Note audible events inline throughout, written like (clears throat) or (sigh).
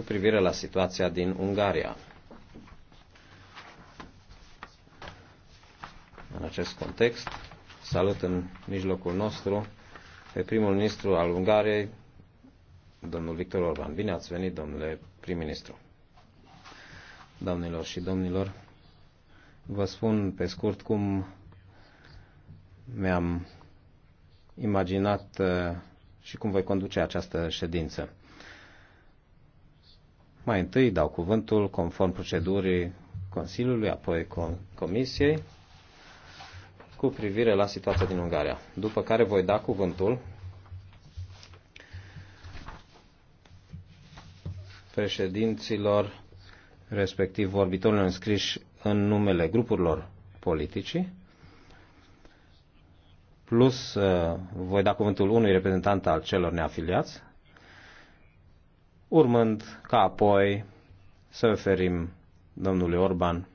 cu privire la situația din Ungaria. În acest context, salut în mijlocul nostru pe primul ministru al Ungariei, domnul Victor Orban. Bine ați venit, domnule prim-ministru. Doamnelor și domnilor, vă spun pe scurt cum mi-am imaginat uh, și cum voi conduce această ședință. Mai întâi dau cuvântul conform procedurii Consiliului, apoi Comisiei, cu privire la situația din Ungaria. După care voi da cuvântul președinților, respectiv vorbitorilor înscriși în numele grupurilor politici, plus uh, voi da cuvântul unui reprezentant al celor neafiliați urmând ca apoi să oferim domnului Orban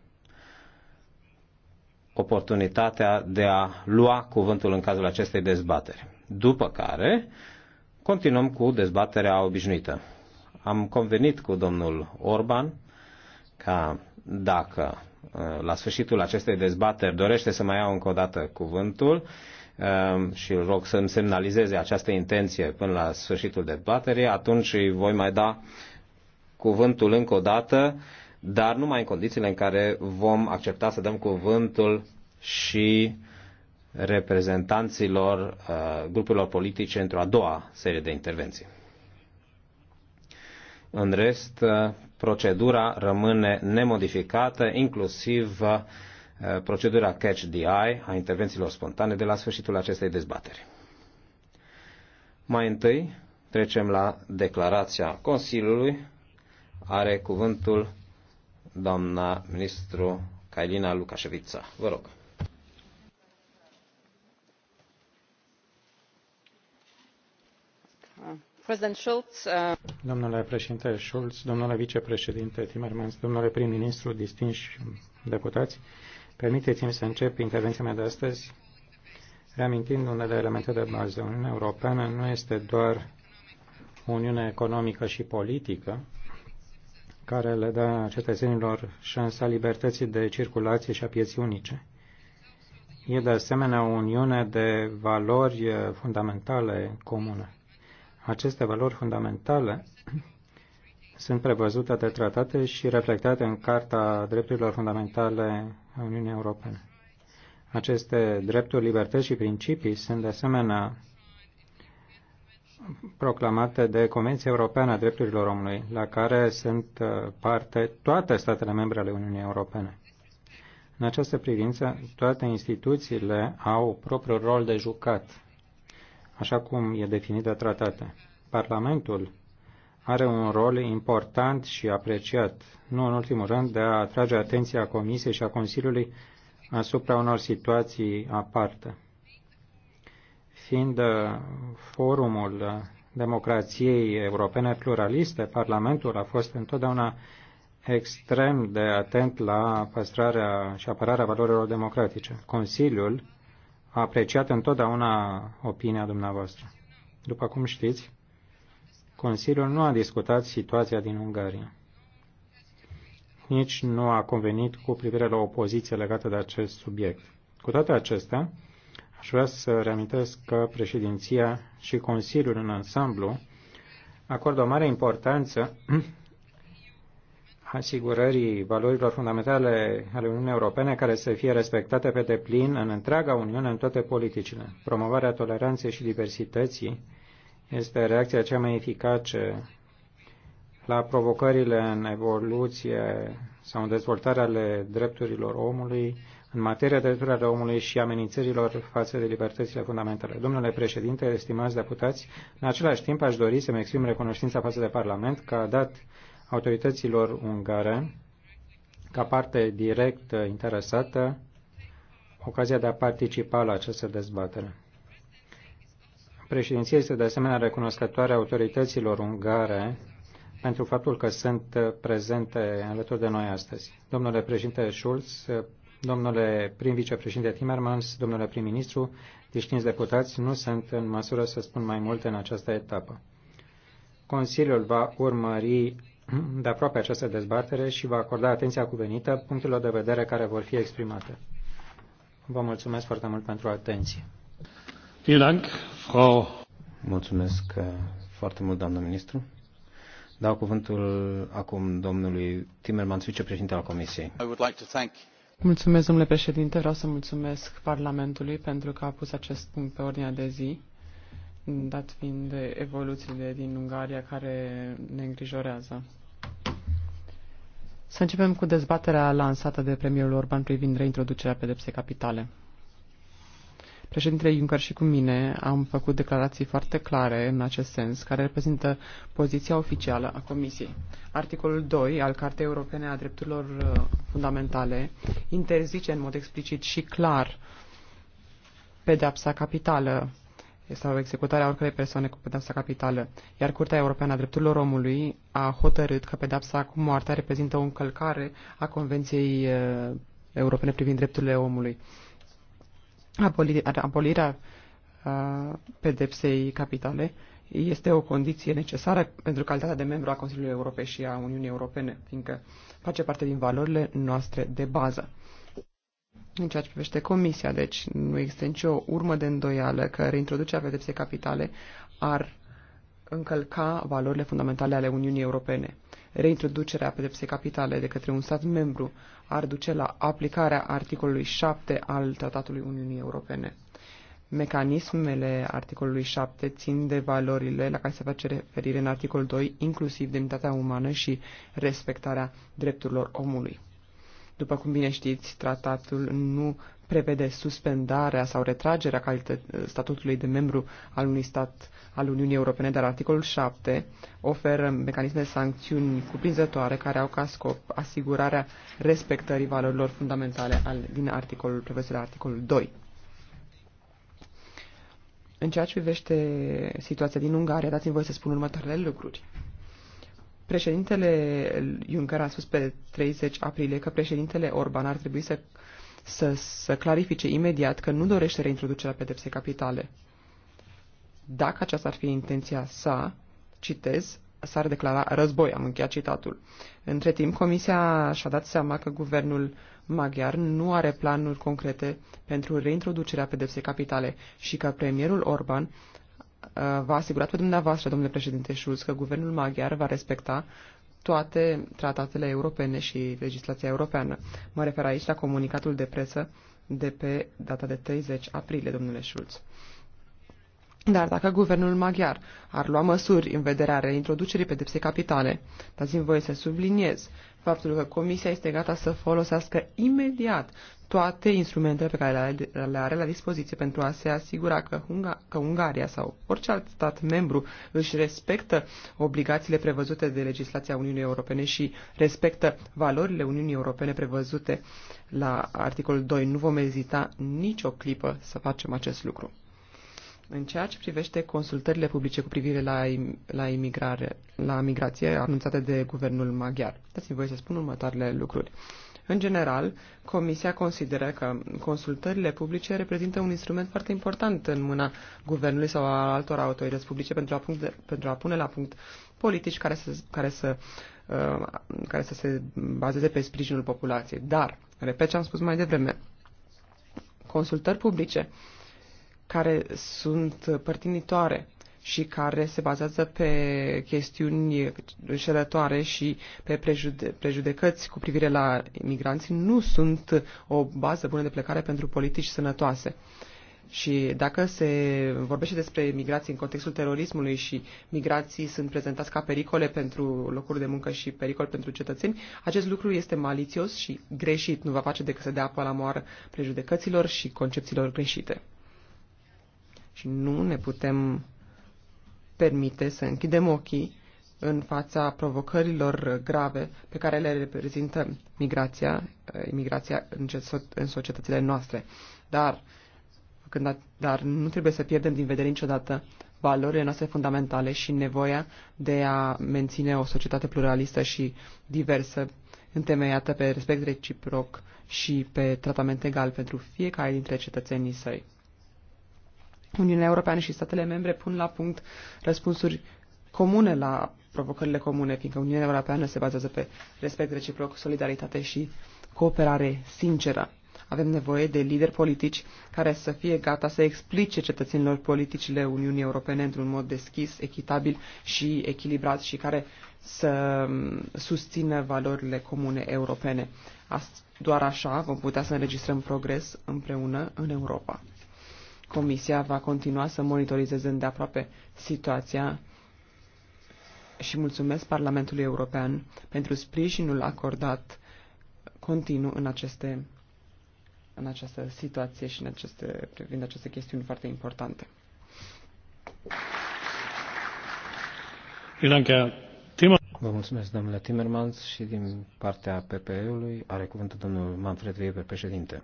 oportunitatea de a lua cuvântul în cazul acestei dezbateri. După care continuăm cu dezbaterea obișnuită. Am convenit cu domnul Orban ca dacă la sfârșitul acestei dezbateri dorește să mai iau încă o dată cuvântul, Um, și îl rog să-mi semnalizeze această intenție până la sfârșitul dezbaterii, atunci îi voi mai da cuvântul încă o dată, dar numai în condițiile în care vom accepta să dăm cuvântul și reprezentanților uh, grupurilor politice într-o a doua serie de intervenții. În rest, uh, procedura rămâne nemodificată, inclusiv uh, Eh, procedura Catch the Eye a intervențiilor spontane de la sfârșitul acestei dezbateri. Mai întâi trecem la declarația Consiliului. Are cuvântul doamna ministru Cailina Lucașevița. Vă rog. Schultz, uh... Domnule președinte Schulz, domnule vicepreședinte Timmermans, domnule prim-ministru, distinși deputați, Permiteți-mi să încep intervenția mea de astăzi reamintind unele elemente de bază. Uniunea Europeană nu este doar o uniune economică și politică care le dă cetățenilor șansa libertății de circulație și a pieții unice. E de asemenea o uniune de valori fundamentale comune. Aceste valori fundamentale sunt prevăzute de tratate și reflectate în Carta Drepturilor Fundamentale a Uniunii Europene. Aceste drepturi, libertăți și principii sunt de asemenea proclamate de Convenția Europeană a Drepturilor Omului, la care sunt uh, parte toate statele membre ale Uniunii Europene. În această privință, toate instituțiile au propriul rol de jucat, așa cum e definit de tratate. Parlamentul are un rol important și apreciat, nu în ultimul rând, de a atrage atenția Comisiei și a Consiliului asupra unor situații aparte. Fiind uh, forumul uh, democrației europene pluraliste, Parlamentul a fost întotdeauna extrem de atent la păstrarea și apărarea valorilor democratice. Consiliul a apreciat întotdeauna opinia dumneavoastră. După cum știți, Consiliul nu a discutat situația din Ungaria. Nici nu a convenit cu privire la poziție legată de acest subiect. Cu toate acestea, aș vrea să reamintesc că președinția și Consiliul în ansamblu acordă o mare importanță (clears throat) asigurării valorilor fundamentale ale Uniunii Europene care să fie respectate pe deplin în întreaga Uniune, în toate politicile. Promovarea toleranței și diversității este reacția cea mai eficace la provocările în evoluție sau în dezvoltarea ale drepturilor omului, în materia drepturilor omului și amenințărilor față de libertățile fundamentale. Domnule președinte, estimați deputați, în același timp aș dori să-mi exprim recunoștința față de Parlament că a dat autorităților ungare, ca parte direct interesată, ocazia de a participa la această dezbatere. Președinția este de asemenea recunoscătoare autorităților ungare pentru faptul că sunt prezente alături de noi astăzi. Domnule președinte Schulz, domnule prim-vicepreședinte Timmermans, domnule prim-ministru, distinți deputați, nu sunt în măsură să spun mai multe în această etapă. Consiliul va urmări de aproape această dezbatere și va acorda atenția cuvenită punctelor de vedere care vor fi exprimate. Vă mulțumesc foarte mult pentru atenție. Mulțumesc eh, foarte mult, doamnă ministru. Dau cuvântul acum domnului Timmermans, vicepreședinte al Comisiei. Mulțumesc, domnule președinte. Vreau să mulțumesc Parlamentului pentru că a pus acest punct pe ordinea de zi, dat fiind evoluțiile din Ungaria care ne îngrijorează. Să începem cu dezbaterea lansată de premierul Orban privind reintroducerea pedepsei capitale. Președintele Juncker și cu mine am făcut declarații foarte clare în acest sens, care reprezintă poziția oficială a Comisiei. Articolul 2 al Cartei Europene a Drepturilor uh, Fundamentale interzice în mod explicit și clar pedepsa capitală sau executarea oricărei persoane cu pedepsa capitală, iar Curtea Europeană a Drepturilor Omului a hotărât că pedepsa cu moartea reprezintă o încălcare a Convenției uh, Europene privind drepturile omului abolirea pedepsei capitale este o condiție necesară pentru calitatea de membru a Consiliului Europei și a Uniunii Europene, fiindcă face parte din valorile noastre de bază. În ceea ce privește Comisia, deci nu există nicio urmă de îndoială că reintroducerea pedepsei capitale ar încălca valorile fundamentale ale Uniunii Europene. Reintroducerea pedepsei capitale de către un stat membru ar duce la aplicarea articolului 7 al Tratatului Uniunii Europene. Mecanismele articolului 7 țin de valorile la care se face referire în articolul 2, inclusiv demnitatea umană și respectarea drepturilor omului. După cum bine știți, tratatul nu prevede suspendarea sau retragerea statutului de membru al unui stat al Uniunii Europene, dar articolul 7 oferă mecanisme de sancțiuni cuprinzătoare care au ca scop asigurarea respectării valorilor fundamentale al, din articolul prevăzut la articolul 2. În ceea ce privește situația din Ungaria, dați-mi voie să spun următoarele lucruri. Președintele Juncker a spus pe 30 aprilie că președintele Orban ar trebui să să, să clarifice imediat că nu dorește reintroducerea pedepsei capitale. Dacă aceasta ar fi intenția sa, citez, s-ar declara război, am încheiat citatul. Între timp, Comisia și-a dat seama că guvernul maghiar nu are planuri concrete pentru reintroducerea pedepsei capitale și că premierul Orban uh, v-a asigurat pe dumneavoastră, domnule președinte Schulz, că guvernul maghiar va respecta toate tratatele europene și legislația europeană. Mă refer aici la comunicatul de presă de pe data de 30 aprilie, domnule Schulz. Dar dacă guvernul maghiar ar lua măsuri în vederea reintroducerii pedepsei capitale, dați-mi voie să subliniez faptul că Comisia este gata să folosească imediat toate instrumentele pe care le are la dispoziție pentru a se asigura că, Hunga, că Ungaria sau orice alt stat membru își respectă obligațiile prevăzute de legislația Uniunii Europene și respectă valorile Uniunii Europene prevăzute la articolul 2. Nu vom ezita nicio clipă să facem acest lucru. În ceea ce privește consultările publice cu privire la, la, imigrare, la migrație anunțate de guvernul maghiar, dați-mi voie să spun următoarele lucruri. În general, Comisia consideră că consultările publice reprezintă un instrument foarte important în mâna guvernului sau a altor autorități publice pentru a, punct de, pentru a pune la punct politici care să, care, să, uh, care să se bazeze pe sprijinul populației. Dar, repet ce am spus mai devreme, consultări publice uh, care sunt părtinitoare și care se bazează pe chestiuni înșelătoare și pe prejude- prejudecăți cu privire la imigranți nu sunt o bază bună de plecare pentru politici sănătoase. Și dacă se vorbește despre migrații în contextul terorismului și migrații sunt prezentați ca pericole pentru locuri de muncă și pericol pentru cetățeni, acest lucru este malițios și greșit, nu va face decât să dea apă la moară prejudecăților și concepțiilor greșite și nu ne putem permite să închidem ochii în fața provocărilor grave pe care le reprezintă migrația, imigrația în societățile noastre. Dar, când, dar nu trebuie să pierdem din vedere niciodată valorile noastre fundamentale și nevoia de a menține o societate pluralistă și diversă, întemeiată pe respect reciproc și pe tratament egal pentru fiecare dintre cetățenii săi. Uniunea Europeană și statele membre pun la punct răspunsuri comune la provocările comune, fiindcă Uniunea Europeană se bazează pe respect reciproc, solidaritate și cooperare sinceră. Avem nevoie de lideri politici care să fie gata să explice cetățenilor politicile Uniunii Europene într-un mod deschis, echitabil și echilibrat și care să susțină valorile comune europene. Doar așa vom putea să înregistrăm progres împreună în Europa. Comisia va continua să monitorizeze îndeaproape situația și mulțumesc Parlamentului European pentru sprijinul acordat continuu în aceste în această situație și în aceste, privind aceste chestiuni foarte importante. Vă mulțumesc, domnule Timmermans, și din partea PPE-ului are cuvântul domnul Manfred Weber, președinte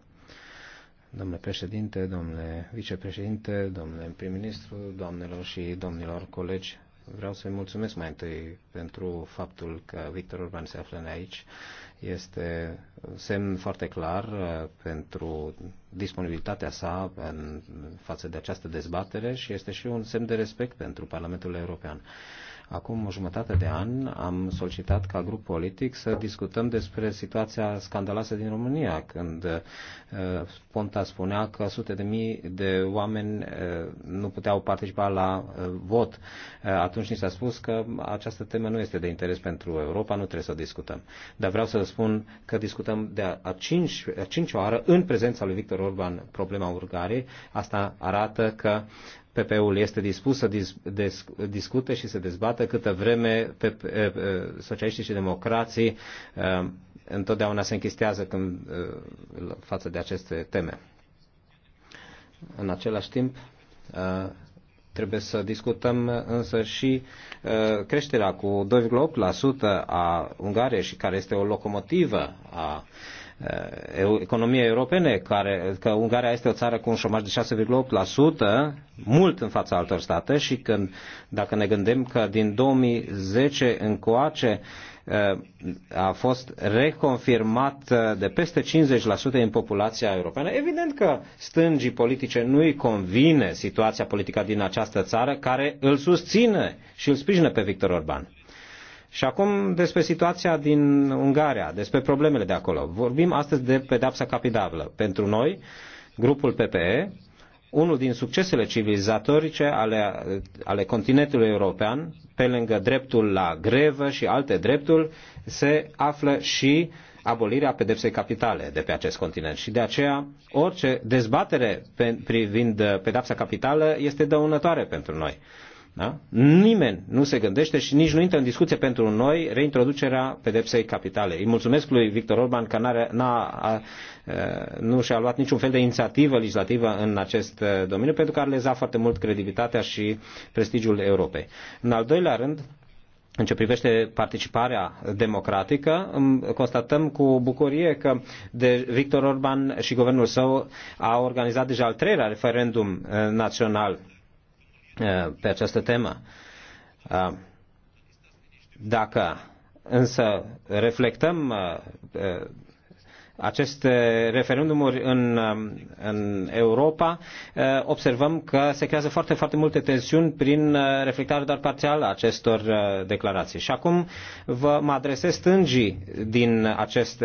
domnule președinte, domnule vicepreședinte, domnule prim-ministru, doamnelor și domnilor colegi. Vreau să-i mulțumesc mai întâi pentru faptul că Victor Urban se află aici. Este semn foarte clar uh, pentru disponibilitatea sa în față de această dezbatere și este și un semn de respect pentru Parlamentul European. Acum o jumătate de an am solicitat ca grup politic să discutăm despre situația scandaloasă din România, când uh, Ponta spunea că sute de mii de oameni uh, nu puteau participa la uh, vot. Uh, atunci ni s-a spus că această temă nu este de interes pentru Europa, nu trebuie să o discutăm. Dar vreau să spun că discutăm de a, a, cinci, a cinci oară, în prezența lui Victor Orban, problema Urgariei. Asta arată că PP-ul este dispus să dis, des, discute și să dezbată câtă vreme pe, eh, eh, socialiștii și democrații eh, întotdeauna se închistează când, față de aceste teme. În același timp, trebuie să discutăm însă și creșterea cu 2,8% a Ungariei și care este o locomotivă a Uh, economiei europene, care, că Ungaria este o țară cu un șomaj de 6,8%, mult în fața altor state și când, dacă ne gândim că din 2010 încoace uh, a fost reconfirmat uh, de peste 50% în populația europeană. Evident că stângii politice nu-i convine situația politică din această țară care îl susține și îl sprijină pe Victor Orban. Și acum despre situația din Ungaria, despre problemele de acolo. Vorbim astăzi de pedapsa capitală. Pentru noi, grupul PPE, unul din succesele civilizatorice ale, ale continentului european, pe lângă dreptul la grevă și alte drepturi, se află și abolirea pedepsei capitale de pe acest continent. Și de aceea, orice dezbatere privind pedepsa capitală este dăunătoare pentru noi. Da? Nimeni nu se gândește și nici nu intră în discuție pentru noi reintroducerea pedepsei capitale. Îi mulțumesc lui Victor Orban că n-a, n-a, nu și-a luat niciun fel de inițiativă legislativă în acest domeniu pentru că ar leza foarte mult credibilitatea și prestigiul Europei. În al doilea rând, în ce privește participarea democratică, constatăm cu bucurie că de Victor Orban și guvernul său a organizat deja al treilea referendum național Uh, pe această temă. Uh, dacă însă reflectăm uh, aceste referendumuri în, în Europa, observăm că se creează foarte, foarte multe tensiuni prin reflectarea doar parțială a acestor declarații. Și acum vă mă adresez stângii din acest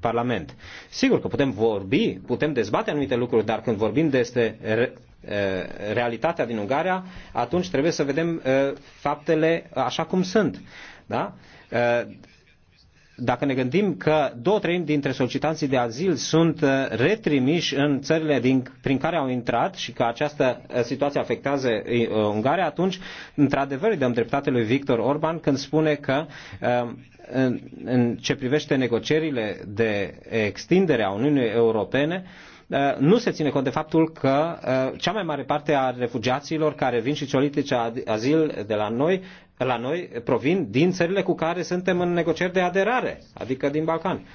Parlament. Sigur că putem vorbi, putem dezbate anumite lucruri, dar când vorbim despre Uh, realitatea din Ungaria, atunci trebuie să vedem uh, faptele uh, așa cum sunt. Da? Dacă ne gândim că două treimi dintre solicitanții de azil sunt retrimiși în țările din, prin care au intrat și că această situație afectează Ungaria, atunci, într-adevăr, îi dăm dreptate lui Victor Orban când spune că în, în ce privește negocierile de extindere a Uniunii Europene, uh, Eh, nu se ține cont de faptul că eh, cea mai mare parte a refugiaților care vin și solicită azil de la noi, la noi provin din țările cu care suntem în negocieri de aderare, adică din Balcani.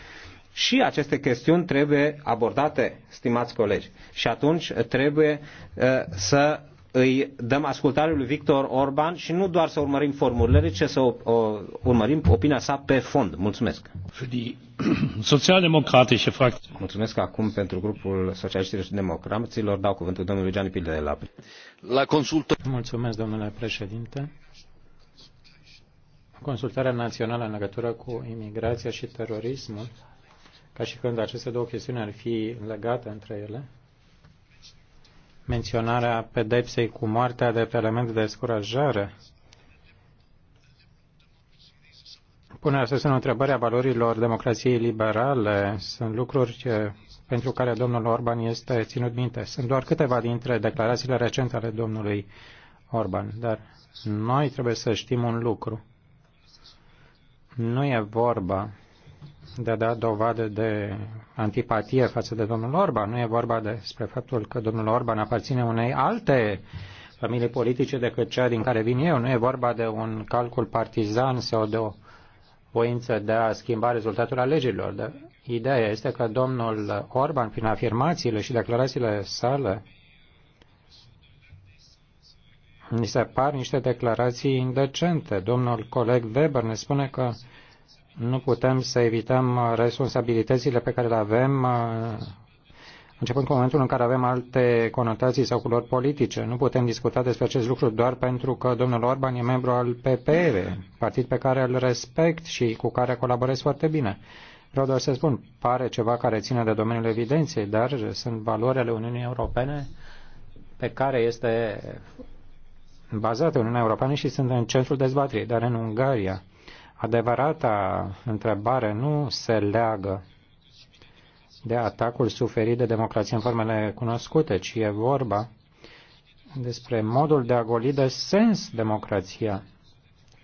Și aceste chestiuni trebuie abordate, stimați colegi. Și atunci trebuie eh, să îi dăm ascultare lui Victor Orban și nu doar să urmărim formulele, ci să o, o, urmărim opinia sa pe fond. Mulțumesc. (clears throat) Socialdemocratische Fraktion. Mulțumesc acum pentru grupul Socialiștilor și Democraților. Dau cuvântul domnului Gianni Pilde de la La consultă. Mulțumesc, domnule președinte. Consultarea națională în legătură cu imigrația și terorismul, ca și când aceste două chestiuni ar fi legate între ele, menționarea pedepsei cu moartea de element de descurajare. Pune astăzi în întrebarea valorilor democrației liberale sunt lucruri ce, pentru care domnul Orban este ținut minte. Sunt doar câteva dintre declarațiile recente ale domnului Orban, dar noi trebuie să știm un lucru. Nu e vorba de a da dovadă de antipatie față de domnul Orban. Nu e vorba despre faptul că domnul Orban aparține unei alte familii politice decât cea din care vin eu. Nu e vorba de un calcul partizan sau de o voință de a schimba rezultatul alegerilor. Dar ideea este că domnul Orban, prin afirmațiile și declarațiile sale, ni se par niște declarații indecente. Domnul coleg Weber ne spune că nu putem să evităm uh, responsabilitățile pe care le avem uh, începând cu momentul în care avem alte conotații sau culori politice. Nu putem discuta despre acest lucru doar pentru că domnul Orban e membru al PPE, partid pe care îl respect și cu care colaborez foarte bine. Vreau doar să spun, pare ceva care ține de domeniul evidenței, dar sunt valori ale Uniunii Europene pe care este bazată Uniunea Europeană și sunt în centrul dezbaterii, dar în Ungaria Adevărata întrebare nu se leagă de atacul suferit de democrație în formele cunoscute, ci e vorba despre modul de a goli de sens democrația.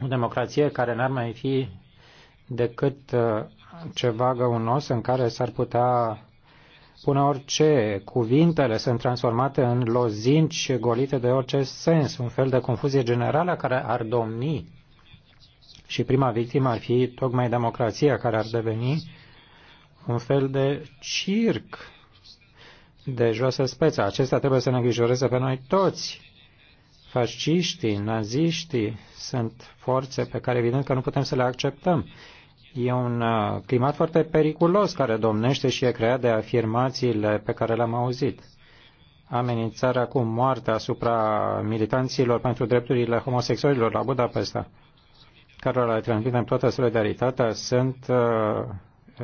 O democrație care n-ar mai fi decât uh, ceva găunos în care s-ar putea pune orice. Cuvintele sunt transformate în lozinci golite de orice sens, un fel de confuzie generală care ar domni și prima victimă ar fi tocmai democrația care ar deveni un fel de circ de joasă speță. Acestea trebuie să ne îngrijoreze pe noi toți. Fasciștii, naziștii sunt forțe pe care evident că nu putem să le acceptăm. E un uh, climat foarte periculos care domnește și e creat de afirmațiile pe care le-am auzit. Amenințarea cu moartea asupra militanților pentru drepturile homosexualilor la Budapesta cărora le transmitem toată solidaritatea, sunt uh,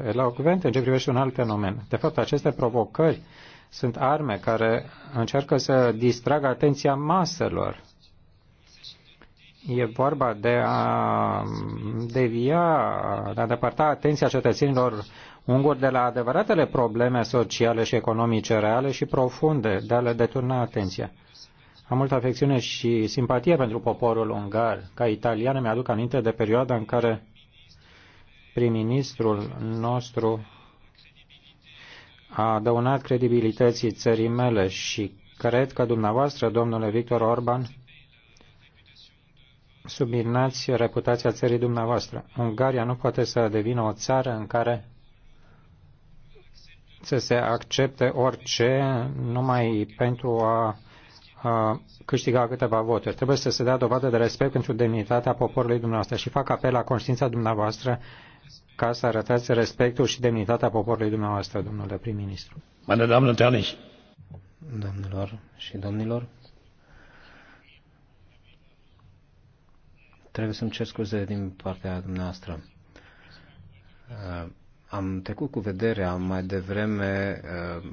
elocvente în ce privește un alt fenomen. De fapt, aceste provocări sunt arme care încearcă să distragă atenția maselor. E vorba de a devia, de a depărta atenția cetățenilor unguri de la adevăratele probleme sociale și economice reale și profunde, de a le deturna atenția. Am multă afecțiune și simpatie pentru poporul ungar. Ca italiană mi-aduc aminte de perioada în care prim-ministrul nostru a adăunat credibilității țării mele și cred că dumneavoastră, domnule Victor Orban, subminați reputația țării dumneavoastră. Ungaria nu poate să devină o țară în care să se accepte orice numai pentru a câștiga câteva voturi. Trebuie să se dea dovadă de respect pentru demnitatea poporului dumneavoastră și fac apel la conștiința dumneavoastră ca să arătați respectul și demnitatea poporului dumneavoastră, domnule prim-ministru. Meine Damen und Herren, Domnilor și domnilor, trebuie să-mi cer scuze din partea dumneavoastră. Uh, am trecut cu vederea mai devreme uh,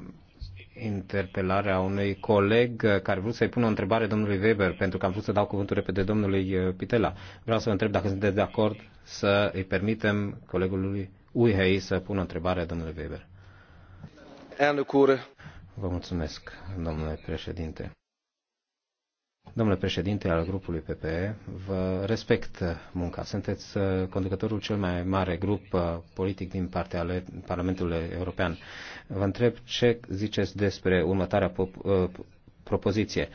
interpelarea unui coleg care vrut să-i pună o întrebare domnului Weber, pentru că am vrut să dau cuvântul repede domnului uh, Pitela. Vreau să întreb dacă sunteți de acord să îi permitem colegului Uihei să pună o întrebare domnului Weber. Vă mulțumesc, domnule președinte. Domnule președinte al grupului PPE, vă respect munca. Sunteți uh, conducătorul cel mai mare grup uh, politic din partea ale Parlamentului European. Vă întreb ce ziceți despre următoarea uh, propoziție.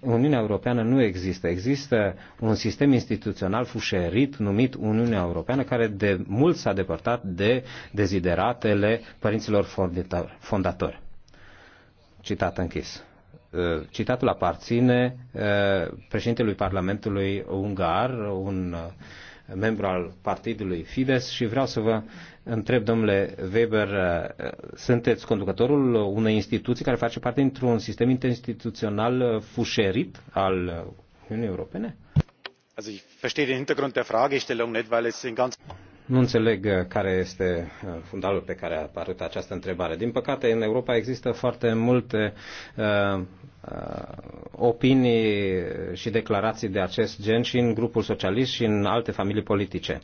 Uniunea Europeană nu există. Există un sistem instituțional fușerit numit Uniunea Europeană care de mult s-a depărtat de dezideratele părinților fondatori. Citat închis. Eh, citatul aparține eh, președintelui Parlamentului Ungar, un eh, membru al partidului Fides și vreau să vă întreb, domnule Weber, sunteți conducătorul unei instituții care face parte dintr-un sistem interinstituțional fușerit al Uniunii Europene? Also ich verstehe den Hintergrund der Fragestellung um nicht, weil es in ganz nu înțeleg uh, care este uh, fundalul pe care a apărut această întrebare. Din păcate, în Europa există foarte multe uh, Uh, opinii și declarații de acest gen și în grupul socialist și în alte familii politice.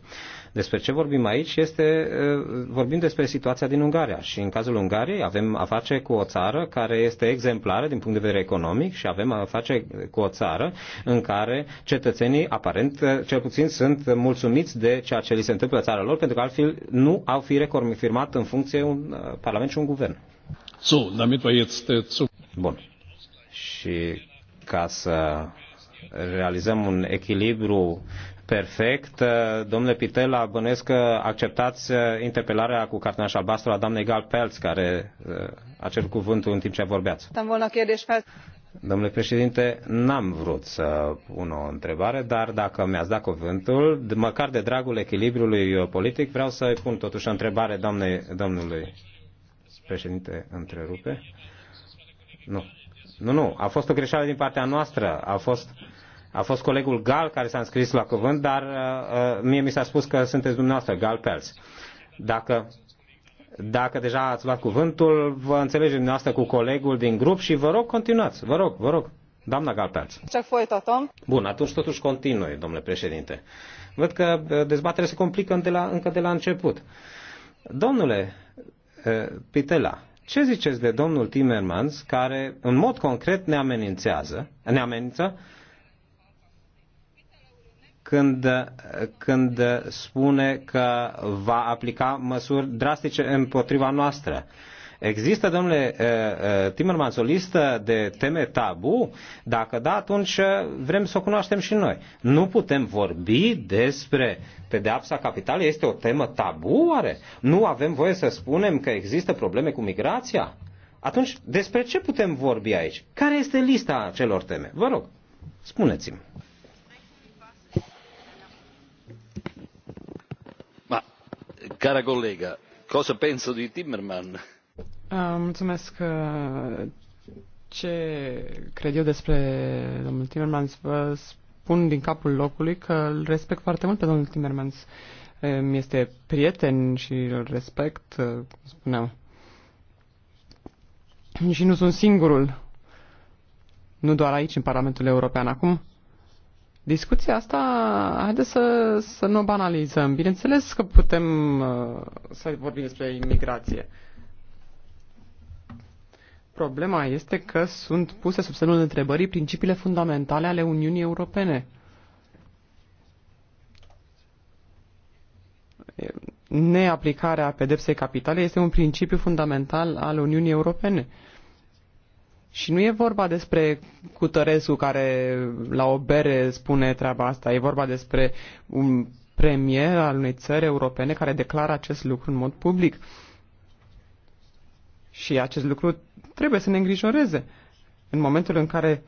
Despre ce vorbim aici este, uh, vorbim despre situația din Ungaria și în cazul Ungariei avem a face cu o țară care este exemplară din punct de vedere economic și avem a face cu o țară în care cetățenii aparent uh, cel puțin sunt mulțumiți de ceea ce li se întâmplă țara lor pentru că altfel nu au fi reconfirmat în funcție un parlament și un guvern. So, damit wir jetzt äh, zu... Bun și ca să realizăm un echilibru perfect. Domnule Pitela, bănuiesc că acceptați uh, interpelarea cu cartonaș albastru a doamnei Gal Pelz, care uh, a cerut cuvântul în timp ce vorbeați. Domnule președinte, n-am vrut să pun o întrebare, dar dacă mi-ați dat cuvântul, măcar de dragul echilibrului uh, politic, vreau să-i pun totuși o întrebare doamne, domnului președinte, întrerupe. Nu. Nu, nu, a fost o greșeală din partea noastră. A fost, a fost colegul Gal care s-a înscris la cuvânt, dar uh, uh mie mi s-a spus că sunteți dumneavoastră, Gal Pels. Dacă, dacă deja ați luat cuvântul, vă înțelegeți dumneavoastră cu colegul din grup și vă rog, continuați. Vă rog, vă rog. Doamna Galpeaț. Ce folytatom? Bun, atunci totuși continui, domnule președinte. Văd că uh, dezbaterea se complică de la, încă de la început. Domnule uh, Pitela, ce ziceți de domnul Timmermans, care în mod concret ne amenințează, ne amenință când, când spune că va aplica măsuri drastice împotriva noastră? Există, domnule Timmermans, o listă de teme tabu? Dacă da, atunci vrem să o cunoaștem și noi. Nu putem vorbi despre pedeapsa capitală. Este o temă tabu, oare? Nu avem voie să spunem că există probleme cu migrația? Atunci, despre ce putem vorbi aici? Care este lista acelor teme? Vă rog, spuneți-mi. Ma, cara collega, cosa penso di Timmermans? Ah, mulțumesc. Ah, ce cred eu despre domnul Timmermans? Vă spun din capul locului că îl respect foarte mult pe domnul Timmermans. Mi este prieten și îl respect, ah, cum spuneam. Și nu sunt singurul. Nu doar aici, în Parlamentul European. Acum, discuția asta, haideți să, să nu o banalizăm. Bineînțeles că putem să vorbim despre imigrație. Problema este că sunt puse sub semnul întrebării principiile fundamentale ale Uniunii Europene. Neaplicarea pedepsei capitale este un principiu fundamental al Uniunii Europene. Și nu e vorba despre Cutărescu care la o bere spune treaba asta, e vorba despre un premier al unei țări europene care declară acest lucru în mod public. Și acest lucru trebuie să ne îngrijoreze. În momentul în care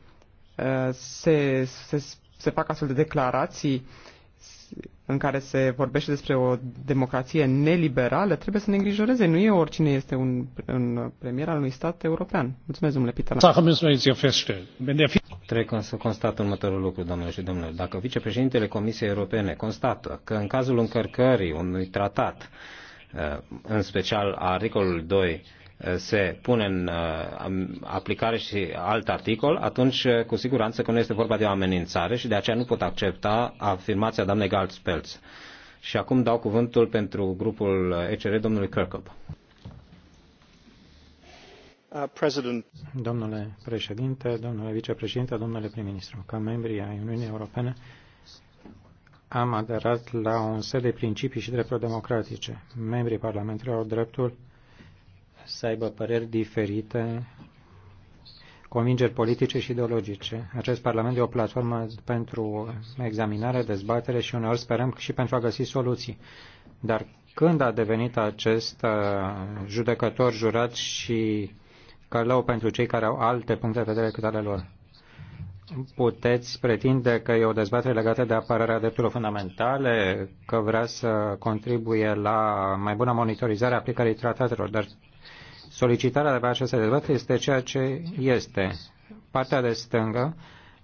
uh, se, se, se fac astfel de declarații în care se vorbește despre o democrație neliberală, trebuie să ne îngrijoreze. Nu e oricine este un, un premier al unui stat european. Mulțumesc, domnule Pitala. Trebuie să constat următorul lucru, domnule și domnule. Dacă vicepreședintele Comisiei Europene constată că în cazul încărcării unui tratat, uh, în special a articolului 2, Uh, se pune uh, în aplicare și alt articol, atunci uh, cu siguranță că nu este vorba de o amenințare și de aceea nu pot accepta afirmația doamnei Galtspelz. Și acum dau cuvântul pentru grupul ECR domnului Kirkup. Domnule președinte, domnule vicepreședinte, domnule prim-ministru, ca membri ai Uniunii Europene, am aderat la un set de principii și drepturi democratice. Membrii Parlamentului au dreptul să aibă păreri diferite, convingeri politice și ideologice. Acest Parlament e o platformă pentru examinare, dezbatere și uneori sperăm și pentru a găsi soluții. Dar când a devenit acest uh, judecător jurat și călău pentru cei care au alte puncte de vedere decât ale lor? puteți pretinde că e o dezbatere legată de apărarea drepturilor fundamentale, că vrea să contribuie la mai bună monitorizare a aplicării tratatelor, dar Solicitarea de pe aceste dezbatere este ceea ce este partea de stângă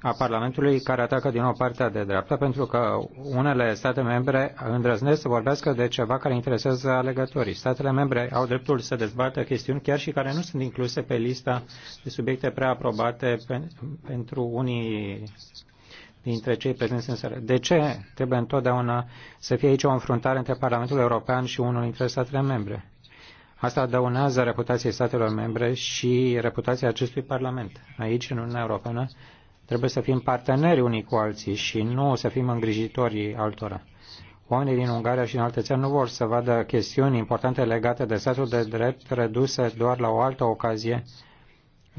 a Parlamentului care atacă din nou partea de dreapta pentru că unele state membre îndrăznesc să vorbească de ceva care interesează alegătorii. Statele membre au dreptul să dezbată chestiuni chiar și care nu sunt incluse pe lista de subiecte preaprobate pen, pentru unii dintre cei prezenți în sală. De ce trebuie întotdeauna să fie aici o înfruntare între Parlamentul European și unul dintre statele membre? Asta dăunează reputației statelor membre și reputația acestui Parlament. Aici, în Uniunea Europeană, trebuie să fim parteneri unii cu alții și nu să fim îngrijitorii altora. Oamenii din Ungaria și în alte țări nu vor să vadă chestiuni importante legate de statul de drept reduse doar la o altă ocazie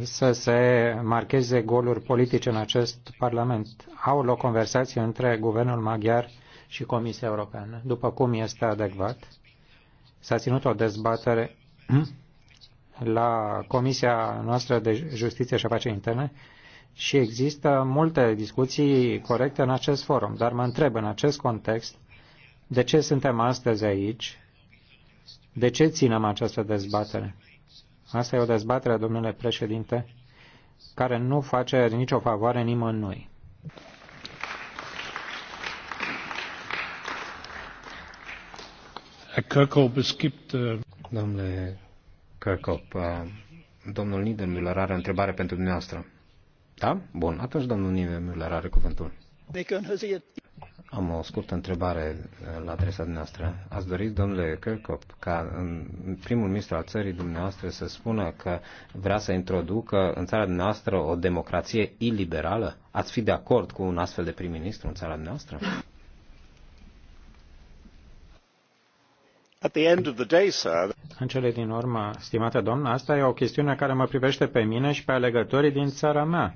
să se marcheze goluri politice în acest Parlament. Au loc conversații între guvernul maghiar și Comisia Europeană, după cum este adecvat S-a ținut o dezbatere (clears throat) la Comisia noastră de Justiție și Afaceri Interne și există multe discuții corecte în acest forum, dar mă întreb în acest context de ce suntem astăzi aici, de ce ținem această dezbatere. Asta e o dezbatere, domnule președinte, care nu face nicio favoare nimănui. Äh, domnule Kirkhope, uh, domnul Niedermüller are o întrebare pentru dumneavoastră. Da? Bun. Atunci domnul Niedermüller are cuvântul. Am o scurtă întrebare uh, la adresa dumneavoastră. Ați dorit, domnule Kirkhope, ca în primul ministru al țării dumneavoastră să spună că vrea să introducă în țara dumneavoastră o democrație iliberală? Ați fi de acord cu un astfel de prim-ministru în țara dumneavoastră? În cele din urmă, stimată doamnă, asta e o chestiune care mă privește pe mine și pe alegătorii din țara mea,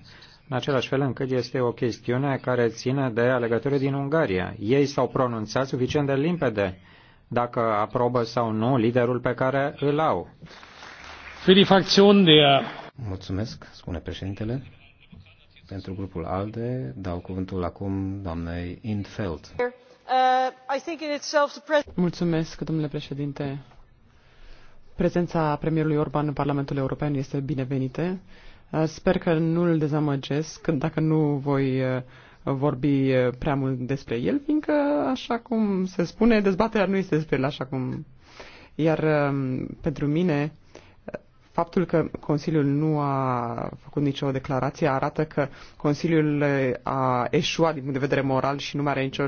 în același fel încât este o chestiune care ține de alegătorii din Ungaria. Ei s-au pronunțat suficient de limpede dacă aprobă sau nu liderul pe care îl au. Mulțumesc, spune președintele. Pentru grupul ALDE dau cuvântul acum doamnei Infeld. Here. Uh, Mulțumesc, domnule președinte. Prezența premierului Orban în Parlamentul European este binevenită. Uh, sper că nu îl dezamăgesc dacă nu voi uh, vorbi prea mult despre el, fiindcă, așa cum se spune, dezbaterea nu este despre el, așa cum... Iar um, pentru mine, faptul că Consiliul nu a făcut nicio declarație arată că Consiliul a eșuat din punct de vedere moral și nu mai are nicio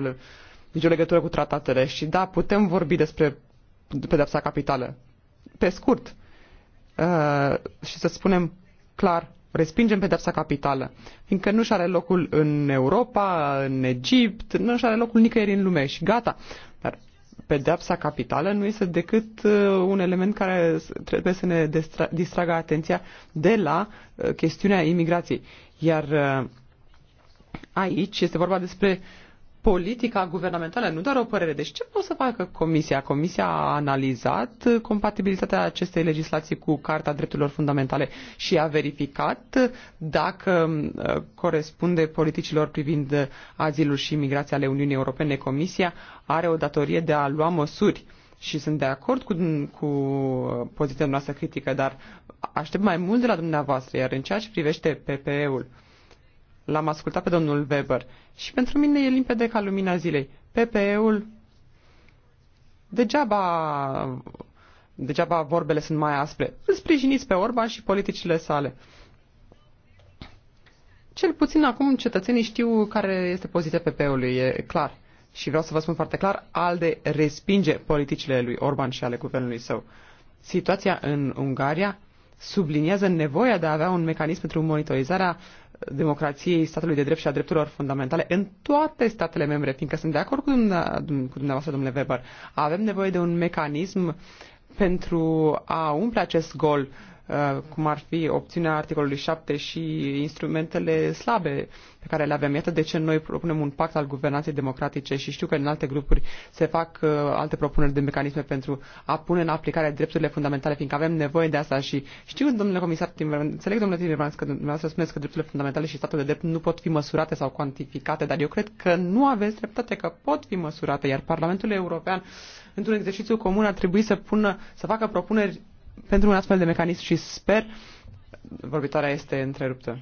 nicio legătură cu tratatele. Și da, putem vorbi despre pedepsa capitală. Pe scurt. Uh, și să spunem clar, respingem pedepsa capitală, fiindcă nu și-are locul în Europa, în Egipt, nu și-are locul nicăieri în lume și gata. Dar pedepsa capitală nu este decât uh, un element care trebuie să ne distragă atenția de la uh, chestiunea imigrației. Iar uh, aici este vorba despre uh, politica guvernamentală, nu doar o părere. Deci ce o să facă Comisia? Comisia a analizat compatibilitatea acestei legislații cu Carta Drepturilor Fundamentale și a verificat dacă uh, corespunde politicilor privind azilul și migrația ale Uniunii Europene. Comisia are o datorie de a lua măsuri și sunt de acord cu, cu poziția noastră critică, dar aștept mai mult de la dumneavoastră, iar în ceea ce privește PPE-ul, L-am ascultat pe domnul Weber și pentru mine e limpede ca lumina zilei. PPE-ul degeaba, degeaba vorbele sunt mai aspre. Îl sprijiniți pe Orban și politicile sale. Cel puțin acum cetățenii știu care este poziția ppe ului e clar. Și vreau să vă spun foarte clar, ALDE respinge politicile lui Orban și ale guvernului său. Situația în Ungaria subliniază nevoia de a avea un mecanism pentru monitorizarea uh, democrației, statului de drept și a drepturilor fundamentale în toate statele membre, fiindcă sunt de acord cu, dumne, cu dumneavoastră, domnule Weber. Avem nevoie de un mecanism pentru a umple acest gol Uh, cum ar fi opțiunea articolului 7 și instrumentele slabe pe care le avem. Iată de ce noi propunem un pact al guvernanței democratice și știu că în alte grupuri se fac uh, alte propuneri de mecanisme pentru a pune în aplicare drepturile fundamentale, fiindcă avem nevoie de asta și știu, domnule comisar Timmermans, înțeleg, domnule Timmermans, că dumneavoastră spuneți că drepturile fundamentale și statul de drept nu pot fi măsurate sau cuantificate, dar eu cred că nu aveți dreptate că pot fi măsurate, iar Parlamentul European într-un exercițiu comun ar trebui să pună, să facă propuneri pentru un astfel de mecanism și sper vorbitoarea este întreruptă.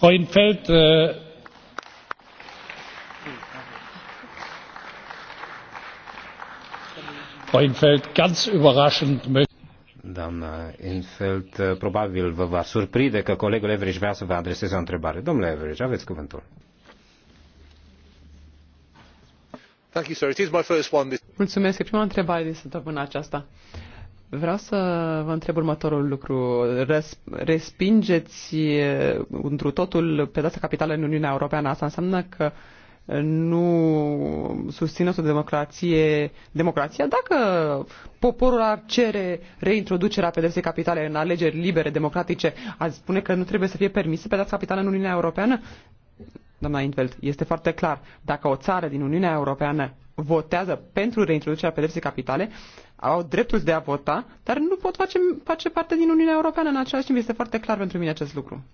Hoinfeld, uh... Reinfeldt, ganz überraschend möchte Doamna Infeld, uh, probabil vă va surprinde că colegul Everidge vrea să vă adreseze o întrebare. Domnule Everidge, aveți cuvântul. Mulțumesc. E prima întrebare din săptămâna aceasta. Vreau să vă întreb următorul lucru. respingeți eh, întru totul pedeapsa capitală în Uniunea Europeană. Asta înseamnă că nu susțineți o democrație, democrația dacă poporul ar cere reintroducerea pedepsei capitale în alegeri libere, democratice, ați spune că nu trebuie să fie permisă pedeapsa capitală în Uniunea Europeană? doamna Intveld, este foarte clar. Dacă o țară din Uniunea Europeană votează pentru reintroducerea pedepsei capitale, au dreptul de a vota, dar nu pot face, face parte din Uniunea Europeană în același timp. Este foarte clar pentru mine acest lucru.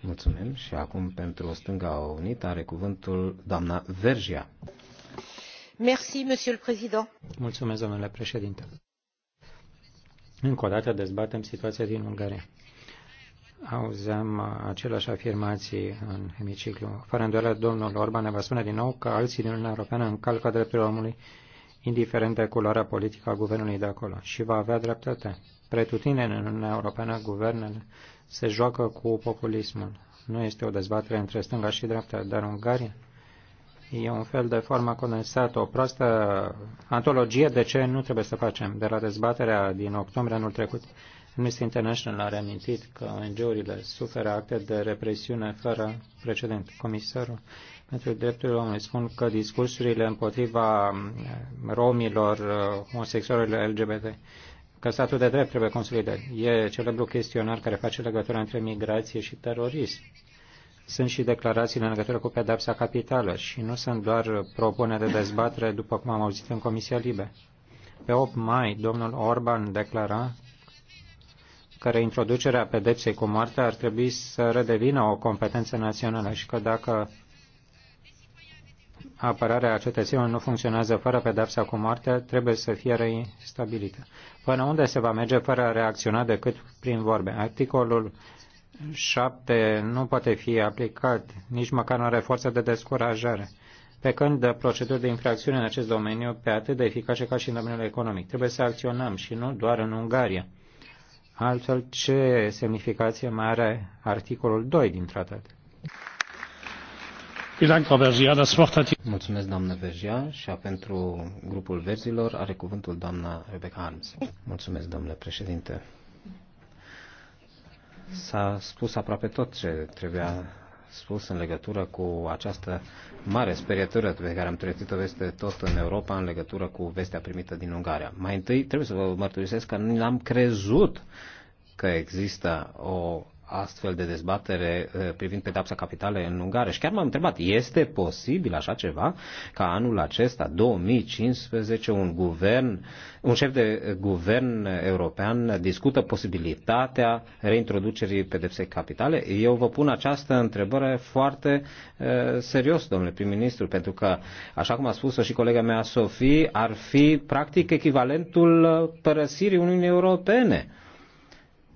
Mulțumim și acum pentru Stânga Unită are cuvântul doamna Vergia. Merci, Mulțumesc, domnule președinte încă o dată dezbatem situația din Ungaria. Auzeam aceleași afirmații în hemiciclu. Fără îndoială, domnul Orban ne va spune din nou că alții din Uniunea Europeană încalcă drepturile omului, indiferent de culoarea politică a guvernului de acolo. Și va avea dreptate. Pretutine în Uniunea Europeană, guvernele se joacă cu populismul. Nu este o dezbatere între stânga și dreapta, dar Ungaria E un fel de formă condensată, o proastă antologie de ce nu trebuie să facem. De la dezbaterea din octombrie anul trecut, Miss International a reamintit că ONG-urile suferă acte de represiune fără precedent. Comisarul pentru drepturile omului spun că discursurile împotriva romilor, homosexualilor LGBT, că statul de drept trebuie consolidat. E celebrul chestionar care face legătura între migrație și terorism sunt și declarațiile în legătură cu pedepsa capitală și nu sunt doar propuneri de dezbatere, după cum am auzit în Comisia Libe. Pe 8 mai, domnul Orban declara că reintroducerea pedepsei cu moartea ar trebui să redevină o competență națională și că dacă apărarea cetățenilor nu funcționează fără pedepsa cu moartea, trebuie să fie reinstabilită. Până unde se va merge fără a reacționa decât prin vorbe? Articolul 7 nu poate fi aplicat, nici măcar nu are forță de descurajare, pe când proceduri de infracțiune în acest domeniu pe atât de eficace ca și în domeniul economic. Trebuie să acționăm și nu doar în Ungaria. Altfel, ce semnificație mai are articolul 2 din tratat? Mulțumesc, doamnă Vergia, și a pentru grupul verzilor are cuvântul doamna Rebecca Harms. Mulțumesc, domnule președinte. S-a spus aproape tot ce trebuia spus în legătură cu această mare sperietură pe care am trăit-o veste tot în Europa în legătură cu vestea primită din Ungaria. Mai întâi trebuie să vă mărturisesc că nu am crezut că există o astfel de dezbatere eh, privind pedapsa capitală în Ungaria. Și chiar m-am întrebat, este posibil așa ceva ca anul acesta, 2015, un guvern, un șef de guvern european discută posibilitatea reintroducerii pedepsei capitale? Eu vă pun această întrebare foarte uh, serios, domnule prim-ministru, pentru că, așa cum a spus-o și colega mea Sofie, ar fi practic echivalentul eh, părăsirii Uniunii Europene.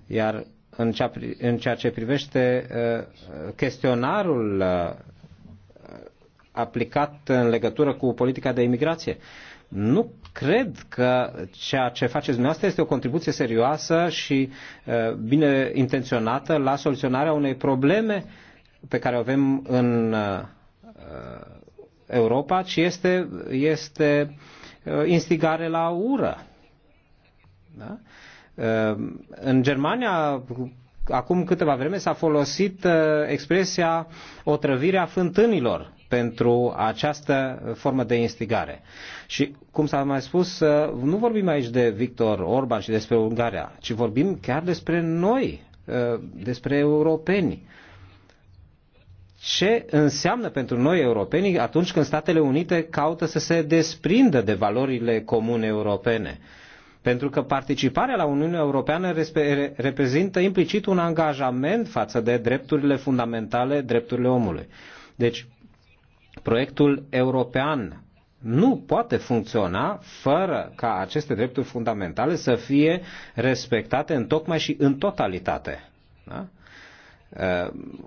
Iar în ceea, în ceea ce privește uh, chestionarul uh, aplicat în legătură cu politica de imigrație. Nu cred că ceea ce faceți dumneavoastră este o contribuție serioasă și uh, bine intenționată la soluționarea unei probleme pe care o avem în Europa, ci este, este instigare la ură. Da? Uh, Ehm, în Germania, acum câteva vreme, s-a folosit eh, expresia otrăvirea fântânilor pentru această formă de instigare. Și, cum s-a mai spus, eh, nu vorbim aici de Victor Orban și despre Ungaria, ci vorbim chiar despre noi, eh, despre europeni. Ce înseamnă pentru noi europenii atunci când Statele Unite caută să se desprindă de valorile comune europene? Uh, pentru că participarea la Uniunea Europeană reprezintă implicit un angajament față de drepturile fundamentale, drepturile omului. Deci, proiectul european nu poate funcționa fără ca aceste drepturi fundamentale să fie respectate în tocmai și în totalitate. Da?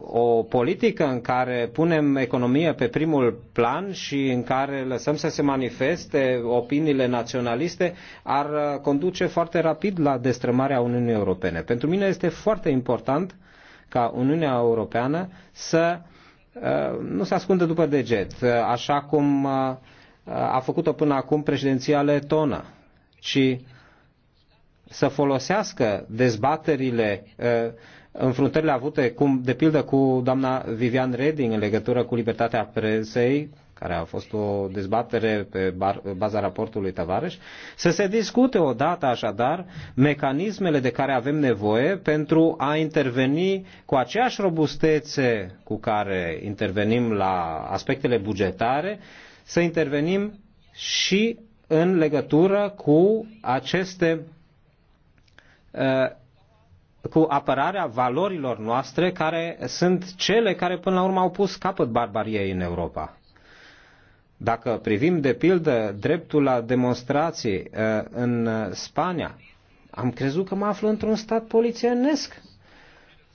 o politică în care punem economia pe primul plan și în care lăsăm să se manifeste opiniile naționaliste ar conduce foarte rapid la destrămarea Uniunii Europene. Pentru mine este foarte important ca Uniunea Europeană să uh, nu se ascundă după deget, uh, așa cum uh, a făcut-o până acum președinția letonă, ci să folosească dezbaterile uh, înfruntările avute, cum de pildă cu doamna Vivian Reding în legătură cu libertatea presei, care a fost o dezbatere pe bar, baza raportului Tavares, să se discute odată așadar mecanismele de care avem nevoie pentru a interveni cu aceeași robustețe cu care intervenim la aspectele bugetare, să intervenim și în legătură cu aceste uh, cu apărarea valorilor noastre care sunt cele care până la urmă au pus capăt barbariei în Europa. Dacă privim de pildă dreptul la demonstrații eh, în Spania, am crezut că mă aflu într-un stat polițienesc.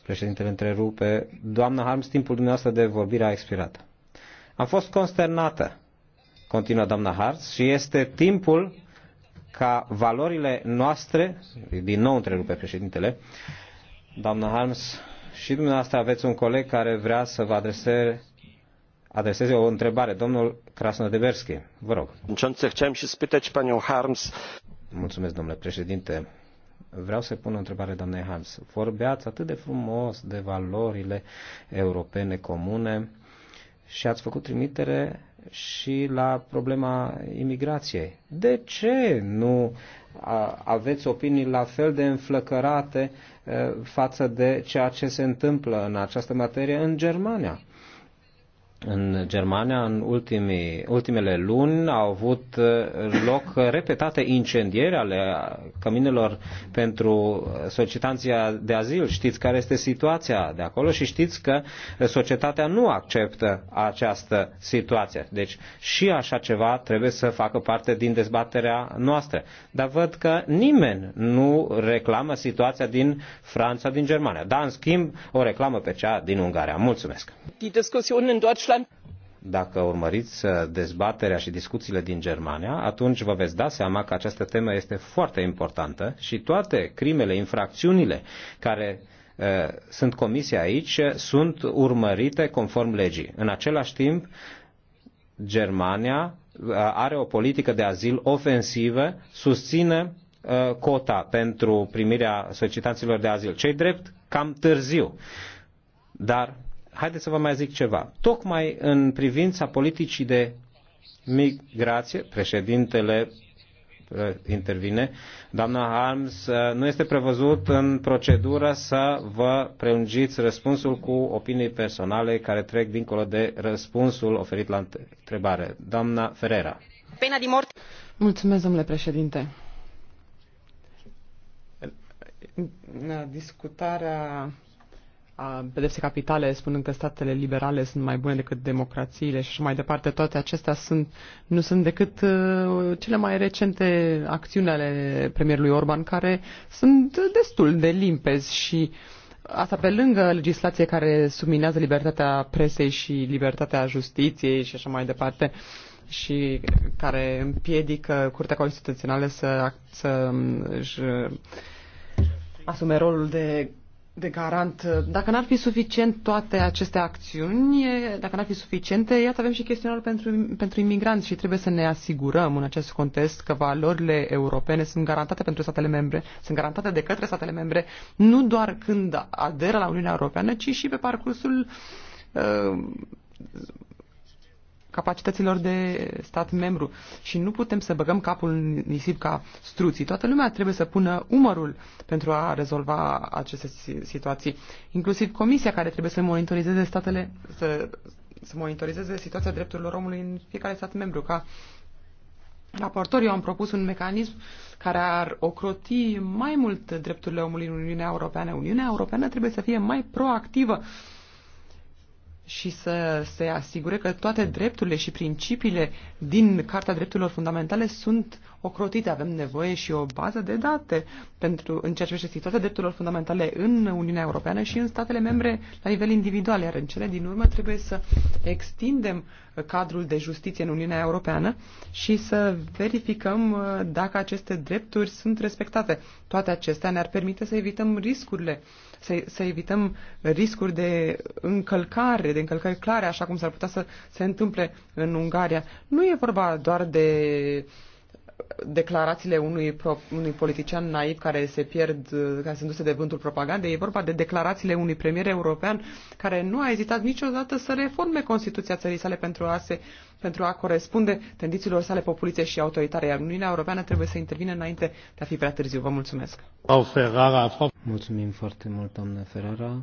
Președintele întrerupe, doamna Harms, timpul dumneavoastră de vorbire a expirat. Am fost consternată, continuă doamna Harms, și este timpul ca valorile noastre, din nou întrerupe președintele, doamnă Harms, și dumneavoastră aveți un coleg care vrea să vă adreseze, adreseze o întrebare. Domnul Krasnodeberski, vă rog. Harms. Mulțumesc, domnule președinte. Vreau să pun o întrebare doamnei Harms. Vorbeați atât de frumos de valorile europene comune și ați făcut trimitere și la problema imigrației. De ce nu aveți opinii la fel de înflăcărate față de ceea ce se întâmplă în această materie în Germania? în Germania, în ultimii, ultimele luni, au avut uh, loc repetate incendiere ale căminelor pentru solicitanții de azil. Știți care este situația de acolo și știți că societatea nu acceptă această situație. Deci și așa ceva trebuie să facă parte din dezbaterea noastră. Dar văd că nimeni nu reclamă situația din Franța, din Germania. Dar, în schimb, o reclamă pe cea din Ungaria. Mulțumesc! Die Deutschland. Dacă urmăriți uh, dezbaterea și discuțiile din Germania, atunci vă veți da seama că această temă este foarte importantă și toate crimele, infracțiunile care uh, sunt comise aici uh, sunt urmărite conform legii. În același timp, Germania uh, are o politică de azil ofensivă, susține uh, cota pentru primirea solicitanților de azil. Cei drept, cam târziu. Dar haideți să vă mai zic ceva. Tocmai în privința politicii de migrație, președintele eh, intervine. Doamna Harms, eh, nu este prevăzut în procedură să vă prelungiți răspunsul cu opinii personale care trec dincolo de răspunsul oferit la întrebare. Doamna Ferera. Pena de mort. Mulțumesc, domnule președinte. Discutarea pedepse capitale, spunând că statele liberale sunt mai bune decât democrațiile și așa mai departe, toate acestea sunt, nu sunt decât uh, cele mai recente acțiuni ale premierului Orban, care sunt destul de limpezi și asta pe lângă legislație care subminează libertatea presei și libertatea justiției și așa mai departe și care împiedică Curtea Constituțională să, să um, își asume rolul de de garant. Dacă n-ar fi suficient toate aceste acțiuni, dacă n-ar fi suficiente, iată avem și chestionarul pentru, pentru imigranți și trebuie să ne asigurăm în acest context că valorile europene sunt garantate pentru statele membre, sunt garantate de către statele membre, nu doar când aderă la Uniunea Europeană, ci și pe parcursul uh, capacităților de stat membru și nu putem să băgăm capul în nisip ca struții. Toată lumea trebuie să pună umărul pentru a rezolva aceste situații, inclusiv Comisia care trebuie să monitorizeze statele, să, să monitorizeze situația drepturilor omului în fiecare stat membru, ca Raportor, eu am propus un mecanism care ar ocroti mai mult drepturile omului în Uniunea Europeană. Uniunea Europeană trebuie să fie mai proactivă uh, și să se asigure că toate drepturile și principiile din Carta Drepturilor Fundamentale sunt ocrotite. Avem nevoie și o bază de date pentru, în ceea ce privește situația drepturilor fundamentale în Uniunea Europeană și în statele membre la nivel individual, iar în cele din urmă trebuie să extindem cadrul de justiție în Uniunea Europeană și să verificăm uh, dacă aceste drepturi sunt respectate. Toate acestea ne-ar permite să evităm riscurile, să, să evităm riscuri de încălcare, de încălcări clare, așa cum s-ar putea să se întâmple în Ungaria. Nu e vorba doar de declarațiile unui, pro, unui politician naiv care se pierd, care sunt duse de vântul propagandei, e vorba de declarațiile unui premier european care nu a ezitat niciodată să reforme Constituția țării sale pentru a, se, pentru a corespunde tendițiilor sale populiste și autoritare, iar Uniunea Europeană trebuie să intervine înainte de a fi prea târziu. Vă mulțumesc! Mulțumim foarte mult, doamnă Ferrara.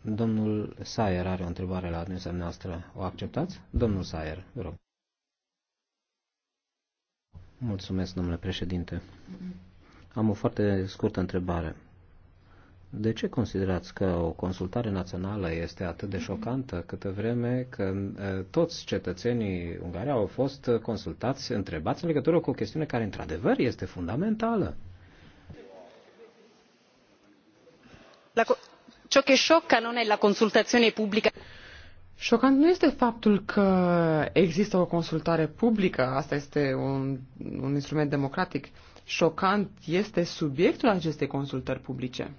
Domnul Sayer are o întrebare la adresa noastră. O acceptați? Domnul Sayer, vă rog. Mulțumesc, domnule președinte. Am o foarte scurtă întrebare. De ce considerați că o consultare națională este atât de șocantă câtă vreme că toți cetățenii ungari au fost consultați, întrebați în legătură cu o chestiune care într-adevăr este fundamentală? La, ciò che sciocca non è la consultazione pubblica. Șocant nu este faptul că există o consultare publică, asta este un, un instrument democratic. Șocant este subiectul acestei consultări publice.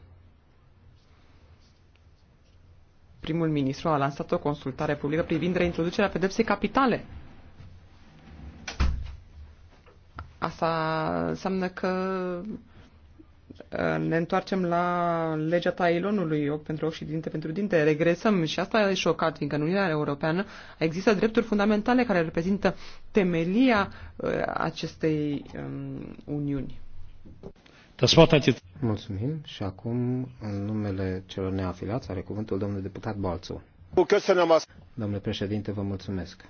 Primul ministru a lansat o consultare publică privind reintroducerea pedepsei capitale. Asta înseamnă că Uh, ne întoarcem la legea tailonului, ochi pentru ochi și dinte pentru dinte, regresăm și asta e șocat, fiindcă în Uniunea Europeană există drepturi fundamentale care reprezintă temelia uh, acestei um, uniuni. Mulțumim și acum, în numele celor neafilați, are cuvântul domnul deputat Balțu. Domnule președinte, vă mulțumesc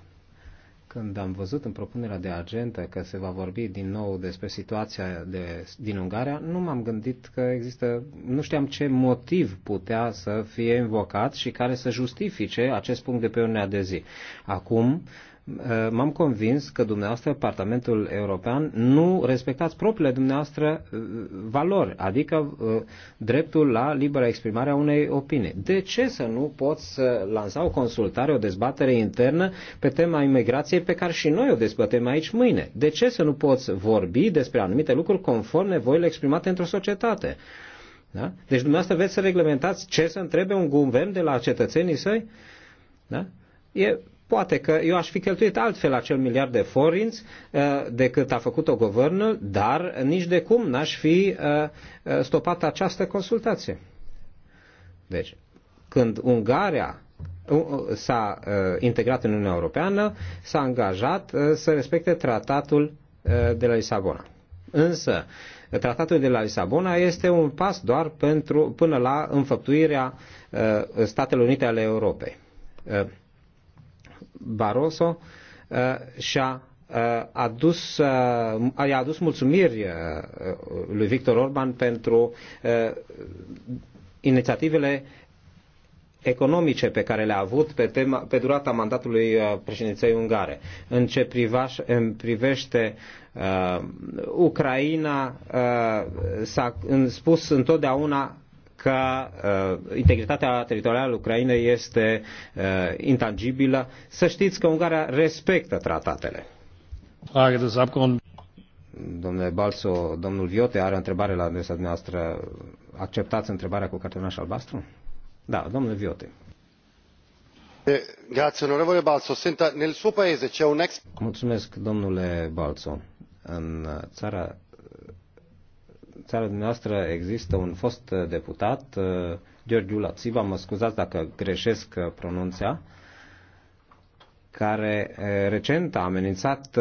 când am văzut în propunerea de agentă că se va vorbi din nou despre situația de, din Ungaria, nu m-am gândit că există, nu știam ce motiv putea să fie invocat și care să justifice acest punct de pe ordinea de zi. Acum Eh, m-am convins că dumneavoastră, Parlamentul European, nu respectați propriile dumneavoastră eh, valori, adică eh, dreptul la liberă exprimare a unei opinii. De ce să nu poți să lansa o consultare, o dezbatere internă pe tema imigrației pe care și noi o dezbatem aici mâine? De ce să nu poți vorbi despre anumite lucruri conform nevoile exprimate într-o societate? Da? Deci dumneavoastră veți să reglementați ce să întrebe un guvern de la cetățenii săi? Da? E Poate că eu aș fi cheltuit altfel acel miliard de forinți uh, decât a făcut-o guvernul, dar nici de cum n-aș fi uh, uh, stopat această consultație. Deci, când Ungaria s-a integrat în Uniunea Europeană, s-a angajat să respecte tratatul de la Lisabona. Însă, tratatul de la Lisabona este un pas doar pentru, până la înfăptuirea Statelor Unite ale Europei. Barroso eh, și-a eh, adus, eh, i-a adus mulțumiri lui Victor Orban pentru inițiativele economice pe care le-a avut pe, tema, pe durata mandatului președinței ungare. În ce privaș, în privește uh, Ucraina, uh, s-a spus întotdeauna ca uh, integritatea teritorială Ucrainei este uh, intangibilă, să știți că Ungaria respectă tratatele. Domnule Balso, domnul Viote are o întrebare la adresa dumneavoastră. Acceptați întrebarea cu cartonaș albastru? Da, domnule Viote. Eh, grazie, onorevole Balso. nel suo paese c'è un ex... Mulțumesc, domnule Balso. În țara țara dumneavoastră există un fost uh, deputat, uh, Georgiu Lațiva, mă scuzați dacă greșesc uh, pronunția, care recent a amenințat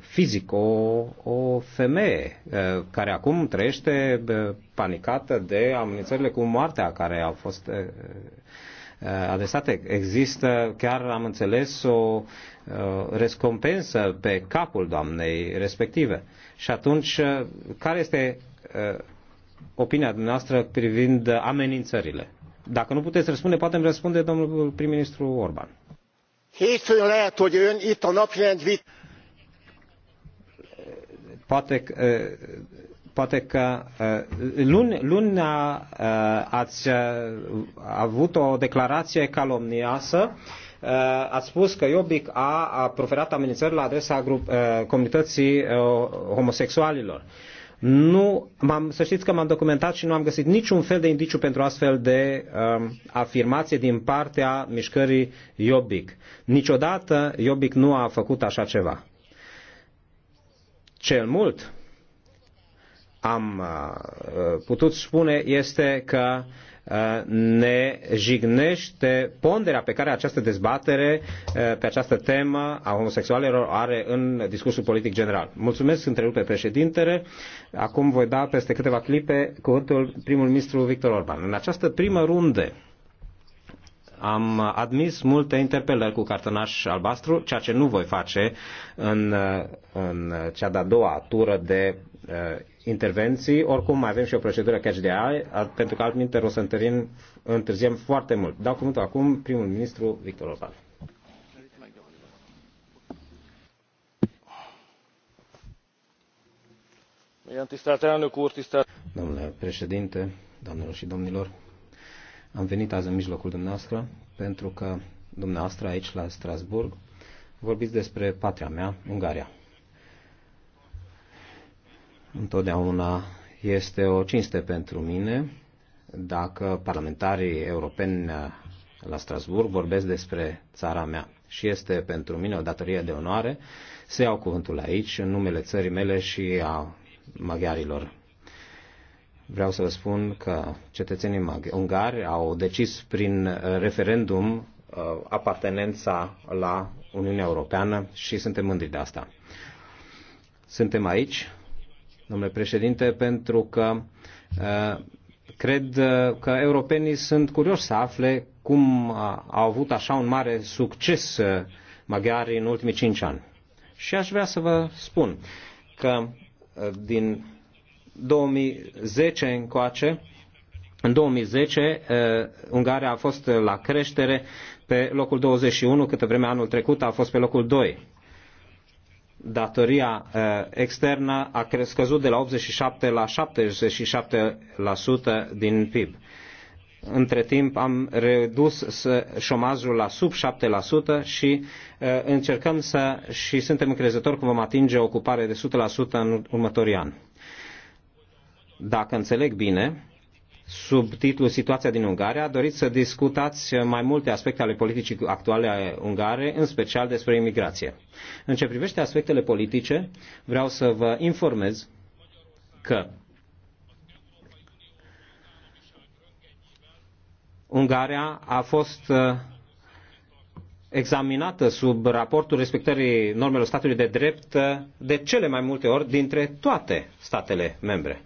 fizic o, o femeie care acum trăiește panicată de amenințările cu moartea care au fost adresate. Există, chiar am înțeles, o recompensă pe capul doamnei respective. Și atunci, care este Uh, opinia dumneavoastră privind amenințările. Dacă nu puteți răspunde, poate îmi răspunde domnul prim-ministru Orban. Hétfőn lehet, hogy ön itt a napirend vit... Poate, uh, poate că uh, luni, luni ați avut o declarație calomnioasă ați spus că Iobic a, a proferat amenințări la adresa grup, comunității homosexualilor. Nu, am să știți că m-am documentat și nu am găsit niciun fel de indiciu pentru astfel de um, afirmație din partea mișcării Iobic. Niciodată Iobic nu a făcut așa ceva. Cel mult am uh, putut spune este că uh, ne jignește ponderea pe care această dezbatere eh, pe această temă a homosexualelor are în discursul politic general. Mulțumesc, întrerupe președintele. Acum voi da peste câteva clipe cuvântul primul ministru Victor Orban. În această primă runde am admis multe interpelări cu cartonaș albastru, ceea ce nu voi face în, eh, în cea de-a doua tură de eh, intervenții. Oricum mai avem și o procedură catch de ai, pentru că altminte o să întârziem, întârziem foarte mult. Dau cuvântul acum primul ministru Victor Orban. Domnule președinte, doamnelor și domnilor, am venit azi în mijlocul dumneavoastră pentru că dumneavoastră aici la Strasburg vorbiți despre patria mea, Ungaria. Întotdeauna este o cinste pentru mine dacă parlamentarii europeni uh, la Strasburg vorbesc despre țara mea. Și este pentru mine o datorie de onoare să iau cuvântul aici în numele țării mele și a maghiarilor. Vreau să vă spun că cetățenii ungari au decis prin referendum uh, apartenența la Uniunea Europeană și suntem mândri de asta. Suntem aici domnule președinte, pentru că uh, cred uh, că europenii sunt curioși să afle cum uh, au avut așa un mare succes maghiarii în ultimii cinci ani. Și aș vrea să vă spun că din 2010 încoace, în 2010, Ungaria a fost la creștere pe locul 21, câtă vreme anul trecut a fost pe locul 2 datoria eh, externă a crescut de la 87 la 77% din PIB. Între timp am redus șomajul la sub 7% și eh, încercăm să și suntem încrezători că vom atinge o ocupare de 100% în următorii ani. Dacă înțeleg bine, sub titlul Situația din Ungaria, doriți să discutați mai multe aspecte ale politicii actuale ungare, în special despre imigrație. În ce privește aspectele politice, vreau să vă informez că Ungaria a fost uh, examinată sub raportul respectării normelor statului de drept uh, de cele mai multe ori dintre toate statele membre.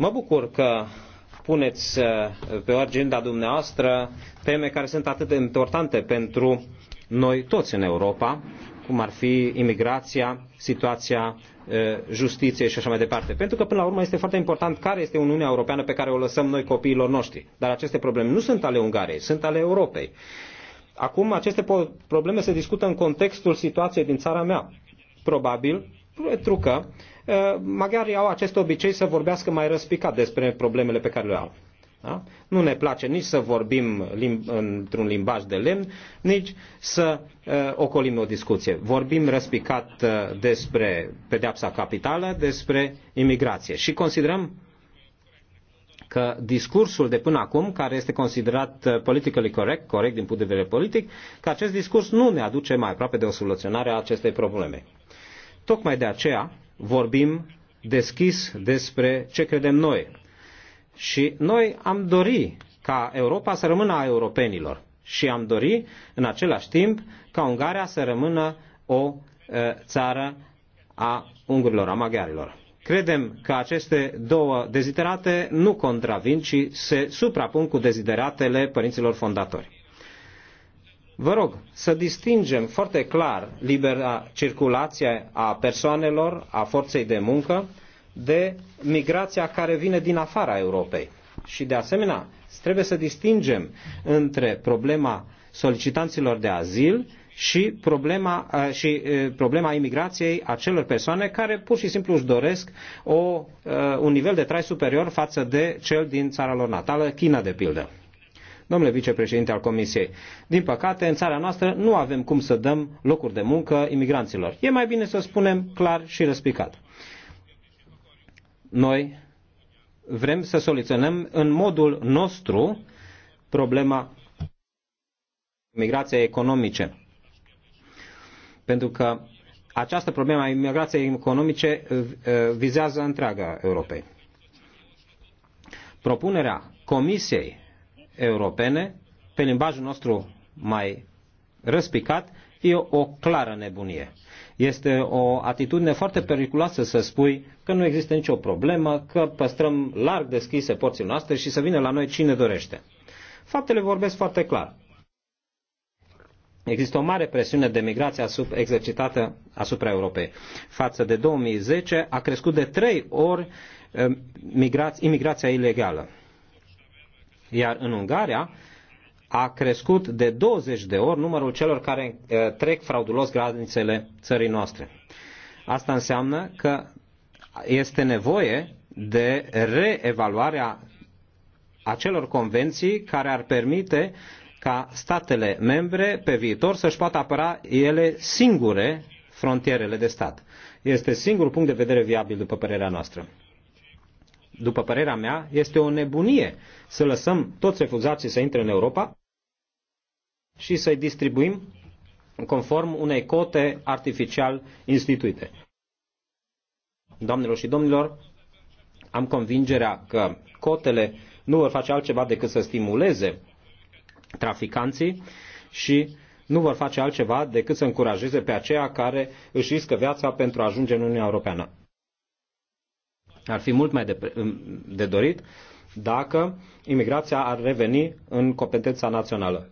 Mă bucur că puneți uh, pe agenda dumneavoastră teme care sunt atât de importante pentru noi toți în Europa, cum ar fi imigrația, situația uh, justiției și așa mai departe. Pentru că, până la urmă, este foarte important care este Uniunea Europeană pe care o lăsăm noi copiilor noștri. Dar aceste probleme nu sunt ale Ungariei, sunt ale Europei. Acum, aceste probleme se discută în contextul situației din țara mea. Probabil pentru că Eh, maghiarii au acest obicei să vorbească mai răspicat despre problemele pe care le au. Da? Nu ne place nici să vorbim lim- într-un limbaj de lemn, nici să uh, ocolim o discuție. Vorbim răspicat uh, despre pedeapsa capitală, despre imigrație și considerăm că discursul de până acum, care este considerat politically corect, corect din punct de vedere politic, că acest discurs nu ne aduce mai aproape de o soluționare a acestei probleme. Tocmai de aceea, vorbim deschis despre ce credem noi. Și noi am dori ca Europa să rămână a europenilor și am dori în același timp ca Ungaria să rămână o țară a ungurilor, a maghiarilor. Credem că aceste două deziderate nu contravin, ci se suprapun cu dezideratele părinților fondatori. Vă rog să distingem foarte clar libera circulație a persoanelor, a forței de muncă, de migrația care vine din afara Europei. Și de asemenea, trebuie să distingem între problema solicitanților de azil și problema, și problema imigrației acelor persoane care pur și simplu își doresc o, un nivel de trai superior față de cel din țara lor natală, China de pildă. Domnule vicepreședinte al Comisiei, din păcate, în țara noastră nu avem cum să dăm locuri de muncă imigranților. E mai bine să spunem clar și răspicat. Noi vrem să soluționăm în modul nostru problema migrației economice. Pentru că această problemă a imigrației economice eh, vizează întreaga Europei. Propunerea Comisiei europene, pe limbajul nostru mai răspicat, e o clară nebunie. Este o atitudine foarte periculoasă să spui că nu există nicio problemă, că păstrăm larg deschise porțile noastre și să vină la noi cine dorește. Faptele vorbesc foarte clar. Există o mare presiune de migrație asup, exercitată asupra Europei. Față de 2010 a crescut de trei ori eh, imigrația ilegală. Iar în Ungaria a crescut de 20 de ori numărul celor care eh, trec fraudulos granițele țării noastre. Asta înseamnă că este nevoie de reevaluarea acelor convenții care ar permite ca statele membre pe viitor să-și poată apăra ele singure frontierele de stat. Este singurul punct de vedere viabil, după părerea noastră după părerea mea, este o nebunie să lăsăm toți refuzații să intre în Europa și să-i distribuim conform unei cote artificial instituite. Doamnelor și domnilor, am convingerea că cotele nu vor face altceva decât să stimuleze traficanții și nu vor face altceva decât să încurajeze pe aceia care își riscă viața pentru a ajunge în Uniunea Europeană. Ar fi mult mai de, mm, de dorit dacă imigrația ar reveni în competența națională.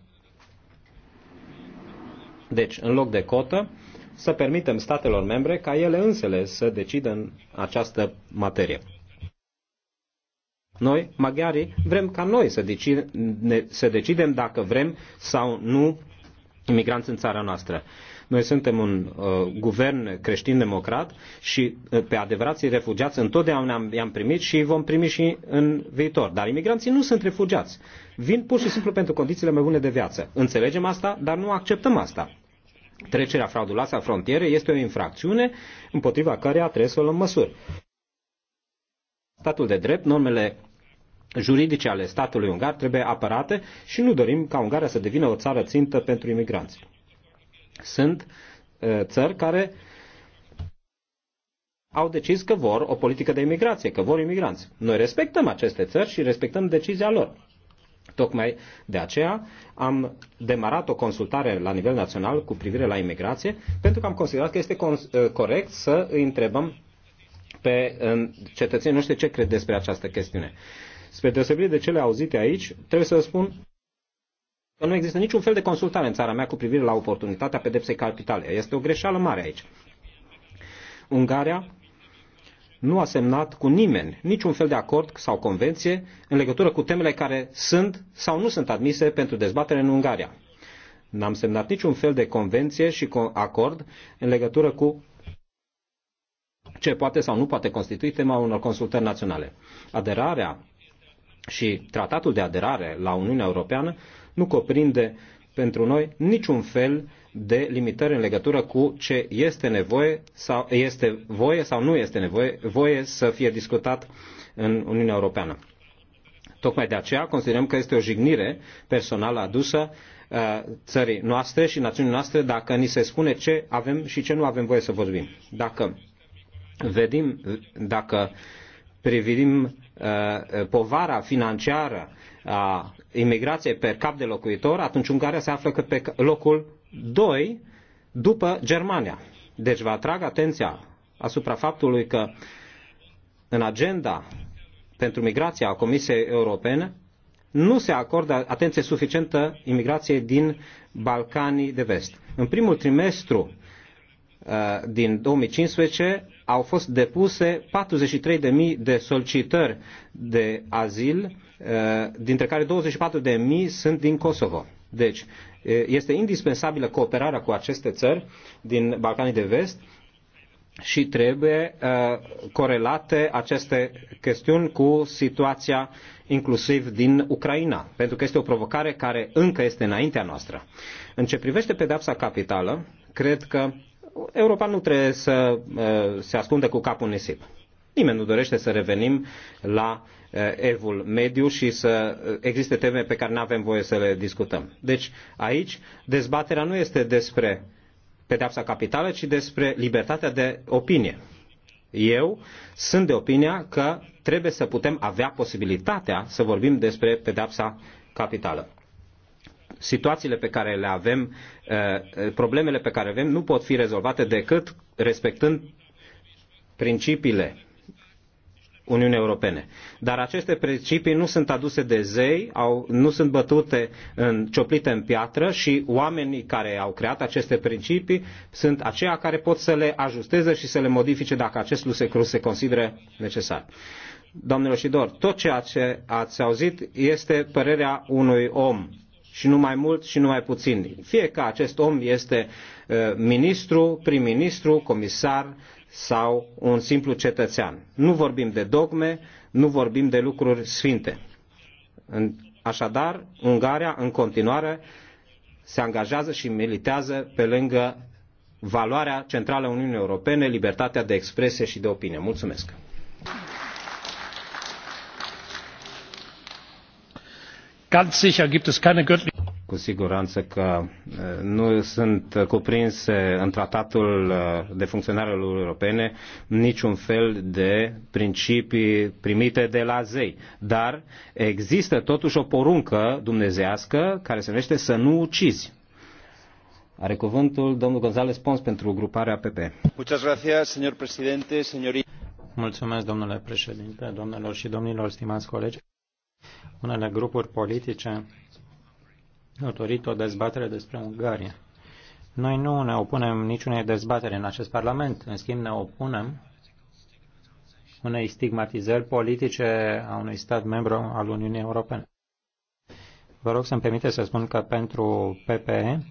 Deci, în loc de cotă, să permitem statelor membre ca ele însele să decidă în această materie. Noi, maghiarii, vrem ca noi să, deci, ne, să decidem dacă vrem sau nu imigranți în țara noastră. Noi suntem un uh, guvern creștin-democrat și uh, pe adevărații refugiați întotdeauna am, i-am primit și vom primi și în viitor. Dar imigranții nu sunt refugiați. Vin pur și simplu pentru condițiile mai bune de viață. Înțelegem asta, dar nu acceptăm asta. Trecerea frauduloasă a frontierei este o infracțiune împotriva care trebuie să luăm măsuri. Statul de drept, normele juridice ale statului ungar trebuie apărate și nu dorim ca Ungaria să devină o țară țintă pentru imigranți. Sunt uh, țări care au decis că vor o politică de imigrație, că vor imigranți. Noi respectăm aceste țări și respectăm decizia lor. Tocmai de aceea am demarat o consultare la nivel național cu privire la imigrație, pentru că am considerat că este uh, corect să îi întrebăm pe cetățenii noștri ce cred despre această chestiune. Spre deosebire de cele auzite aici, trebuie să spun că nu există niciun fel de consultare în țara mea cu privire la oportunitatea pedepsei capitale. Este o greșeală mare aici. Ungaria nu a semnat cu nimeni niciun fel de acord sau convenție în legătură cu temele care sunt sau nu sunt admise pentru dezbatere în Ungaria. N-am semnat niciun fel de convenție și acord în legătură cu ce poate sau nu poate constitui tema unor consultări naționale. Aderarea și tratatul de aderare la Uniunea Europeană nu coprinde pentru noi niciun fel de limitări în legătură cu ce este nevoie sau este voie sau nu este nevoie voie să fie discutat în Uniunea Europeană. Tocmai de aceea considerăm că este o jignire personală adusă uh, țării noastre și națiunii noastre dacă ni se spune ce avem și ce nu avem voie să vorbim. Dacă vedim, dacă privim uh, povara financiară a imigrație per cap de locuitor, atunci Ungaria se află cât pe locul 2 după Germania. Deci vă atrag atenția asupra faptului că în agenda pentru migrația a Comisiei Europene nu se acordă atenție suficientă imigrației din Balcanii de Vest. În primul trimestru uh, din 2015, au fost depuse 43.000 de solicitări de azil, uh, dintre care 24.000 sunt din Kosovo. Deci, uh, este indispensabilă cooperarea cu aceste țări din Balcanii de Vest și trebuie uh, corelate aceste chestiuni cu situația inclusiv din Ucraina, pentru că este o provocare care încă este înaintea noastră. În ce privește pedepsa capitală, cred că Europa nu trebuie să uh, se ascundă cu capul nisip. Nimeni nu dorește să revenim la uh, evul mediu și să uh, existe teme pe care nu avem voie să le discutăm. Deci aici dezbaterea nu este despre pedepsa capitală, ci despre libertatea de opinie. Eu sunt de opinia că trebuie să putem avea posibilitatea să vorbim despre pedepsa capitală situațiile pe care le avem, eh, problemele pe care le avem, nu pot fi rezolvate decât respectând principiile Uniunii Europene. Dar aceste principii nu sunt aduse de zei, au, nu sunt bătute în cioplite în piatră și oamenii care au creat aceste principii sunt aceia care pot să le ajusteze și să le modifice dacă acest lucru se consideră necesar. Doamnelor și doar, tot ceea ce ați auzit este părerea unui om și nu mai mult și nu mai puțin. Fie că acest om este uh, ministru, prim-ministru, comisar sau un simplu cetățean. Nu vorbim de dogme, nu vorbim de lucruri sfinte. Așadar, Ungaria în continuare se angajează și militează pe lângă valoarea centrală a Uniunii Europene, libertatea de expresie și de opinie. Mulțumesc! Ganz sicher cu siguranță că uh, nu sunt cuprinse în tratatul uh, de funcționare al europene niciun fel de principii primite de la zei. Dar există totuși o poruncă dumnezească care se numește să nu ucizi. Are cuvântul domnul González Pons pentru gruparea PP. Mulțumesc, domnule președinte, domnilor și domnilor, stimați colegi. Unele grupuri politice au dorit o dezbatere despre Ungaria. Noi nu ne opunem niciunei dezbatere în acest Parlament, în schimb ne opunem unei stigmatizări politice a unui stat membru al Uniunii Europene. Vă rog să-mi permite să spun că pentru PPE,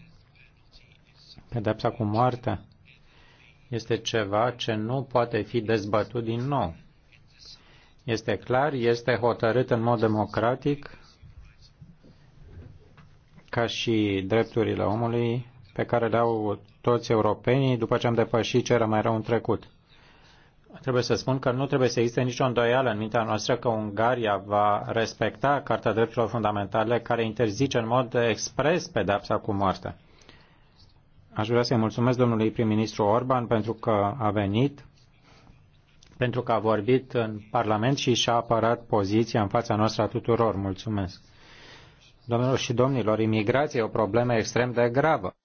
pedepsa cu moartea este ceva ce nu poate fi dezbătut din nou. Este clar, este hotărât în mod democratic ca și drepturile omului pe care le au toți europenii după ce am depășit ce era mai rău în trecut. Trebuie să spun că nu trebuie să existe nicio îndoială în mintea noastră că Ungaria va respecta Carta Drepturilor Fundamentale care interzice în mod expres pedapsa cu moartea. Aș vrea să-i mulțumesc domnului prim-ministru Orban pentru că a venit pentru că a vorbit în Parlament și și-a apărat poziția în fața noastră a tuturor. Mulțumesc. Domnilor și domnilor, imigrația e o problemă extrem de gravă.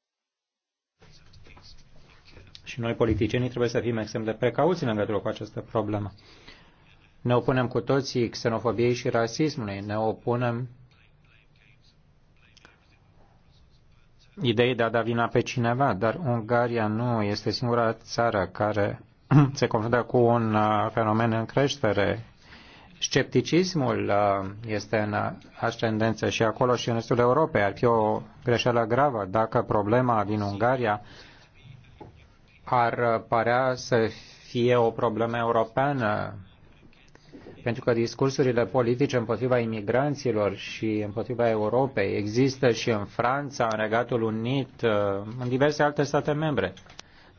Și noi, politicienii, trebuie să fim extrem de precauți în legătură cu această problemă. Ne opunem cu toții xenofobiei și rasismului, ne opunem ideii de a da vina pe cineva, dar Ungaria nu este singura țară care (clears throat) se confruntă cu un uh, fenomen în creștere. Scepticismul uh, este în ascendență și acolo și în estul Europei. Ar fi o greșeală gravă dacă problema din Ungaria ar uh, părea să fie o problemă europeană, pentru că discursurile politice împotriva imigranților și împotriva Europei există și în Franța, în Regatul Unit, în diverse alte state membre.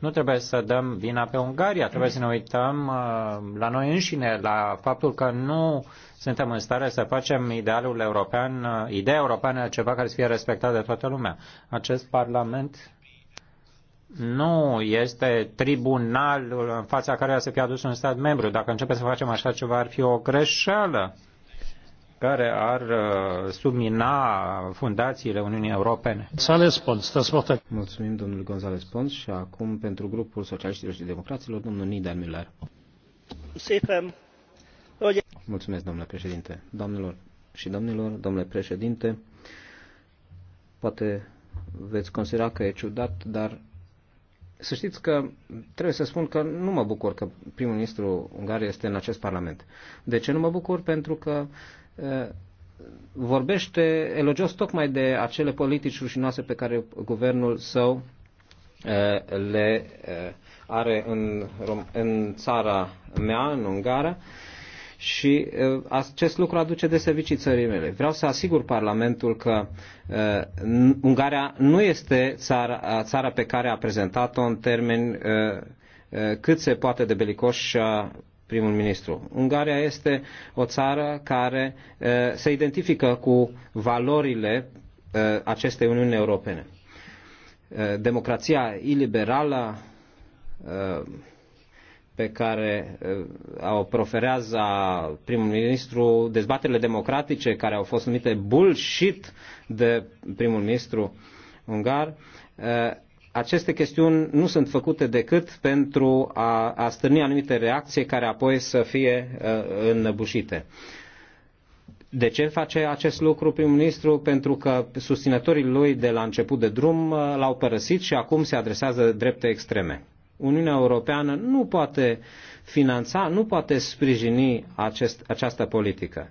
Nu trebuie să dăm vina pe Ungaria, trebuie să ne uităm uh, la noi înșine, la faptul că nu suntem în stare să facem idealul european, uh, ideea europeană ceva care să fie respectat de toată lumea. Acest Parlament nu este tribunalul în fața care să fie adus un stat membru. Dacă începem să facem așa ceva, ar fi o greșeală care ar uh, submina fundațiile Uniunii Europene. Mulțumim, domnul González Pons, și acum pentru grupul Socialiștilor și Democraților, domnul Nidar Miller. Mulțumesc, domnule președinte. Doamnelor și domnilor, domnule președinte, poate veți considera că e ciudat, dar să știți că trebuie să spun că nu mă bucur că prim-ministru Ungariei este în acest parlament. De ce nu mă bucur? Pentru că uh, Uh, vorbește elogios tocmai de acele politici rușinoase pe care guvernul său uh, le uh, are în, în țara mea, în Ungară, și acest lucru aduce de servicii țării mele. Vreau să asigur Parlamentul că Ungaria nu este țara, țara pe care a prezentat-o în termeni cât se poate de belicoși și a primul ministru. Ungaria este o țară care se identifică cu valorile acestei Uniuni Europene. Democrația iliberală pe care o proferează primul ministru, dezbaterile democratice care au fost numite bullshit de primul ministru ungar, aceste chestiuni nu sunt făcute decât pentru a, a stârni anumite reacții care apoi să fie uh, înnăbușite. De ce face acest lucru prim-ministru? Pentru că susținătorii lui de la început de drum uh, l-au părăsit și acum se adresează drepte extreme. Uniunea Europeană nu poate finanța, nu poate sprijini acest, această politică.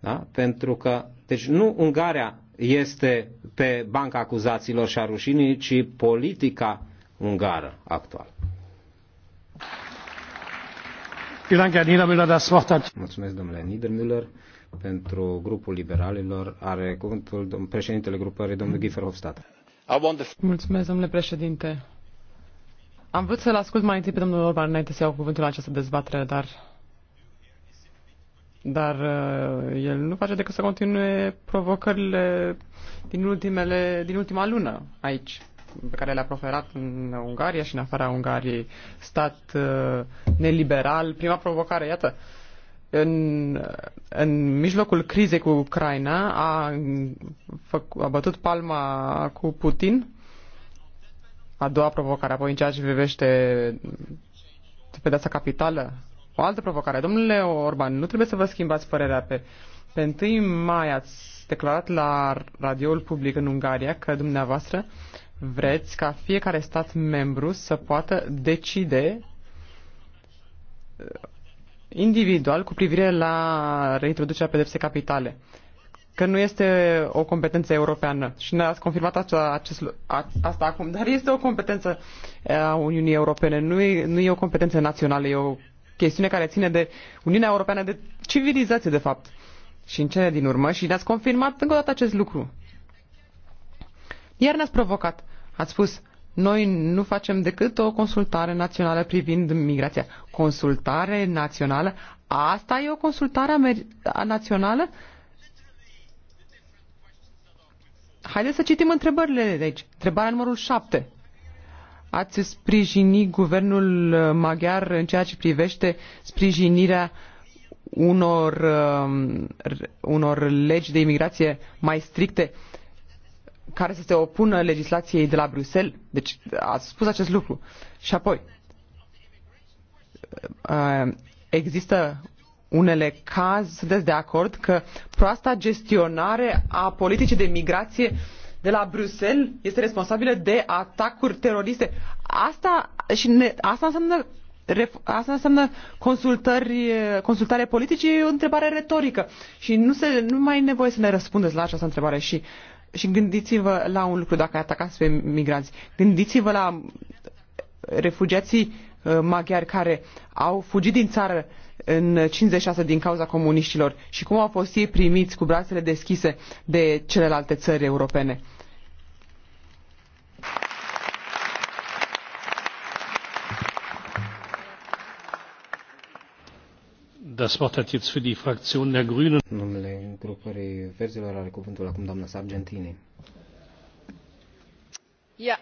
Da? Pentru că, deci nu Ungaria este pe banca acuzaților și a rușinii, ci politica ungară actuală. Mulțumesc, domnule Niedermüller. Pentru grupul liberalilor are cuvântul președintele grupării, domnul Giefer Hofstadt. Mulțumesc, domnule președinte. Am vrut să-l ascult mai întâi pe domnul Orban înainte să iau cuvântul la această dezbatere, dar dar uh, el nu face decât să continue provocările din, ultimele, din ultima lună aici pe care le-a proferat în Ungaria și în afara Ungariei, stat uh, neliberal. Prima provocare, iată, în, în mijlocul crizei cu Ucraina a, făc, a bătut palma cu Putin, a doua provocare, apoi în ceea ce privește pedeața capitală o altă provocare. Domnule Orban, nu trebuie să vă schimbați părerea pe... Pe 1 mai ați declarat la radioul public în Ungaria că dumneavoastră vreți ca fiecare stat membru să poată decide uh, individual cu privire la reintroducerea pedepsei capitale că nu este o competență europeană. Și ne-ați confirmat acea, acest, a, asta acum. Dar este o competență uh, a Uniunii Europene. Nu e, nu e o competență națională, e o chestiune care ține de Uniunea Europeană, de civilizație, de fapt. Și în cele din urmă, și ne-ați confirmat încă o dată acest lucru. Iar ne-ați provocat. Ați spus, noi nu facem decât o consultare națională privind migrația. Consultare națională? Asta e o consultare națională? Haideți să citim întrebările de aici. Întrebarea numărul 7 ați sprijini guvernul uh, maghiar în ceea ce privește sprijinirea unor, um, unor legi de imigrație mai stricte care să se opună legislației de la Bruxelles? Deci ați spus acest lucru. Și apoi, uh, există unele caz, sunteți de acord că proasta gestionare a politicii de migrație uh, de la Bruxelles este responsabilă de atacuri teroriste. Asta, și ne, asta înseamnă Asta înseamnă consultări, consultare politice, e o întrebare retorică și nu, se, nu mai e nevoie să ne răspundeți la această întrebare și, și gândiți-vă la un lucru dacă atacați pe migranți. Gândiți-vă la refugiații uh, maghiari care au fugit din țară în 56 din cauza comuniștilor și cum au fost ei primiți cu brațele deschise de celelalte țări europene. Das Wort verzilor are cuvântul acum doamna Sargentini. Uh,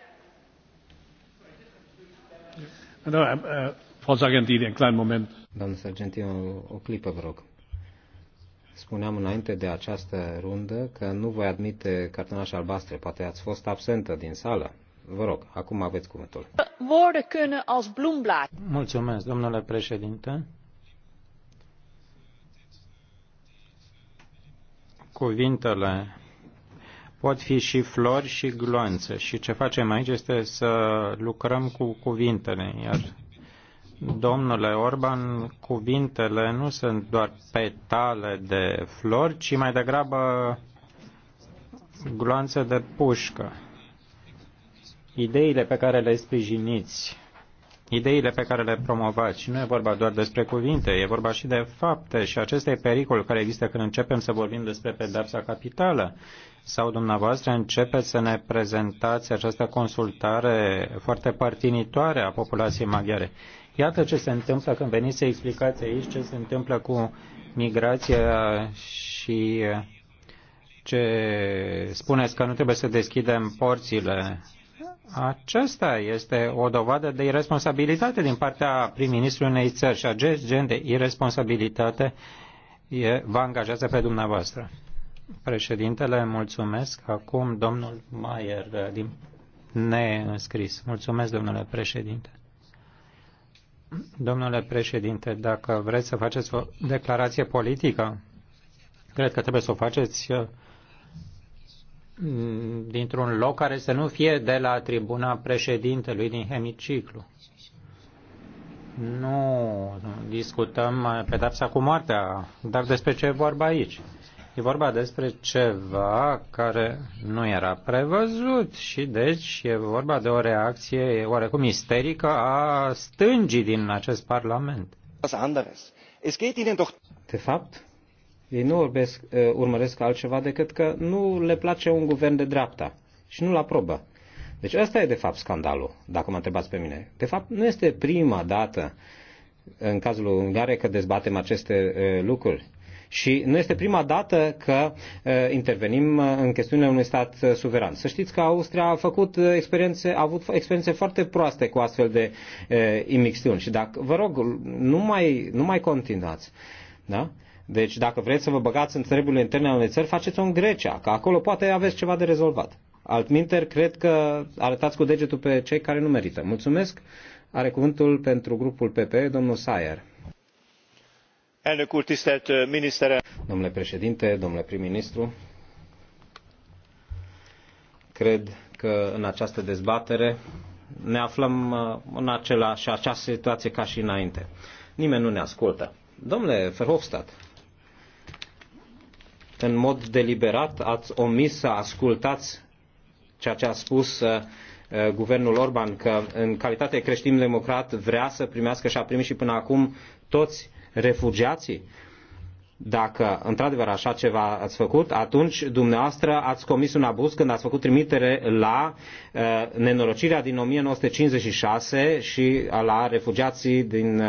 uh, Sargentini, un moment. o, clipă, vă rog. Spuneam înainte de această rundă că nu voi admite cartonașe albastre. Poate ați fost absentă din sală. Vă rog, acum aveți cuvântul. Mulțumesc, domnule președinte. cuvintele pot fi și flori și gloanțe. Și ce facem aici este să lucrăm cu cuvintele. Iar, domnule Orban, cuvintele nu sunt doar petale de flori, ci mai degrabă gloanțe de pușcă. Ideile pe care le sprijiniți ideile pe care le promovați. Și nu e vorba doar despre cuvinte, e vorba și de fapte și acesta e pericolul care există când începem să vorbim despre pedapsa capitală. Sau dumneavoastră începeți să ne prezentați această consultare foarte partinitoare a populației maghiare. Iată ce se întâmplă când veniți să explicați aici ce se întâmplă cu migrația și ce spuneți că nu trebuie să deschidem porțile aceasta este o dovadă de irresponsabilitate din partea prim-ministrului unei țări și acest gen de irresponsabilitate e, vă angajează pe dumneavoastră. Președintele, mulțumesc. Acum domnul Maier uh, din neînscris. Mulțumesc, domnule președinte. Domnule președinte, dacă vreți să faceți o declarație politică, cred că trebuie să o faceți uh, Mm, dintr-un loc care să nu fie de la tribuna președintelui din hemiciclu. Nu discutăm uh, pedapsa cu moartea, dar despre ce e vorba aici? E vorba despre ceva care nu era prevăzut și deci e vorba de o reacție oarecum isterică a stângii din acest parlament. De fapt, ei nu urbesc, uh, urmăresc altceva decât că nu le place un guvern de dreapta și nu-l aprobă. Deci asta e de fapt scandalul, dacă mă întrebați pe mine. De fapt, nu este prima dată în cazul Ungariei că dezbatem aceste uh, lucruri. Și nu este prima dată că uh, intervenim în chestiunile unui stat suveran. Să știți că Austria a făcut experiențe, a avut experiențe foarte proaste cu astfel de imixtiuni. Și dacă, vă rog, nu mai, nu mai continuați. Da? Deci dacă vreți să vă băgați în treburile interne ale unei țări, faceți-o în Grecia, că acolo poate aveți ceva de rezolvat. Altminteri, cred că arătați cu degetul pe cei care nu merită. Mulțumesc. Are cuvântul pentru grupul PP, domnul Sayer. Domnule președinte, domnule prim-ministru, cred că în această dezbatere ne aflăm în același, această situație ca și înainte. Nimeni nu ne ascultă. Domnule Verhofstadt, în mod deliberat ați omis să ascultați ceea ce a spus uh, uh, guvernul Orban, că în calitate creștin-democrat vrea să primească și a primit și până acum toți refugiații? Dacă într-adevăr așa ceva ați făcut, atunci dumneavoastră ați comis un abuz când ați făcut trimitere la uh, nenorocirea din 1956 și la refugiații din uh,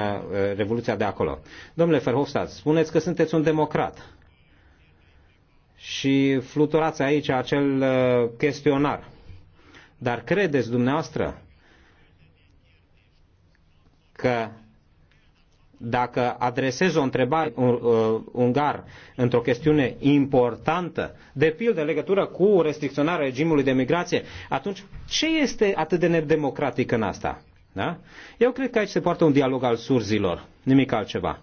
Revoluția de acolo. Domnule Ferhofstadt, spuneți că sunteți un democrat și fluturați aici acel uh, chestionar. Dar credeți dumneavoastră că dacă adresez o întrebare uh, ungar într-o chestiune importantă, de pildă legătură cu restricționarea regimului de migrație, atunci ce este atât de nedemocratic în asta? Da? Eu cred că aici se poartă un dialog al surzilor, nimic altceva.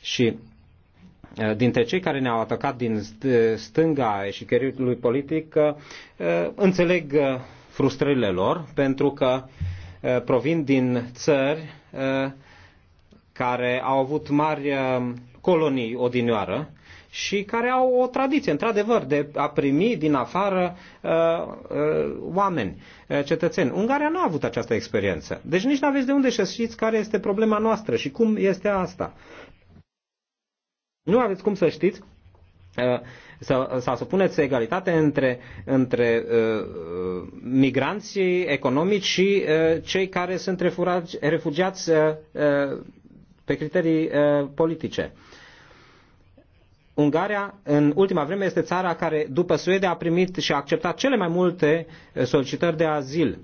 Și Eh, dintre cei care ne-au atacat din stânga eșicheriului politic eh, înțeleg eh, frustrările lor pentru că provin din țări care au avut mari colonii odinioară și care au o tradiție, într-adevăr, de a primi din afară uh, uh, oameni, uh, cetățeni. Ungaria nu a avut această experiență. Deci nici nu aveți de unde să știți care este problema noastră și cum este asta. Nu aveți cum să știți uh, să, să supuneți egalitate între, între uh, migranții economici și uh, cei care sunt refugiați, refugiați uh, uh, pe criterii uh, politice. Ungaria în ultima vreme este țara care, după Suedia, a primit și a acceptat cele mai multe uh, solicitări de azil.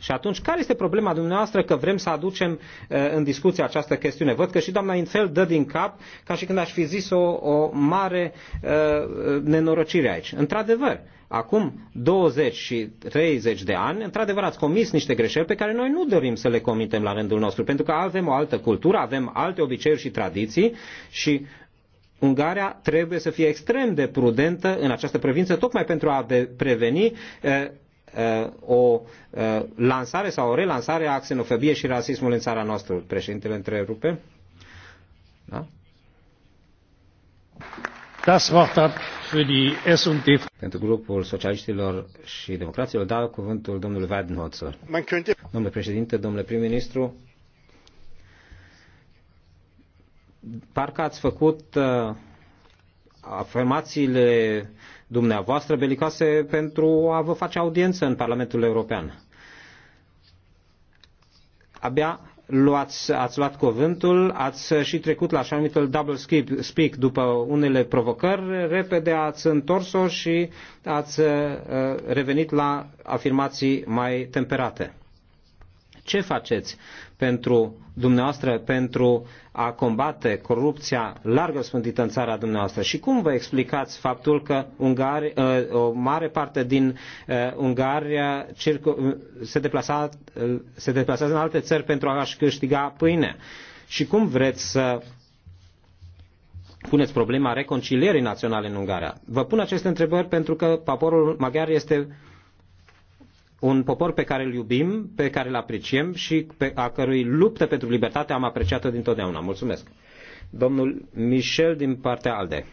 Și atunci, care este problema dumneavoastră că vrem să aducem uh, în discuție această chestiune? Văd că și doamna Infel dă din cap ca și când aș fi zis o, o mare uh, nenorocire aici. Într-adevăr, acum 20 și 30 de ani, într-adevăr ați comis niște greșeli pe care noi nu dorim să le comitem la rândul nostru, pentru că avem o altă cultură, avem alte obiceiuri și tradiții și Ungaria trebuie să fie extrem de prudentă în această prevință, tocmai pentru a preveni uh, Uh, o uh, lansare sau o relansare a xenofobiei și rasismului în țara noastră. Președintele întrerupe. Da? Das Wort hat für die S&D. Pentru grupul socialiștilor și democraților dau cuvântul domnului Weidenholzer. Könnte... Domnule președinte, domnule prim-ministru, parcă ați făcut uh, afirmațiile dumneavoastră belicase pentru a vă face audiență în Parlamentul European. Abia luați, ați luat cuvântul, ați și trecut la așa numitul double speak după unele provocări, repede ați întors-o și ați uh, revenit la afirmații mai temperate. Ce faceți pentru dumneavoastră pentru a combate corupția larg răspândită în țara dumneavoastră? Și cum vă explicați faptul că Ungari, uh, o mare parte din uh, Ungaria uh, se, deplasa, se deplasează în alte țări pentru a-și câștiga pâine? Și cum vreți să puneți problema reconcilierii naționale în Ungaria? Vă pun aceste întrebări pentru că poporul maghiar este un popor pe care îl iubim, pe care îl apreciem și pe, a cărui luptă pentru libertate am apreciat-o dintotdeauna. Mulțumesc! Domnul Michel din partea ALDE.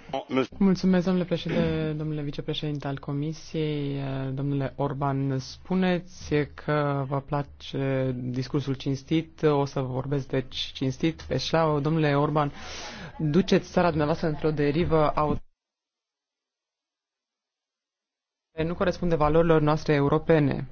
Mulțumesc, domnule președinte, domnule vicepreședinte al Comisiei. Domnule Orban, spuneți că vă place discursul cinstit, o să vorbesc deci cinstit. Pe șlau, domnule Orban, duceți țara dumneavoastră într-o derivă auto nu corespunde valorilor noastre europene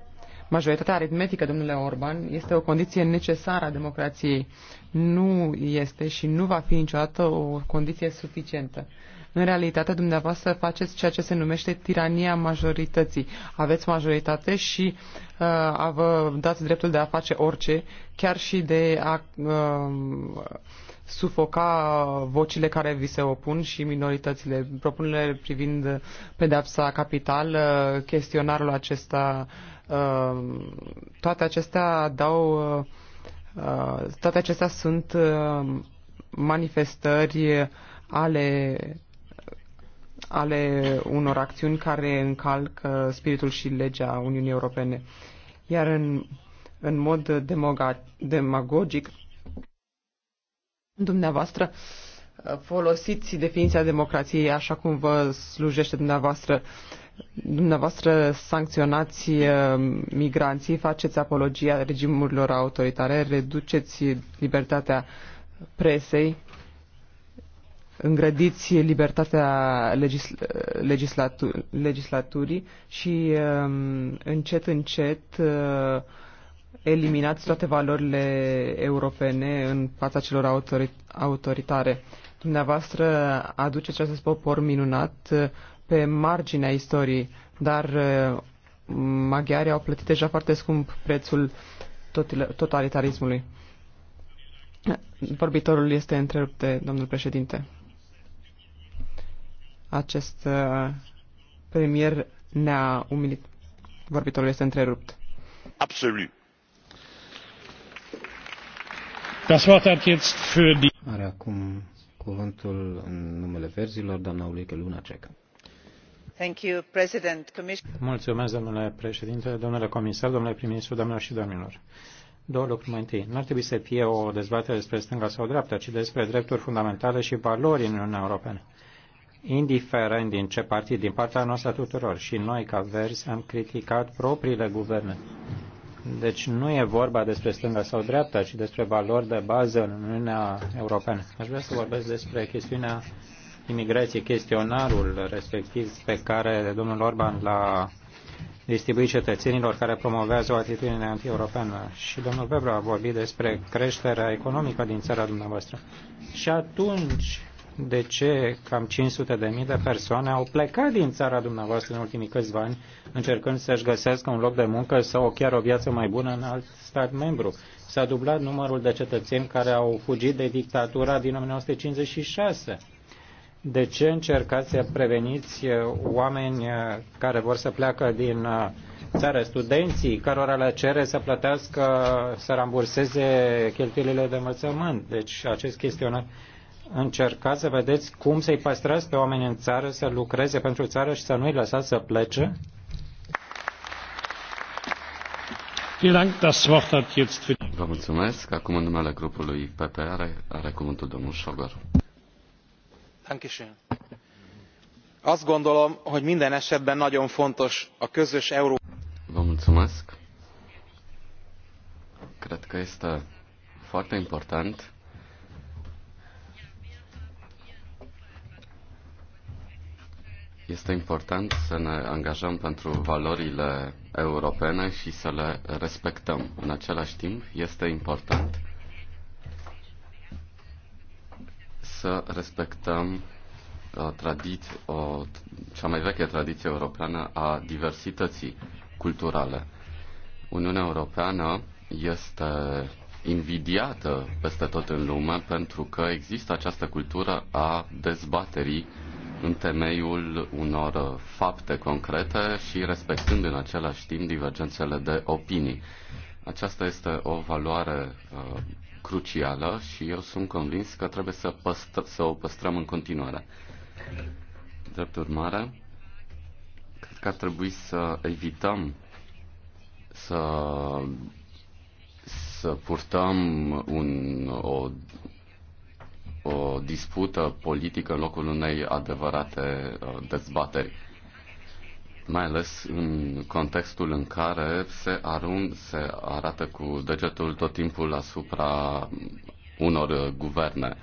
majoritatea aritmetică, domnule Orban, este o condiție necesară a democrației. Nu este și nu va fi niciodată o condiție suficientă. În realitate, dumneavoastră faceți ceea ce se numește tirania majorității. Aveți majoritate și uh, a vă dați dreptul de a face orice, chiar și de a uh, sufoca vocile care vi se opun și minoritățile. Propunerile privind pedepsa capital, uh, chestionarul acesta uh, Ehm, toate acestea dau. Eh, toate acestea sunt ehm, manifestări ale ale unor acțiuni care încalcă spiritul și legea Uniunii Europene. Iar în, în mod demoga, demagogic, dumneavoastră eh, folosiți definiția democrației așa cum vă slujește dumneavoastră dumneavoastră sancționați uh, migranții, faceți apologia regimurilor autoritare, reduceți libertatea presei, îngrădiți libertatea legisl- legislatu- legislaturii și um, încet, încet uh, eliminați toate valorile europene în fața celor autori- autoritare. Dumneavoastră aduceți acest popor minunat pe marginea istoriei, dar uh, maghiarii au plătit deja foarte scump prețul totalitarismului. Vorbitorul este întrerupt de domnul președinte. Acest uh, premier ne-a umilit. Vorbitorul este întrerupt. Absolut. Das Wort hat jetzt für die... Are acum cuvântul în numele verzilor, doamna Ulrike Ceca. Mulțumesc, domnule președinte, domnule comisar, domnule prim-ministru, doamnelor și domnilor. Două lucruri mai întâi. Nu ar trebui să fie o dezbatere despre stânga sau dreapta, ci despre drepturi fundamentale și valori în Uniunea Europeană. Indiferent din ce partid, din partea noastră tuturor, și noi ca verzi am criticat propriile guverne. Deci nu e vorba despre stânga sau dreapta, ci despre valori de bază în Uniunea Europeană. Aș vrea să vorbesc despre chestiunea imigrație, chestionarul respectiv pe care domnul Orban l-a distribuit cetățenilor care promovează o atitudine anti-europeană. Și domnul Weber a vorbit despre creșterea economică din țara dumneavoastră. Și atunci, de ce cam 500 de mii de persoane au plecat din țara dumneavoastră în ultimii câțiva ani, încercând să-și găsească un loc de muncă sau chiar o viață mai bună în alt stat membru? S-a dublat numărul de cetățeni care au fugit de dictatura din 1956 de ce încercați să preveniți uh, oameni uh, care vor să pleacă din uh, țară, studenții cărora le cere să plătească, să ramburseze cheltuielile de învățământ? Deci acest chestionar încercați să vedeți cum să-i păstrați pe oameni în țară, să lucreze pentru țară și să nu-i lăsați să plece? Vă mulțumesc. Acum în numele grupului PPR are, are cuvântul domnul Șogăru azt gondolom hogy minden esetben nagyon fontos a közös európai. că este foarte important Este important să ne angajăm pentru valorile europene și să le respectăm. În același timp, este important să respectăm uh, tradiție, o, cea mai veche tradiție europeană a diversității culturale. Uniunea Europeană este invidiată peste tot în lume pentru că există această cultură a dezbaterii în temeiul unor fapte concrete și respectând în același timp divergențele de opinii. Aceasta este o valoare uh, crucială și eu sunt convins că trebuie să, păstr- să o păstrăm în continuare. Drept urmare, cred că ar trebui să evităm să, să purtăm un, o, o dispută politică în locul unei adevărate uh, dezbateri mai ales în contextul în care se, arun, se arată cu degetul tot timpul asupra unor guverne.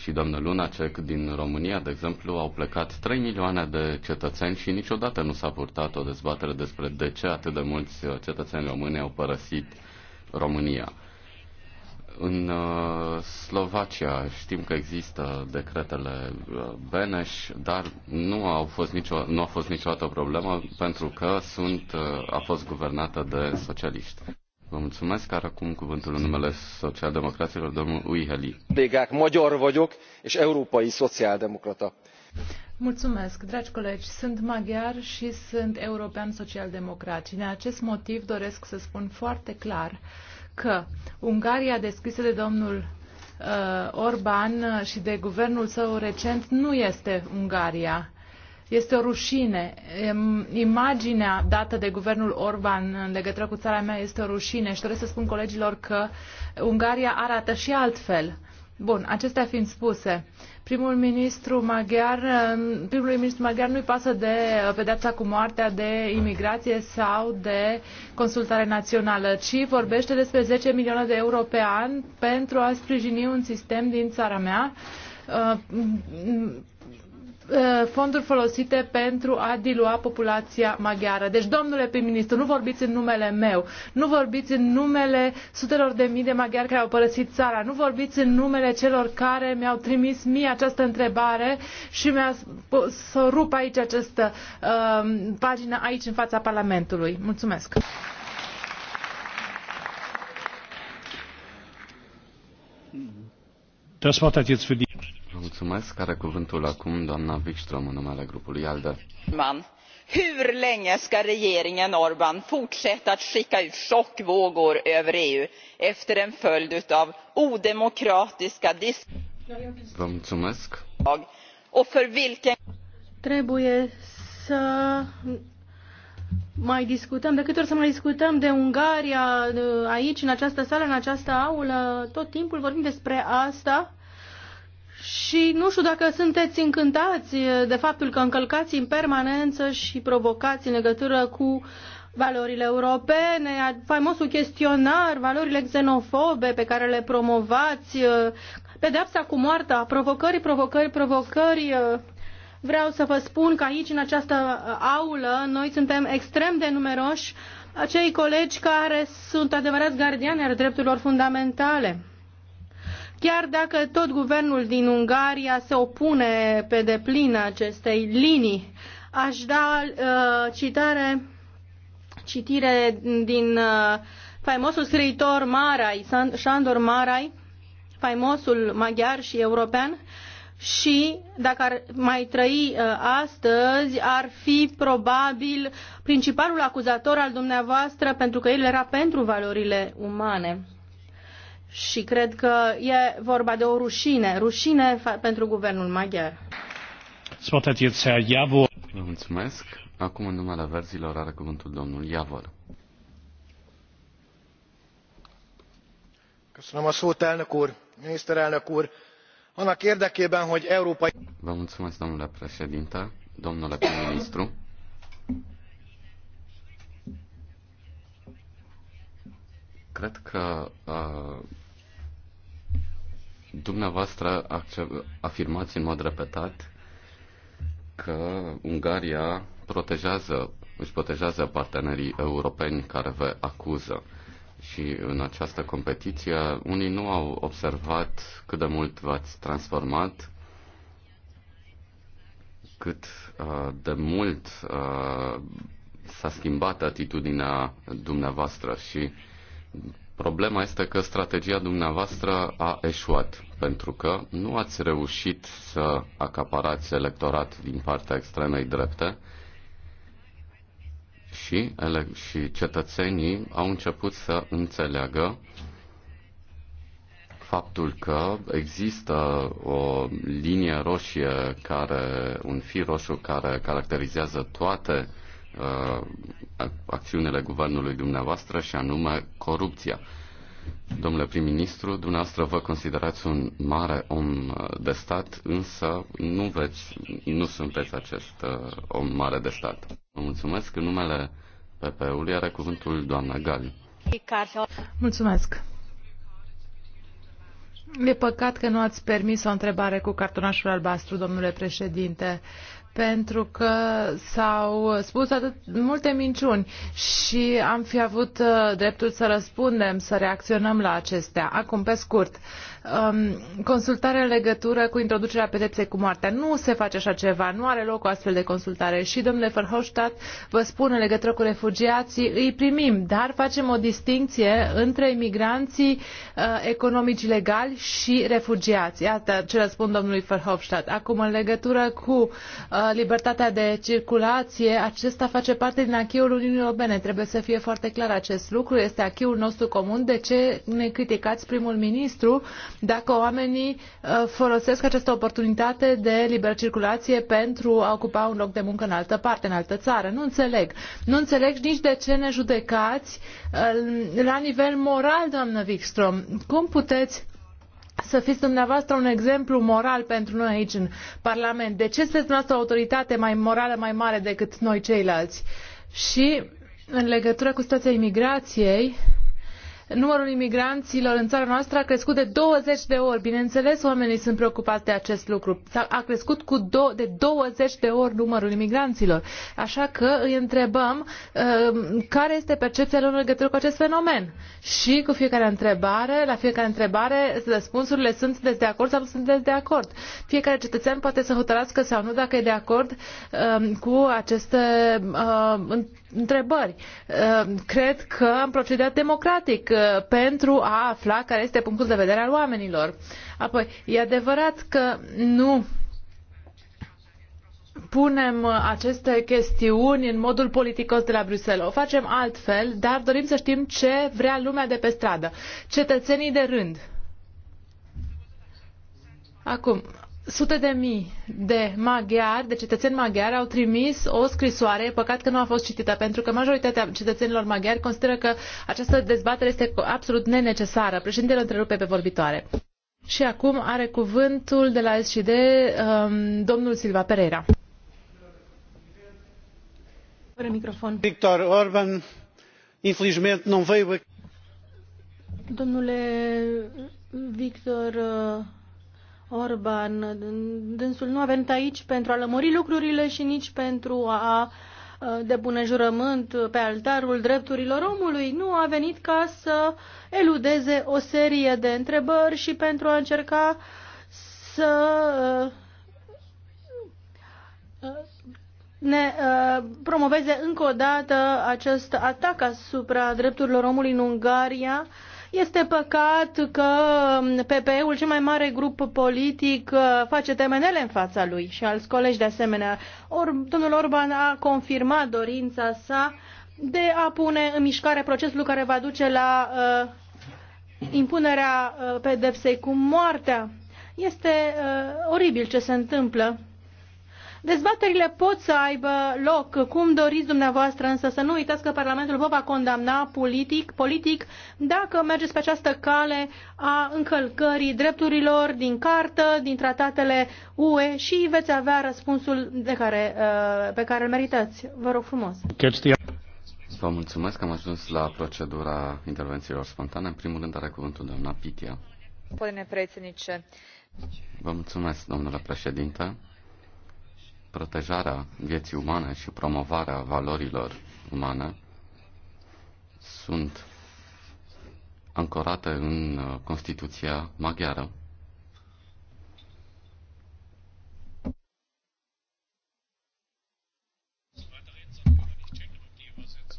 Și doamnă Lunacek din România, de exemplu, au plecat 3 milioane de cetățeni și niciodată nu s-a purtat o dezbatere despre de ce atât de mulți cetățeni români au părăsit România. În uh, Slovacia știm că există decretele uh, Beneș, dar nu, au fost nicio, nu a fost niciodată o problemă pentru că sunt, uh, a fost guvernată de socialiști. Vă mulțumesc, care acum cuvântul în numele socialdemocraților, domnul Uiheli. Bigac, magyar vagyok, és európai socialdemocrata. Mulțumesc, dragi colegi. Sunt maghiar și sunt european social-democrat și din acest motiv doresc să spun foarte clar că Ungaria descrisă de domnul uh, Orban și de guvernul său recent nu este Ungaria. Este o rușine. Imaginea dată de guvernul Orban în legătură cu țara mea este o rușine și doresc să spun colegilor că Ungaria arată și altfel. Bun, acestea fiind spuse, primul ministru maghiar, um, primul ministru maghiar nu-i pasă de pedeapsa cu moartea, de imigrație sau de consultare națională, ci vorbește despre 10 milioane de euro pe an pentru a sprijini un sistem din țara mea uh, Uh, fonduri folosite pentru a dilua populația maghiară. Deci, domnule prim-ministru, nu vorbiți în numele meu, nu vorbiți în numele sutelor de mii de maghiari care au părăsit țara, nu vorbiți în numele celor care mi-au trimis mie această întrebare și mi-a să rup aici această uh, pagină aici în fața Parlamentului. Mulțumesc! Das Wort hat jetzt für die Mulțumesc. Care cuvântul acum, doamna Wikström, în numele grupului ALDE. Man. Hur länge ska regeringen Orbán fortsätta att skicka ut chockvågor över EU efter en följd av odemokratiska Vă mulțumesc. Och för vilken... Trebuie să mai discutăm, de câte ori să mai discutăm de Ungaria aici, în această sală, în această aulă, tot timpul vorbim despre asta și nu știu dacă sunteți încântați eh, de faptul că încălcați în permanență și provocați în legătură cu valorile europene, faimosul chestionar, valorile xenofobe pe care le promovați, eh, pedepsa cu moartea, provocări, provocări, provocări. Eh. Vreau să vă spun că aici, în această aulă, noi suntem extrem de numeroși acei colegi care sunt adevărați gardiani ai drepturilor fundamentale chiar dacă tot guvernul din Ungaria se opune pe deplin acestei linii. Aș da uh, citare, citire din uh, faimosul scriitor Marai, Sandor Marai, faimosul maghiar și european, și dacă ar mai trăi uh, astăzi, ar fi probabil principalul acuzator al dumneavoastră pentru că el era pentru valorile umane și cred că e vorba de o rușine, rușine pentru guvernul maghiar. Vă mulțumesc. Acum în numele verzilor are cuvântul domnul Iavor. Köszönöm a szót, elnök úr, miniszterelnök úr. Annak érdekében, hogy Európa... Vă mulțumesc, domnule președinte, domnule prim-ministru. Cred că uh, Dumneavoastră afirmați în mod repetat că Ungaria protejează, își protejează partenerii europeni care vă acuză. Și în această competiție, unii nu au observat cât de mult v-ați transformat, cât uh, de mult uh, s-a schimbat atitudinea dumneavoastră și Problema este că strategia dumneavoastră a eșuat, pentru că nu ați reușit să acaparați electorat din partea extremei drepte și, ele- și cetățenii au început să înțeleagă faptul că există o linie roșie, care, un fir roșu care caracterizează toate uh, acțiunile guvernului dumneavoastră și anume corupția. Domnule prim-ministru, dumneavoastră vă considerați un mare om uh, de stat, însă nu, veți, nu sunteți acest uh, om mare de stat. Vă mulțumesc. În numele PP-ului are cuvântul doamna Gali. Mulțumesc. E păcat că nu ați permis o întrebare cu cartonașul albastru, domnule președinte, pentru că s-au spus atât multe minciuni și am fi avut uh, dreptul să răspundem, să reacționăm la acestea. Acum, pe scurt, uh, um, consultare în legătură cu introducerea pedepsei cu moartea. Nu se face așa ceva, nu are loc o astfel de consultare. Și, domnule Verhofstadt, vă spun în legătură cu refugiații, îi primim, dar facem o distinție între imigranții uh, economici legali și refugiații. Iată ce răspund domnului Verhofstadt. Acum, în legătură cu uh, libertatea de circulație, acesta face parte din acheul Uniunii Europene. Trebuie să fie foarte clar acest lucru. Este acheul nostru comun. De ce ne criticați primul ministru dacă oamenii uh, folosesc această oportunitate de liberă circulație pentru a ocupa un loc de muncă în altă parte, în altă țară. Nu înțeleg. Nu înțeleg nici de ce ne judecați uh, la nivel moral, doamnă Wikström. Cum puteți să fiți dumneavoastră un exemplu moral pentru noi aici în Parlament. De ce sunteți dumneavoastră o autoritate mai morală, mai mare decât noi ceilalți? Și în legătură cu situația imigrației, numărul imigranților în țara noastră a crescut de 20 de ori. Bineînțeles, oamenii sunt preocupați de acest lucru. A crescut cu do- de 20 de ori numărul imigranților. Așa că îi întrebăm uh, care este percepția lor în legătură cu acest fenomen. Și cu fiecare întrebare, la fiecare întrebare, răspunsurile sunt sunteți de acord sau nu sunteți de acord. Fiecare cetățean poate să hotărască sau nu dacă e de acord uh, cu aceste uh, întrebări. Uh, cred că am procedat democratic. Uh, Uh, pentru a afla care este punctul de vedere al oamenilor. Apoi, e adevărat că nu punem aceste chestiuni în modul politicos de la Bruxelles. O facem altfel, dar dorim să știm ce vrea lumea de pe stradă, cetățenii de rând. Acum, sute de mii de maghiari, de cetățeni maghiari, au trimis o scrisoare, păcat că nu a fost citită, pentru că majoritatea cetățenilor maghiari consideră că această dezbatere este absolut nenecesară. Președintele întrerupe pe vorbitoare. Și acum are cuvântul de la SCD um, domnul Silva Pereira. Fără microfon. Victor Orban, infelizmente, nu veio Domnule Victor uh, Orban. Dânsul nu a venit aici pentru a lămuri lucrurile și nici pentru a depune jurământ pe altarul drepturilor omului. Nu a venit ca să eludeze o serie de întrebări și pentru a încerca să ne promoveze încă o dată acest atac asupra drepturilor omului în Ungaria este păcat că PPE-ul, cel mai mare grup politic, face temenele în fața lui și alți colegi de asemenea. Or, domnul Orban a confirmat dorința sa de a pune în mișcare procesul care va duce la uh, impunerea uh, pedepsei cu moartea. Este uh, oribil ce se întâmplă Dezbaterile pot să aibă loc cum doriți dumneavoastră, însă să nu uitați că Parlamentul vă va condamna politic, politic dacă mergeți pe această cale a încălcării drepturilor din cartă, din tratatele UE și veți avea răspunsul de care, uh, pe care îl meritați. Vă rog frumos. Vă mulțumesc că am ajuns la procedura intervențiilor spontane. În primul rând are cuvântul doamna Pitia. Vă mulțumesc, domnule președinte protejarea vieții umane și promovarea valorilor umane sunt ancorate în uh, Constituția maghiară.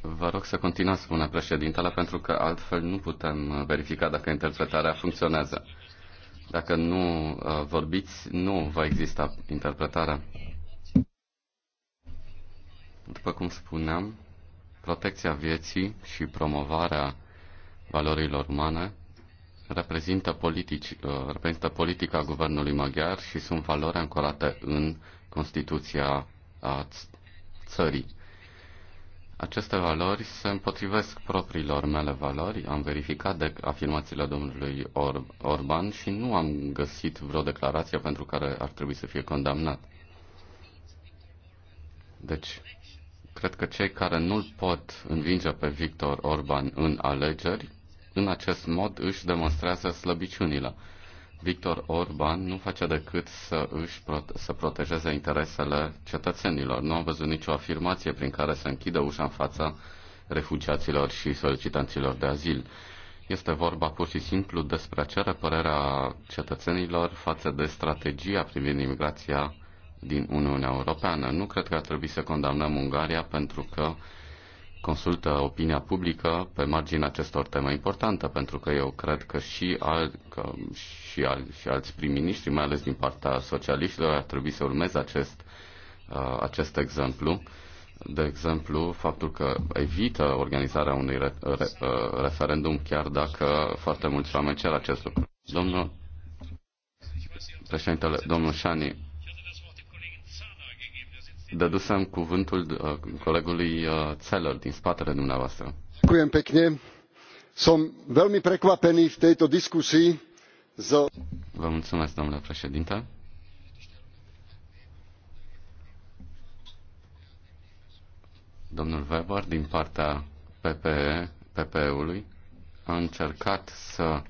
Vă rog să continuați, spune președintele, pentru că altfel nu putem uh, verifica dacă interpretarea funcționează. Dacă nu uh, vorbiți, nu va exista interpretarea. După cum spuneam, protecția vieții și promovarea valorilor umane reprezintă, politici, uh, reprezintă politica guvernului maghiar și sunt valori ancorate în Constituția a țării. Aceste valori se împotrivesc propriilor mele valori. Am verificat de afirmațiile domnului Or- Orban și nu am găsit vreo declarație pentru care ar trebui să fie condamnat. Deci, Cred că cei care nu-l pot învinge pe Victor Orban în alegeri, în acest mod își demonstrează slăbiciunile. Victor Orban nu face decât să își prote- să protejeze interesele cetățenilor. Nu am văzut nicio afirmație prin care să închidă ușa în fața refugiaților și solicitanților de azil. Este vorba pur și simplu despre a cere părerea cetățenilor față de strategia privind imigrația din Uniunea Europeană. Nu cred că ar trebui să condamnăm Ungaria pentru că consultă opinia publică pe marginea acestor teme importante, pentru că eu cred că și, al, că și, al, și alți prim-ministri, mai ales din partea socialiștilor, ar trebui să urmeze acest, uh, acest exemplu. De exemplu, faptul că evită organizarea unui re, re, uh, referendum, chiar dacă foarte mulți oameni cer acest lucru. Domnul președintele, domnul Șani, dădusem cuvântul uh, colegului uh, Țelăr din spatele dumneavoastră. Ďakujem pekne. Som veľmi prekvapený v tejto diskusii z... Vă mulțumesc, domnule președinte. Domnul Weber, din partea PPE, PPE-ului, a încercat să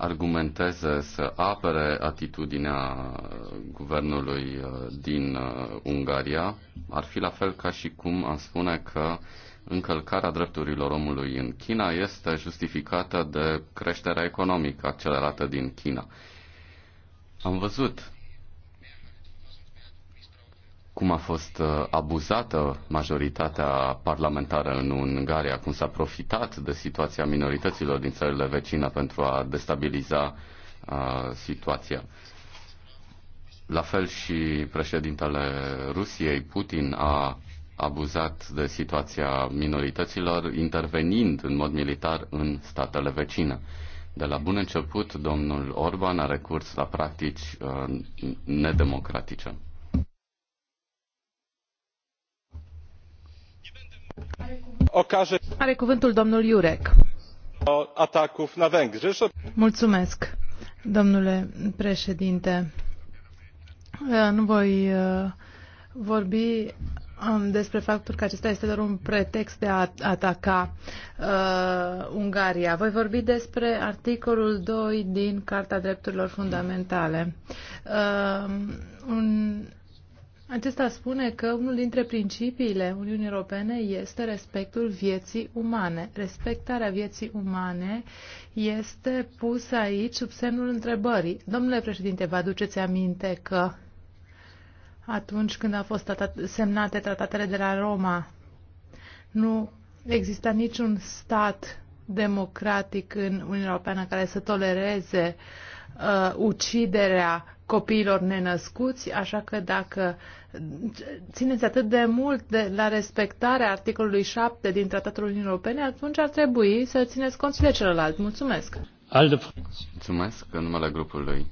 argumenteze, să apere atitudinea guvernului uh, din uh, Ungaria, ar fi la fel ca și cum am spune că încălcarea drepturilor omului în China este justificată de creșterea economică accelerată din China. Am văzut cum a fost uh, abuzată majoritatea parlamentară în Ungaria, cum s-a profitat de situația minorităților din țările vecine pentru a destabiliza a, uh, situația. La fel și președintele Rusiei, Putin, a abuzat de situația minorităților, intervenind în mod militar în statele vecine. De la bun început, domnul Orban a recurs la practici uh, nedemocratice. Are cuvântul domnul Iurec. Ataców na Węgry. Mulțumesc, domnule președinte. Nu voi vorbi despre faptul că acesta este doar un pretext de a ataca Ungaria. Voi vorbi despre articolul doi din Carta Drepturilor Fundamentale. Acesta spune că unul dintre principiile Uniunii Europene este respectul vieții umane. Respectarea vieții umane este pusă aici sub semnul întrebării. Domnule președinte, vă aduceți aminte că atunci când au fost semnate tratatele de la Roma, nu exista niciun stat democratic în Uniunea Europeană care să tolereze uh, uh, uciderea copiilor nenăscuți, așa că dacă țineți atât de mult de la respectarea articolului 7 din Tratatul Uniunii Europene, atunci ar trebui să țineți cont și de celălalt. Mulțumesc! Aldă. Mulțumesc în numele grupului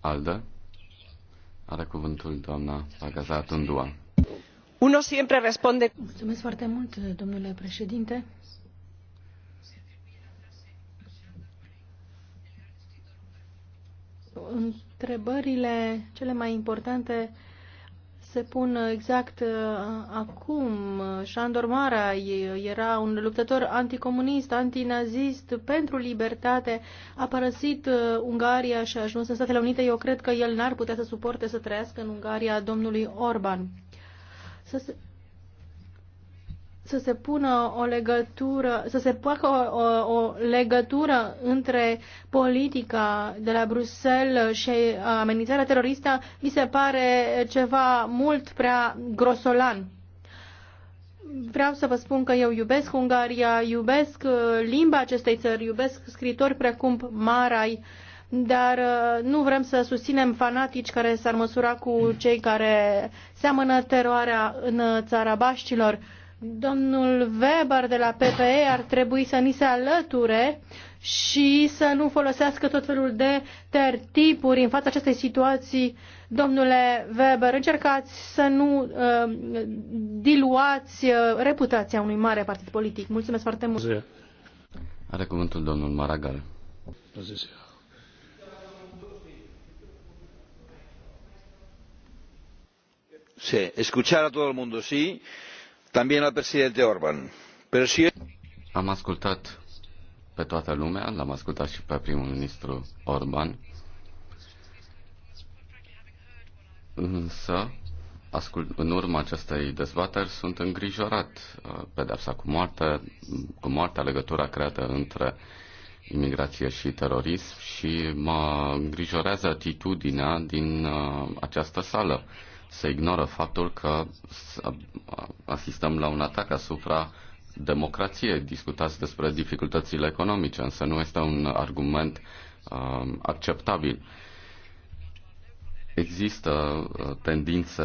Aldă. Are cuvântul doamna Agaza Tundua. Uno siempre responde. Mulțumesc foarte mult, domnule președinte. întrebările cele mai importante se pun exact uh, acum. Șandor Mara era un luptător anticomunist, antinazist, pentru libertate, a părăsit uh, Ungaria și a ajuns în Statele Unite. Eu cred că el n-ar putea să suporte să trăiască în Ungaria domnului Orban. Să se să se pună o legătură, să se facă o, o, o legătură între politica de la Bruxelles și uh, amenințarea teroristă, mi se pare ceva mult prea grosolan. Vreau să vă spun că eu iubesc Ungaria, iubesc uh, limba acestei țări, iubesc scritori precum Marai, dar uh, nu vrem să susținem fanatici care s-ar măsura cu cei care seamănă teroarea în țara Baștilor Domnul Weber de la PPE ar trebui să ni se alăture și să nu folosească tot felul de tertipuri în fața acestei situații. Domnule Weber, încercați să nu uh, diluați uh, reputația unui mare partid politic. Mulțumesc foarte mult. Are cuvântul domnul Maragal. Se. escuchar a todo el mundo, sí. También al presidente Orban. Pero si... Am ascultat pe toată lumea, l-am ascultat și pe primul ministru Orban. Însă, ascult, în urma acestei dezbateri sunt îngrijorat. Uh, Pedepsa cu moarte, cu moartea, legătura creată între imigrație și terorism și mă îngrijorează atitudinea din uh, această sală se ignoră faptul că asistăm la un atac asupra democrației. Discutați despre dificultățile economice, însă nu este un argument uh, acceptabil. Există uh, tendințe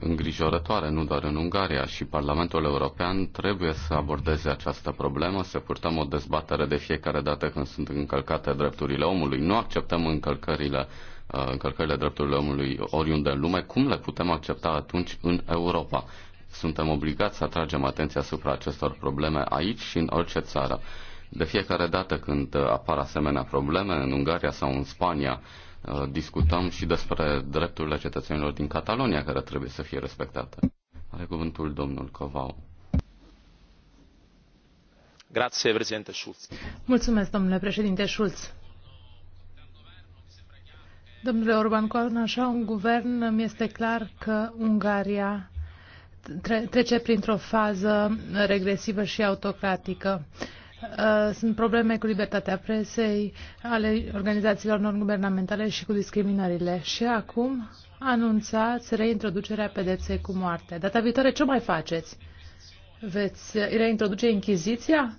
îngrijorătoare, nu doar în Ungaria, și Parlamentul European trebuie să abordeze această problemă, să purtăm o dezbatere de fiecare dată când sunt încălcate drepturile omului. Nu acceptăm încălcările uh, Uh, încărcările drepturilor omului oriunde în lume, cum le putem accepta atunci în Europa? Suntem obligați să atragem atenția asupra acestor probleme aici și în orice țară. De fiecare dată când uh, apar asemenea probleme, în Ungaria sau în Spania, uh, discutăm și despre drepturile cetățenilor din Catalonia care trebuie să fie respectate. Are cuvântul domnul Covau. Grazie, președinte Schulz. Mulțumesc, domnule președinte Schulz Domnule Orban, cu așa un guvern, mi este clar că Ungaria trece printr-o fază regresivă și autocratică. Uh, sunt probleme cu libertatea presei, ale organizațiilor non-guvernamentale și cu discriminările. Și acum anunțați reintroducerea pedepsei cu moarte. Data viitoare ce mai faceți? Veți reintroduce Inchiziția?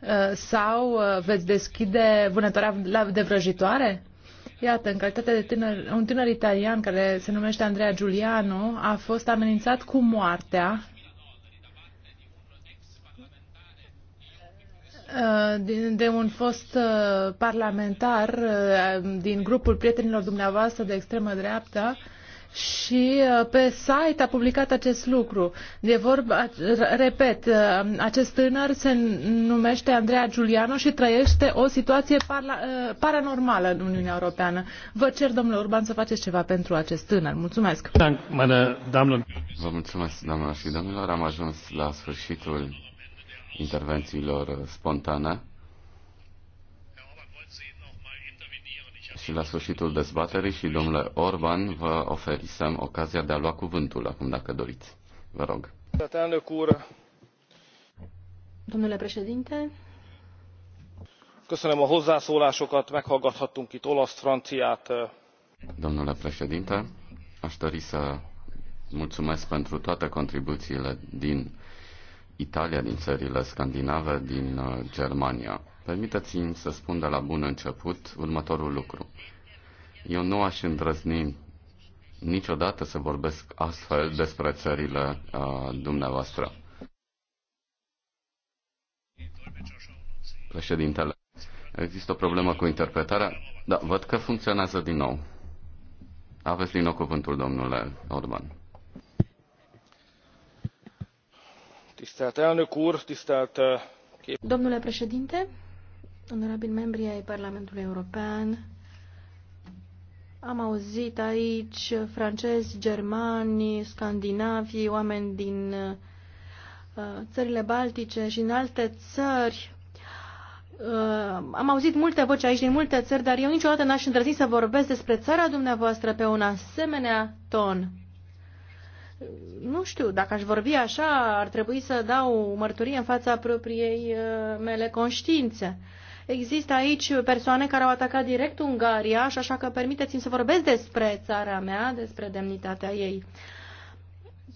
Uh, sau uh, veți deschide vânătoarea de vrăjitoare? Iată, în calitate de tânăr, un tânăr italian care se numește Andrea Giuliano a fost amenințat cu moartea uh, de un fost uh, parlamentar uh, din grupul prietenilor dumneavoastră de extremă dreaptă și uh, pe site a publicat acest lucru. De vorba, repet, uh, acest tânăr se numește Andreea Giuliano și trăiește o situație parla, uh, paranormală în Uniunea Europeană. Vă cer, domnule Urban, să faceți ceva pentru acest tânăr. Mulțumesc! Vă mulțumesc, doamnelor și domnilor. Am ajuns la sfârșitul intervențiilor spontane. și la sfârșitul dezbaterii și domnule Orban vă oferisem ocazia de a lua cuvântul acum dacă doriți. Vă rog. Domnule președinte, Köszönöm a hozzászólásokat, meghallgathattunk itt olasz, franciát. Domnule președinte, aș dori să mulțumesc pentru toate contribuțiile din Italia, din țările scandinave, din uh, Germania. Permiteți-mi să spun de la bun început următorul lucru. Eu nu aș îndrăzni niciodată să vorbesc astfel despre țările uh, dumneavoastră. Președintele, există o problemă cu interpretarea? Da, văd că funcționează din nou. Aveți din nou cuvântul, domnule Orban. Uh, domnule președinte, onorabili membri ai Parlamentului European, am auzit aici francezi, germani, scandinavi, oameni din uh, țările baltice și în alte țări. Uh, am auzit multe voci aici din multe țări, dar eu niciodată n-aș îndrăzni să vorbesc despre țara dumneavoastră pe un asemenea ton. Nu știu, dacă aș vorbi așa, ar trebui să dau mărturie în fața propriei uh, mele conștiințe. Există aici persoane care au atacat direct Ungaria și așa că permiteți-mi să vorbesc despre țara mea, despre demnitatea ei.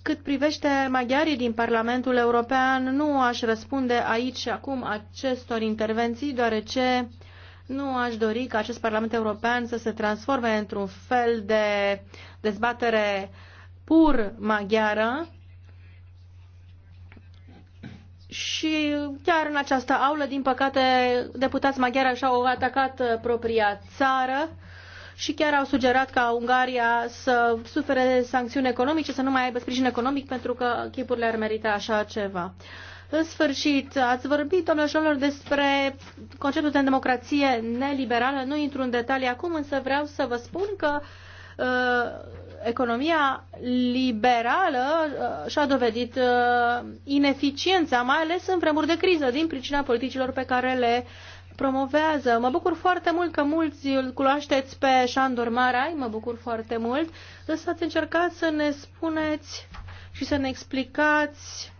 Cât privește maghiarii din Parlamentul European, nu aș răspunde aici și acum acestor intervenții, deoarece nu aș dori ca acest Parlament European să se transforme într-un fel de dezbatere pur maghiară, și chiar în această aulă, din păcate, deputați maghiari așa au atacat uh, propria țară și chiar au sugerat ca Ungaria să sufere sancțiuni economice, să nu mai aibă sprijin economic, pentru că chipurile ar merita așa ceva. În sfârșit, ați vorbit, domnule Șolor, despre conceptul de democrație neliberală. Nu intru în detalii acum, însă vreau să vă spun că uh, economia liberală uh, și-a dovedit uh, ineficiența, mai ales în vremuri de criză, din pricina politicilor pe care le promovează. Mă bucur foarte mult că mulți îl cunoașteți pe Șandor Marai, mă bucur foarte mult, însă ați încercat să ne spuneți și să ne explicați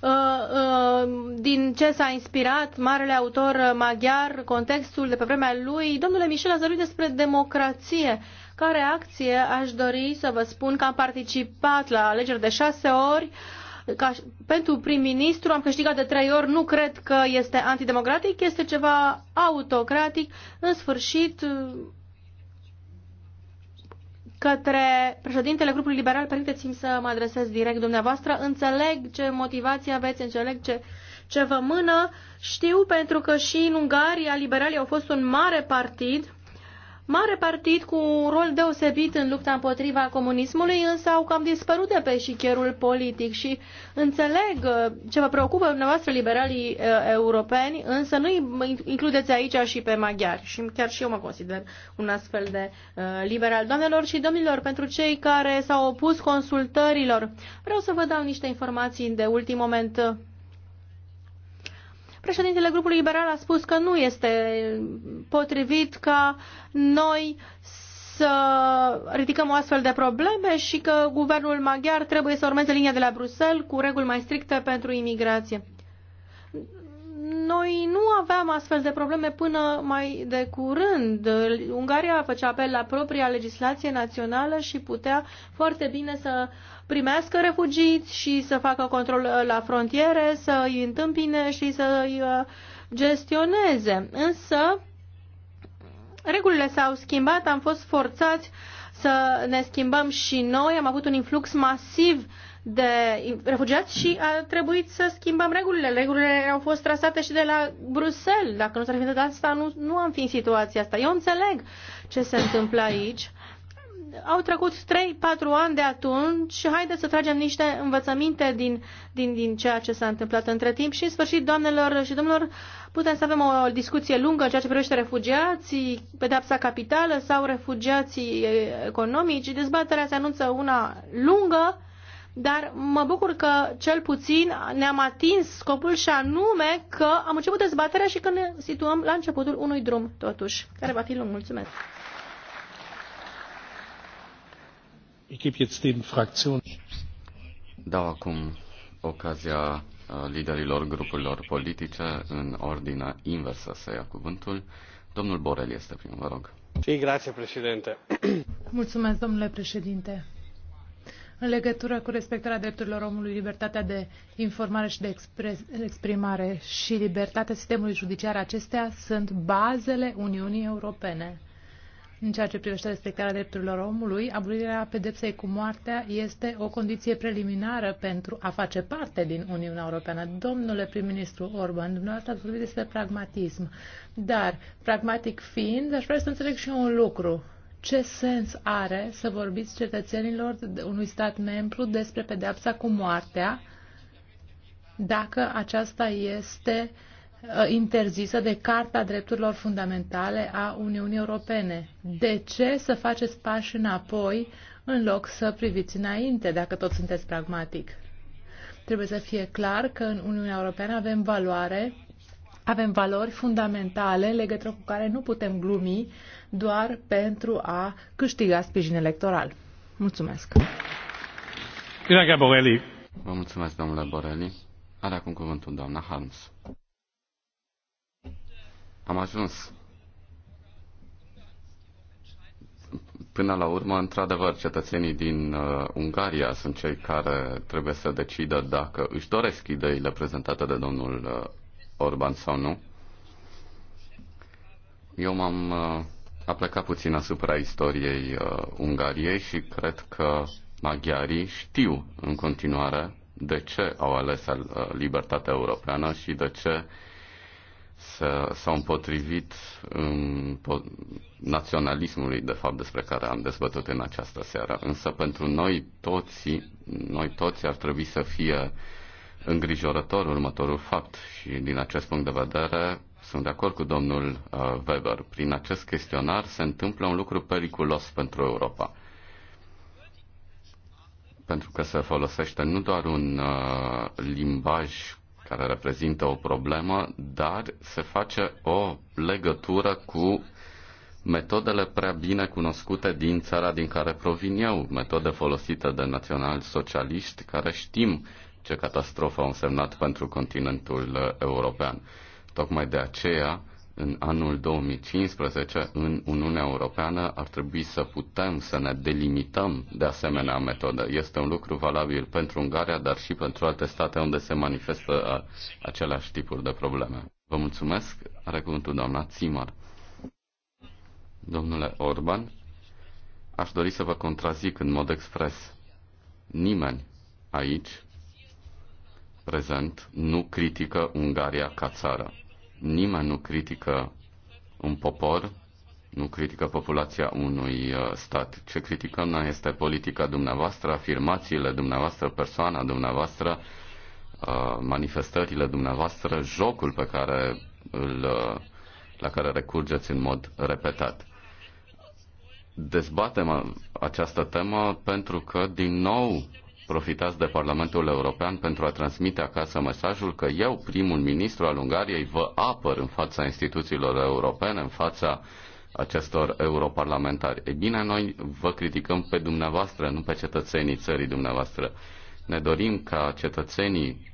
uh, din ce s-a inspirat marele autor maghiar, contextul de pe vremea lui. Domnule Michel, ați vorbit despre democrație. Uh, ca reacție aș dori să vă spun că am participat la alegeri de șase ori ca, pentru prim-ministru am câștigat de trei ori, nu cred că este antidemocratic, este ceva autocratic. În sfârșit, către președintele grupului liberal, permiteți-mi să mă adresez direct dumneavoastră, înțeleg ce motivație aveți, înțeleg ce, ce vă mână, știu pentru că și în Ungaria liberalii au fost un mare partid, Mare partid cu un rol deosebit în lupta împotriva comunismului, însă au cam dispărut de pe șicherul politic și înțeleg uh, ce vă preocupă dumneavoastră liberalii uh, europeni, însă nu includeți aici și pe maghiari și chiar și eu mă consider un astfel de uh, liberal. Doamnelor și domnilor, pentru cei care s-au opus consultărilor, vreau să vă dau niște informații de ultim moment Președintele grupului liberal a spus că nu este potrivit ca noi să ridicăm o astfel de probleme și că guvernul maghiar trebuie să urmeze linia de la Bruxelles cu reguli mai stricte pentru imigrație. Noi nu aveam astfel de probleme până mai de curând. Ungaria făcea apel la propria legislație națională și putea foarte bine să primească refugiți și să facă control uh, la frontiere, să îi întâmpine și să îi uh, gestioneze. Însă, regulile s-au schimbat, am fost forțați să ne schimbăm și noi, am avut un influx masiv de refugiați și a trebuit să schimbăm regulile. Regulile au fost trasate și de la Bruxelles. Dacă nu s-ar fi întâmplat asta, nu, nu am fi în situația asta. Eu înțeleg ce se întâmplă aici. Au trecut 3-4 ani de atunci și haideți să tragem niște învățăminte din, din, din ceea ce s-a întâmplat între timp și, în sfârșit, doamnelor și domnilor, putem să avem o discuție lungă în ceea ce privește refugiații, pedepsa capitală sau refugiații economici. Dezbaterea se anunță una lungă dar mă bucur că cel puțin ne-am atins scopul și anume că am început dezbaterea și că ne situăm la începutul unui drum, totuși, care va fi lung. Mulțumesc! Dau acum ocazia uh, liderilor grupurilor politice în ordine inversă să ia cuvântul. Domnul Borel este primul, vă rog. Mulțumesc, domnule președinte în legătură cu respectarea drepturilor omului, libertatea de informare și de exprimare și libertatea sistemului judiciar, acestea sunt bazele Uniunii Europene. În ceea ce privește respectarea drepturilor omului, abolirea pedepsei cu moartea este o condiție preliminară pentru a face parte din Uniunea Europeană. Domnule prim-ministru Orban, dumneavoastră ați vorbit despre pragmatism, dar pragmatic fiind, aș vrea să înțeleg și eu un lucru ce sens are să vorbiți cetățenilor unui stat membru despre pedeapsa cu moartea dacă aceasta este uh, interzisă de Carta Drepturilor Fundamentale a Uniunii Europene. De ce să faceți pași înapoi în loc să priviți înainte, dacă tot sunteți pragmatic? Trebuie să fie clar că în Uniunea Europeană avem valoare, avem valori fundamentale legătură cu care nu putem glumi, doar pentru a câștiga sprijin electoral. Mulțumesc! Bine, Borelli. Vă mulțumesc, domnule Borelli. Are acum cuvântul doamna Harms. Am ajuns. Până la urmă, într-adevăr, cetățenii din uh, Ungaria sunt cei care trebuie să decidă dacă își doresc ideile prezentate de domnul uh, Orban sau nu. Eu m-am uh, a plecat puțin asupra istoriei uh, Ungariei și cred că maghiarii știu în continuare de ce au ales uh, libertatea europeană și de ce s-au împotrivit um, po- naționalismului, de fapt, despre care am dezbătut în această seară. Însă pentru noi toți, noi toți ar trebui să fie îngrijorător următorul fapt și din acest punct de vedere sunt de acord cu domnul uh, Weber. Prin acest chestionar se întâmplă un lucru periculos pentru Europa. Pentru că se folosește nu doar un uh, limbaj care reprezintă o problemă, dar se face o legătură cu metodele prea bine cunoscute din țara din care provin eu, metode folosite de național-socialiști care știm ce catastrofă au însemnat pentru continentul uh, european. Tocmai de aceea, în anul 2015, în Uniunea Europeană, ar trebui să putem să ne delimităm de asemenea metodă. Este un lucru valabil pentru Ungaria, dar și pentru alte state unde se manifestă aceleași tipuri de probleme. Vă mulțumesc. Are cuvântul doamna Țimar. Domnule Orban, aș dori să vă contrazic în mod expres. Nimeni aici prezent nu critică Ungaria ca țară. Nimeni nu critică un popor, nu critică populația unui uh, stat. Ce criticăm noi este politica dumneavoastră, afirmațiile dumneavoastră, persoana dumneavoastră, uh, manifestările dumneavoastră, jocul pe care îl, uh, la care recurgeți în mod repetat. Dezbatem această temă pentru că, din nou, profitați de Parlamentul European pentru a transmite acasă mesajul că eu, primul ministru al Ungariei, vă apăr în fața instituțiilor europene, în fața acestor europarlamentari. E bine, noi vă criticăm pe dumneavoastră, nu pe cetățenii țării dumneavoastră. Ne dorim ca cetățenii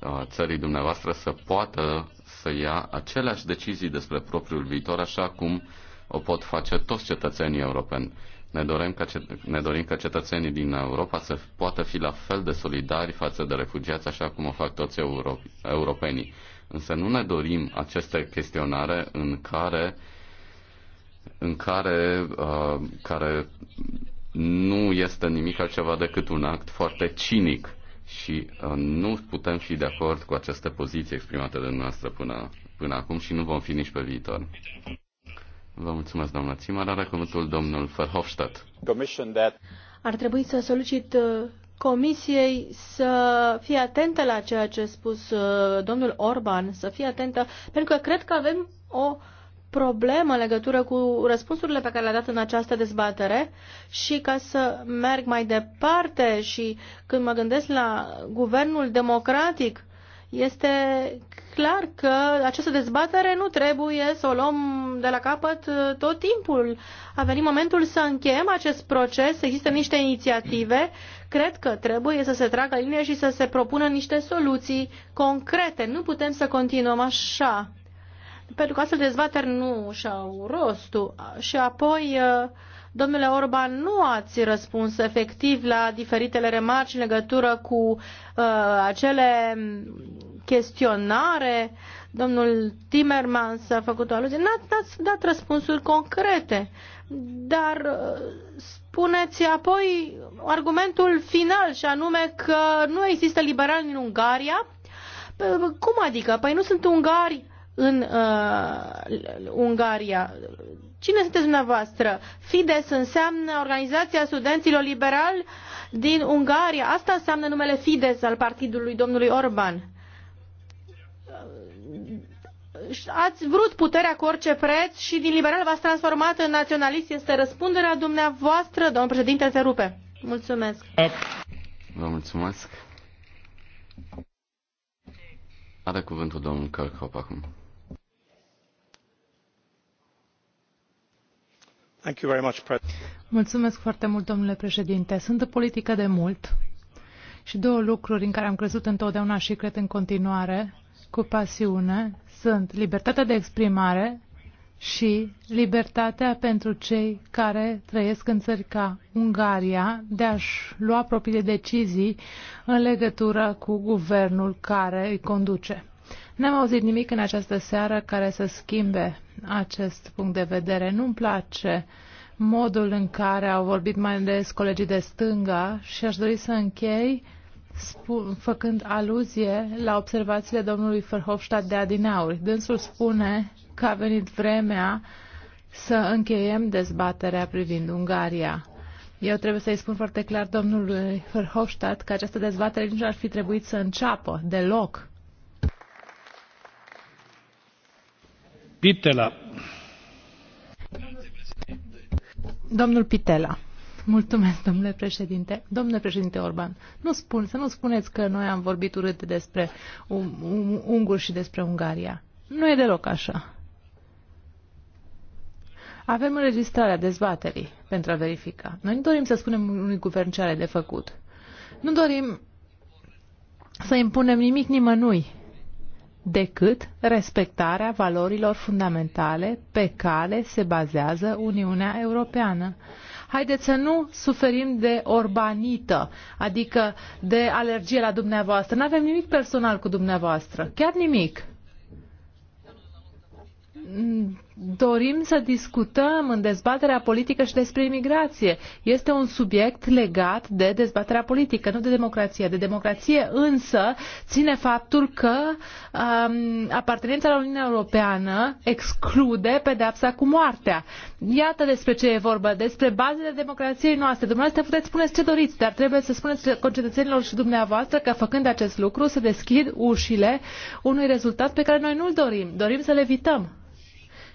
uh, țării dumneavoastră să poată să ia aceleași decizii despre propriul viitor, așa cum o pot face toți cetățenii europeni. Ne dorim, ca cet- ne dorim ca cetățenii din Europa să poată fi la fel de solidari față de refugiați, așa cum o fac toți euro- europenii. Însă nu ne dorim aceste chestionare în care, în care, uh, care nu este nimic altceva decât un act foarte cinic și uh, nu putem fi de acord cu aceste poziții exprimate de noastră până, până acum și nu vom fi nici pe viitor. Vă mulțumesc, doamna Țima, Are cuvântul domnul Verhofstadt. Ar trebui să solicit uh, Comisiei să fie atentă la ceea ce a spus uh, domnul Orban, să fie atentă, pentru că cred că avem o problemă în legătură cu răspunsurile pe care le-a dat în această dezbatere și ca să merg mai departe și când mă gândesc la guvernul democratic este clar că această dezbatere nu trebuie să o luăm de la capăt uh, tot timpul. A venit momentul să încheiem acest proces, există niște inițiative, cred că trebuie să se tragă linie și să se propună niște soluții concrete. Nu putem să continuăm așa. Pentru că astfel dezbateri nu și-au rostul. Și apoi uh, Domnule Orban, nu ați răspuns efectiv la diferitele remarci în legătură cu uh, acele chestionare. Domnul Timmermans a făcut o aluzie. N-ați dat răspunsuri concrete, dar uh, spuneți apoi argumentul final și anume că nu există liberali în Ungaria. Păi, cum adică? Păi nu sunt ungari în uh, Ungaria. Cine sunteți dumneavoastră? Fides înseamnă Organizația Studenților Liberali din Ungaria. Asta înseamnă numele Fides al partidului domnului Orban. Ați vrut puterea cu orice preț și din liberal v-ați transformat în naționalist. Este răspunderea dumneavoastră, domnul președinte, se rupe. Mulțumesc. Vă mulțumesc. Are cuvântul domnul Kirchhoff acum. Mulțumesc foarte mult, domnule președinte. Sunt în politică de mult și două lucruri în care am crezut întotdeauna și cred în continuare cu pasiune sunt libertatea de exprimare și libertatea pentru cei care trăiesc în țări ca Ungaria de a-și lua propriile decizii în legătură cu guvernul care îi conduce. N-am auzit nimic în această seară care să schimbe acest punct de vedere. Nu-mi place modul în care au vorbit mai ales colegii de stânga și aș dori să închei făcând aluzie la observațiile domnului Verhofstadt de Adinauri. Dânsul spune că a venit vremea să încheiem dezbaterea privind Ungaria. Eu trebuie să-i spun foarte clar domnului Verhofstadt că această dezbatere nici ar fi trebuit să înceapă deloc. Pitela. Domnul Pitela. Mulțumesc, domnule președinte. Domnule președinte Orban, nu spun, să nu spuneți că noi am vorbit urât despre un, un, unguri și despre Ungaria. Nu e deloc așa. Avem înregistrarea dezbaterii pentru a verifica. Noi nu dorim să spunem unui guvern ce are de făcut. Nu dorim să impunem nimic nimănui decât respectarea valorilor fundamentale pe care se bazează Uniunea Europeană. Haideți să nu suferim de orbanită, adică de alergie la dumneavoastră. Nu avem nimic personal cu dumneavoastră, chiar nimic dorim să discutăm în dezbaterea politică și despre imigrație. Este un subiect legat de dezbaterea politică, nu de democrație. De democrație însă ține faptul că um, apartenența la Uniunea Europeană exclude pedepsa cu moartea. Iată despre ce e vorba, despre bazele democrației noastre. Dumneavoastră puteți spuneți ce doriți, dar trebuie să spuneți concetățenilor și dumneavoastră că făcând acest lucru se deschid ușile unui rezultat pe care noi nu-l dorim. Dorim să-l evităm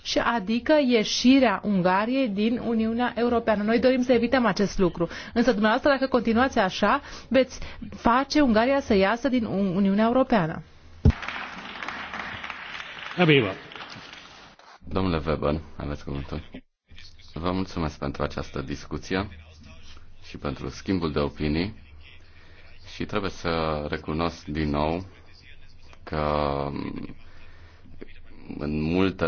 și adică ieșirea Ungariei din Uniunea Europeană. Noi dorim să evităm acest lucru. Însă dumneavoastră, dacă continuați așa, veți face Ungaria să iasă din Uniunea Europeană. Domnule Weber, aveți cuvântul. Vă mulțumesc pentru această discuție și pentru schimbul de opinii și trebuie să recunosc din nou că în multe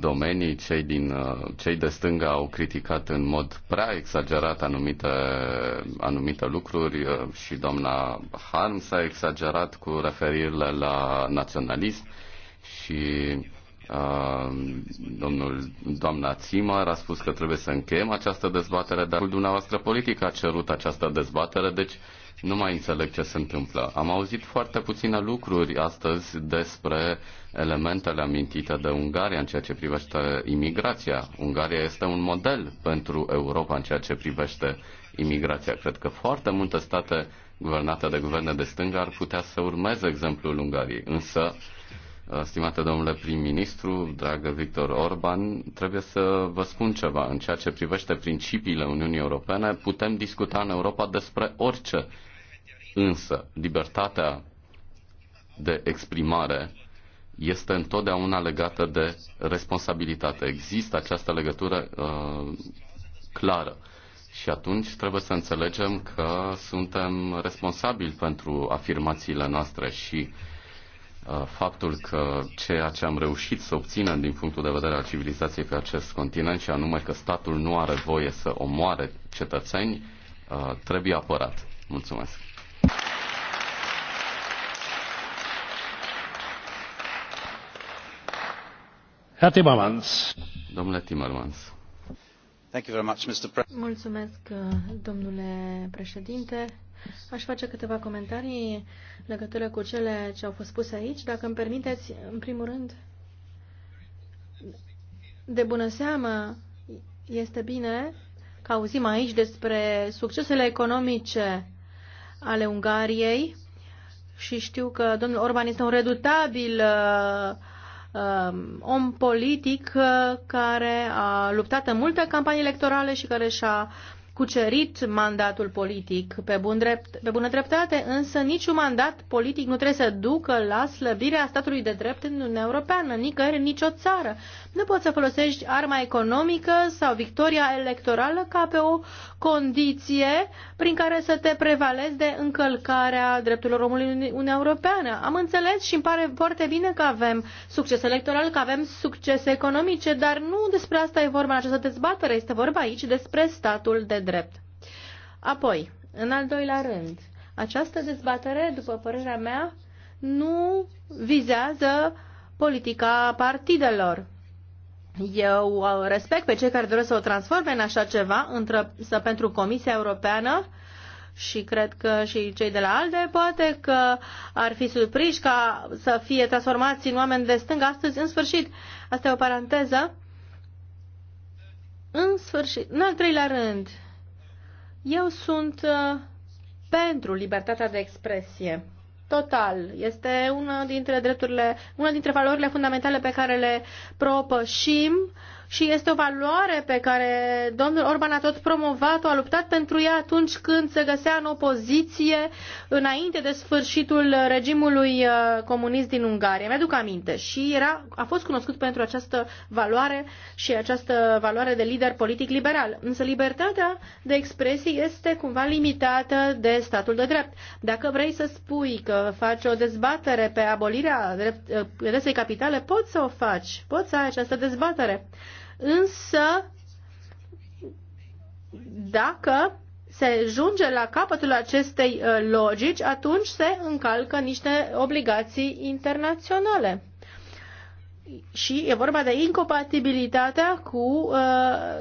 domenii cei, din, uh, cei de stânga au criticat în mod prea exagerat anumite, anumite lucruri uh, și doamna s a exagerat cu referirile la naționalism și uh, domnul, doamna Țimar a spus că trebuie să încheiem această dezbatere, dar dumneavoastră politic a cerut această dezbatere, deci uh, nu mai înțeleg ce se întâmplă. Am auzit foarte puține lucruri astăzi despre elementele amintite de Ungaria în ceea ce privește imigrația. Ungaria este un model pentru Europa în ceea ce privește imigrația. Cred că foarte multe state guvernate de guverne de stânga ar putea să urmeze exemplul Ungariei. Însă, Uh, stimate domnule prim-ministru, dragă Victor Orban, trebuie să vă spun ceva. În ceea ce privește principiile Uniunii Europene, putem discuta în Europa despre orice. Însă, libertatea de exprimare este întotdeauna legată de responsabilitate. Există această legătură uh, clară. Și atunci trebuie să înțelegem că suntem responsabili pentru afirmațiile noastre și uh, Uh, faptul că ceea ce am reușit să obținem din punctul de vedere al civilizației pe acest continent, și anume că statul nu are voie să omoare cetățeni, uh, trebuie apărat. Mulțumesc! Herr Timmermans. Domnule Timmermans. Mulțumesc, domnule președinte Aș face câteva comentarii legătură cu cele ce au fost spuse aici. Dacă îmi permiteți, în primul rând, de bună seamă, este bine că auzim aici despre succesele economice ale Ungariei și știu că domnul Orban este un redutabil uh, um, om politic uh, care a luptat în multe campanii electorale și care și-a cucerit mandatul politic pe, bun drept, pe bună dreptate, însă niciun mandat politic nu trebuie să ducă la slăbirea statului de drept în Uniunea Europeană, nicăieri, nicio țară. Nu poți să folosești arma economică sau victoria electorală ca pe o condiție prin care să te prevalezi de încălcarea drepturilor omului în Uniunea Europeană. Am înțeles și îmi pare foarte bine că avem succes electoral, că avem succese economice, dar nu despre asta e vorba în această dezbatere, este vorba aici despre statul de drept. Apoi, în al doilea rând, această dezbatere, după părerea mea, nu vizează politica partidelor. Eu respect pe cei care doresc să o transforme în așa ceva, să pentru Comisia Europeană și cred că și cei de la ALDE poate că ar fi surprinși ca să fie transformați în oameni de stânga astăzi. În sfârșit, asta e o paranteză. În sfârșit, în al treilea rând, eu sunt uh, pentru libertatea de expresie. Total. Este una dintre drepturile, una dintre valorile fundamentale pe care le propășim. Uh, și este o valoare pe care domnul Orban a tot promovat-o, a luptat pentru ea atunci când se găsea în opoziție înainte de sfârșitul regimului uh, comunist din Ungaria. Mi-aduc aminte și era, a fost cunoscut pentru această valoare și această valoare de lider politic liberal. Însă libertatea de expresie este cumva limitată de statul de drept. Dacă vrei să spui că faci o dezbatere pe abolirea pedepsei uh, capitale, poți să o faci, poți să ai această dezbatere însă dacă se ajunge la capătul acestei uh, logici, atunci se încalcă niște obligații internaționale. Și e vorba de incompatibilitatea cu uh,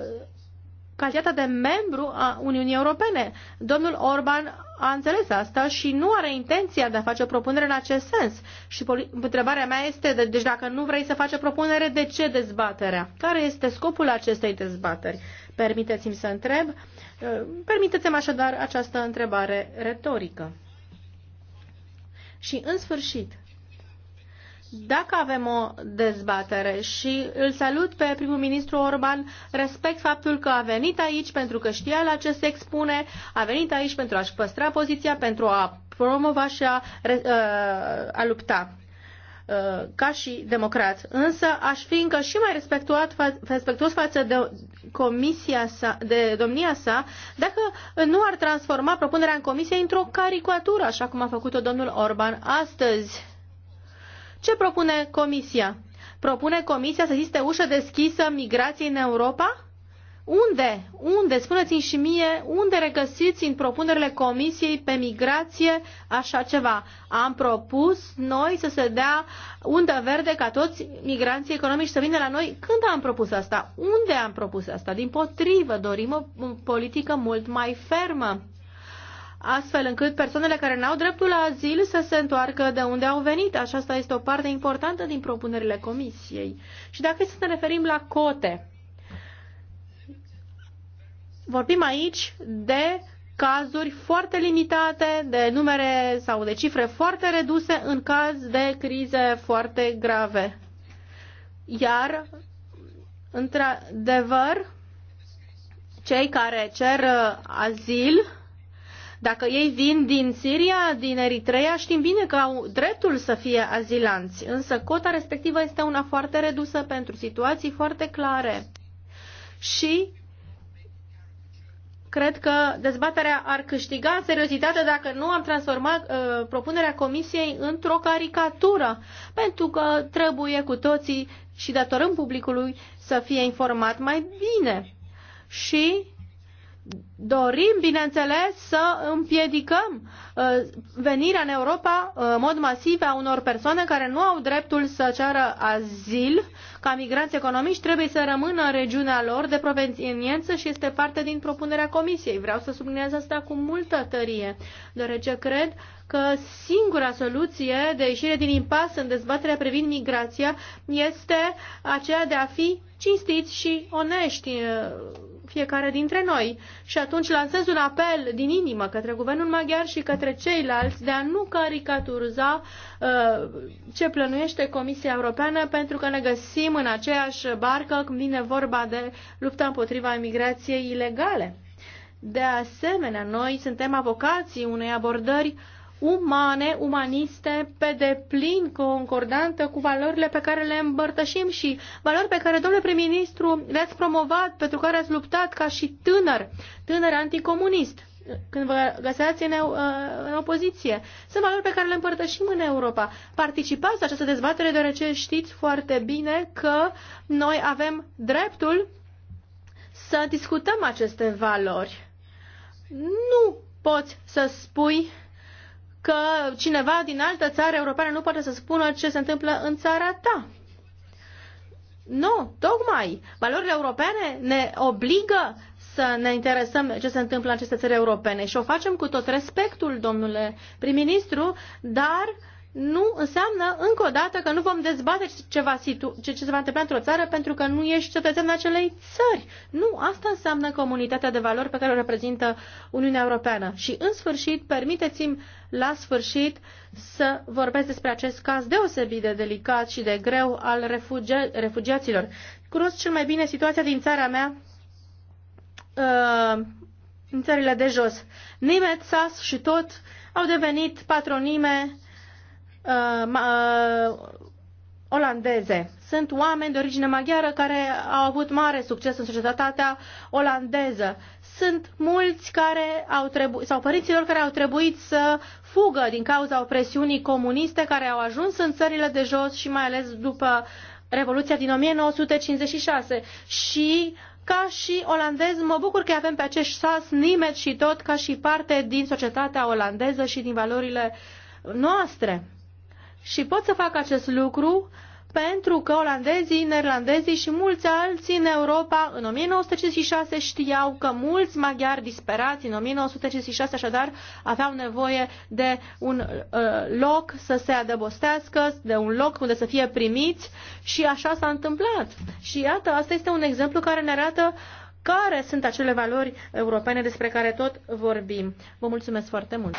calitatea de membru a Uniunii Europene. Domnul Orban a înțeles asta și nu are intenția de a face o propunere în acest sens. Și întrebarea mea este, deci dacă nu vrei să faci o propunere, de ce dezbaterea? Care este scopul acestei dezbateri? Permiteți-mi să întreb. Uh, permiteți-mi așadar această întrebare retorică. Și în sfârșit, dacă avem o dezbatere și îl salut pe primul ministru Orban, respect faptul că a venit aici pentru că știa la ce se expune, a venit aici pentru a-și păstra poziția, pentru a promova și a, uh, a lupta uh, ca și democrat. Însă aș fi încă și mai respectuat, respectuos față de comisia sa, de domnia sa, dacă nu ar transforma propunerea în comisie într-o caricatură, așa cum a făcut-o domnul Orban astăzi ce propune Comisia? Propune Comisia să existe ușă deschisă migrației în Europa? Unde? Unde? Spuneți-mi și mie, unde regăsiți în propunerile Comisiei pe migrație așa ceva? Am propus noi să se dea undă verde ca toți migranții economici să vină la noi. Când am propus asta? Unde am propus asta? Din potrivă, dorim o politică mult mai fermă astfel încât persoanele care n-au dreptul la azil să se întoarcă de unde au venit. Aceasta este o parte importantă din propunerile Comisiei. Și dacă să ne referim la cote, vorbim aici de cazuri foarte limitate, de numere sau de cifre foarte reduse în caz de crize foarte grave. Iar, într-adevăr, cei care cer uh, azil dacă ei vin din Siria, din Eritrea, știm bine că au dreptul să fie azilanți, însă cota respectivă este una foarte redusă pentru situații foarte clare. Și cred că dezbaterea ar câștiga seriozitate dacă nu am transformat uh, propunerea Comisiei într-o caricatură, pentru că trebuie cu toții și datorăm publicului să fie informat mai bine. Și dorim, bineînțeles, să împiedicăm uh, venirea în Europa uh, în mod masiv a unor persoane care nu au dreptul să ceară azil. Ca migranți economici trebuie să rămână în regiunea lor de proveniență și este parte din propunerea Comisiei. Vreau să subliniez asta cu multă tărie, deoarece cred că singura soluție de ieșire din impas în dezbaterea privind migrația este aceea de a fi cinstiți și onești uh, fiecare dintre noi. Și atunci lansez un apel din inimă către guvernul maghiar și către ceilalți de a nu caricaturza uh, ce plănuiește Comisia Europeană pentru că ne găsim în aceeași barcă când vine vorba de lupta împotriva imigrației ilegale. De asemenea, noi suntem avocații unei abordări uh, umane, umaniste, pe deplin concordantă cu valorile pe care le îmbărtășim și valori pe care, domnule prim-ministru, le-ați promovat, pentru care ați luptat ca și tânăr, tânăr anticomunist când vă găseați în, uh, în opoziție. Sunt valori pe care le împărtășim în Europa. Participați la această dezbatere deoarece știți foarte bine că noi avem dreptul să discutăm aceste valori. Nu poți să spui că cineva din altă țară europeană nu poate să spună ce se întâmplă în țara ta. Nu, tocmai. Valorile europene ne obligă să ne interesăm ce se întâmplă în aceste țări europene și o facem cu tot respectul, domnule prim-ministru, dar uh, nu înseamnă încă o dată că nu vom dezbate ceva situ- ce, ce se va întâmpla într-o țară pentru că nu ești cetățean acelei țări. Nu, asta înseamnă comunitatea de valori pe care o reprezintă Uniunea Europeană. Și în sfârșit, permiteți-mi la sfârșit să vorbesc despre acest caz deosebit de delicat și de greu al refugia- refugiaților. Cunosc cel mai bine situația din țara mea, uh, în țările de jos. Nimet, Sas și tot au devenit patronime uh, uh, olandeze. Sunt oameni de origine maghiară care au avut mare succes în societatea olandeză. Sunt mulți care au trebuit, sau părinților care au trebuit să fugă din cauza opresiunii comuniste care au ajuns în țările de jos și mai ales după Revoluția din 1956. Și ca și olandez, mă bucur că avem pe acești sas nimet și tot ca și parte din societatea olandeză și din valorile noastre. Și pot să fac acest lucru pentru că olandezii, neerlandezii și mulți alții în Europa în 1956 știau că mulți maghiari disperați în 1956 așadar aveau nevoie de un uh, loc să se adăbostească, de un loc unde să fie primiți și așa s-a întâmplat. Și iată, asta este un exemplu care ne arată care sunt acele valori europene despre care tot vorbim. Vă mulțumesc foarte mult!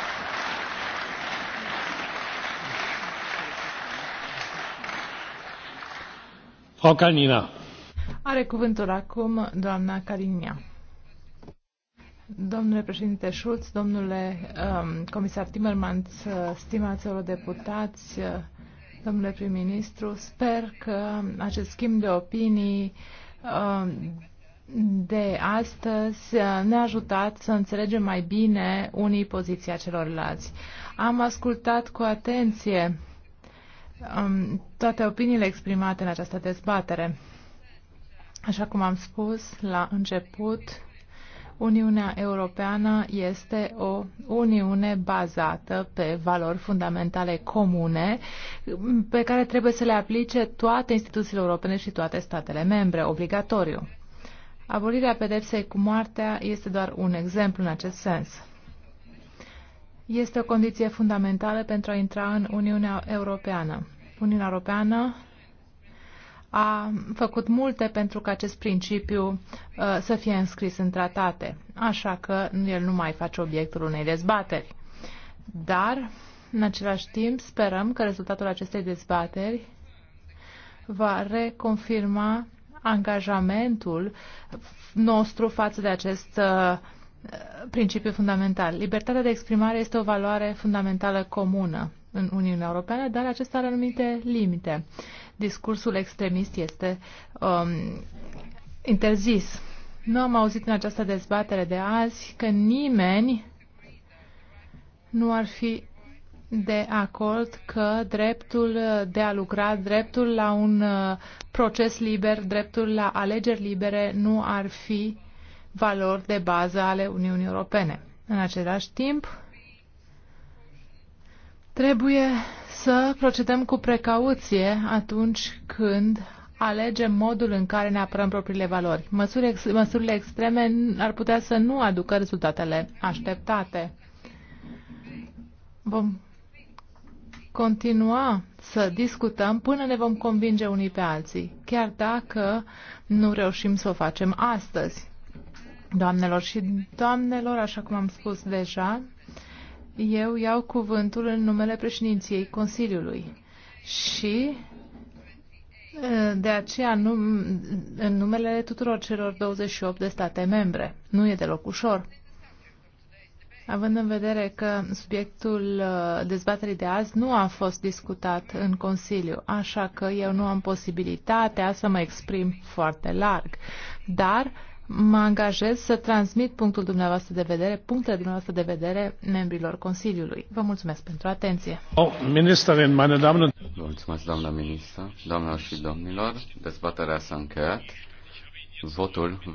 Frau Kalnina. Are cuvântul acum doamna Carinia. Domnule președinte Schulz, domnule um, comisar Timmermans, uh, stimați eurodeputați, uh, domnule prim-ministru, sper că acest schimb de opinii um, de astăzi uh, ne-a ajutat să înțelegem mai bine unii poziția celorlalți. Am ascultat cu atenție toate opiniile exprimate în această dezbatere. Așa cum am spus la început, Uniunea Europeană este o uniune bazată pe valori fundamentale comune pe care trebuie să le aplice toate instituțiile europene și toate statele membre, obligatoriu. Abolirea pedepsei cu moartea este doar un exemplu în acest sens este o condiție fundamentală pentru a intra în Uniunea Europeană. Uniunea Europeană a făcut multe pentru ca acest principiu uh, să fie înscris în tratate, așa că el nu mai face obiectul unei dezbateri. Dar, în același timp, sperăm că rezultatul acestei dezbateri va reconfirma angajamentul nostru față de acest uh, principiu fundamental. Libertatea de exprimare este o valoare fundamentală comună în Uniunea Europeană, dar acesta are anumite limite. Discursul extremist este um, interzis. Nu am auzit în această dezbatere de azi că nimeni nu ar fi de acord că dreptul de a lucra, dreptul la un uh, proces liber, dreptul la alegeri libere nu ar fi valori de bază ale Uniunii Europene. În același timp, trebuie să procedăm cu precauție atunci când alegem modul în care ne apărăm propriile valori. Măsuri ex măsurile extreme ar putea să nu aducă rezultatele așteptate. Vom continua să discutăm până ne vom convinge unii pe alții, chiar dacă nu reușim să o facem astăzi. Doamnelor și doamnelor, așa cum am spus deja, eu iau cuvântul în numele președinției Consiliului și de aceea num, în numele tuturor celor 28 de state membre. Nu e deloc ușor. Având în vedere că subiectul dezbaterii de azi nu a fost discutat în Consiliu, așa că eu nu am posibilitatea să mă exprim foarte larg. Dar mă angajez să transmit punctul dumneavoastră de vedere, punctele dumneavoastră de vedere membrilor Consiliului. Vă mulțumesc pentru atenție. Oh, ministerin, meine Damen. Vă mulțumesc, doamna ministră, doamnelor și domnilor. Dezbaterea s-a încheiat. Votul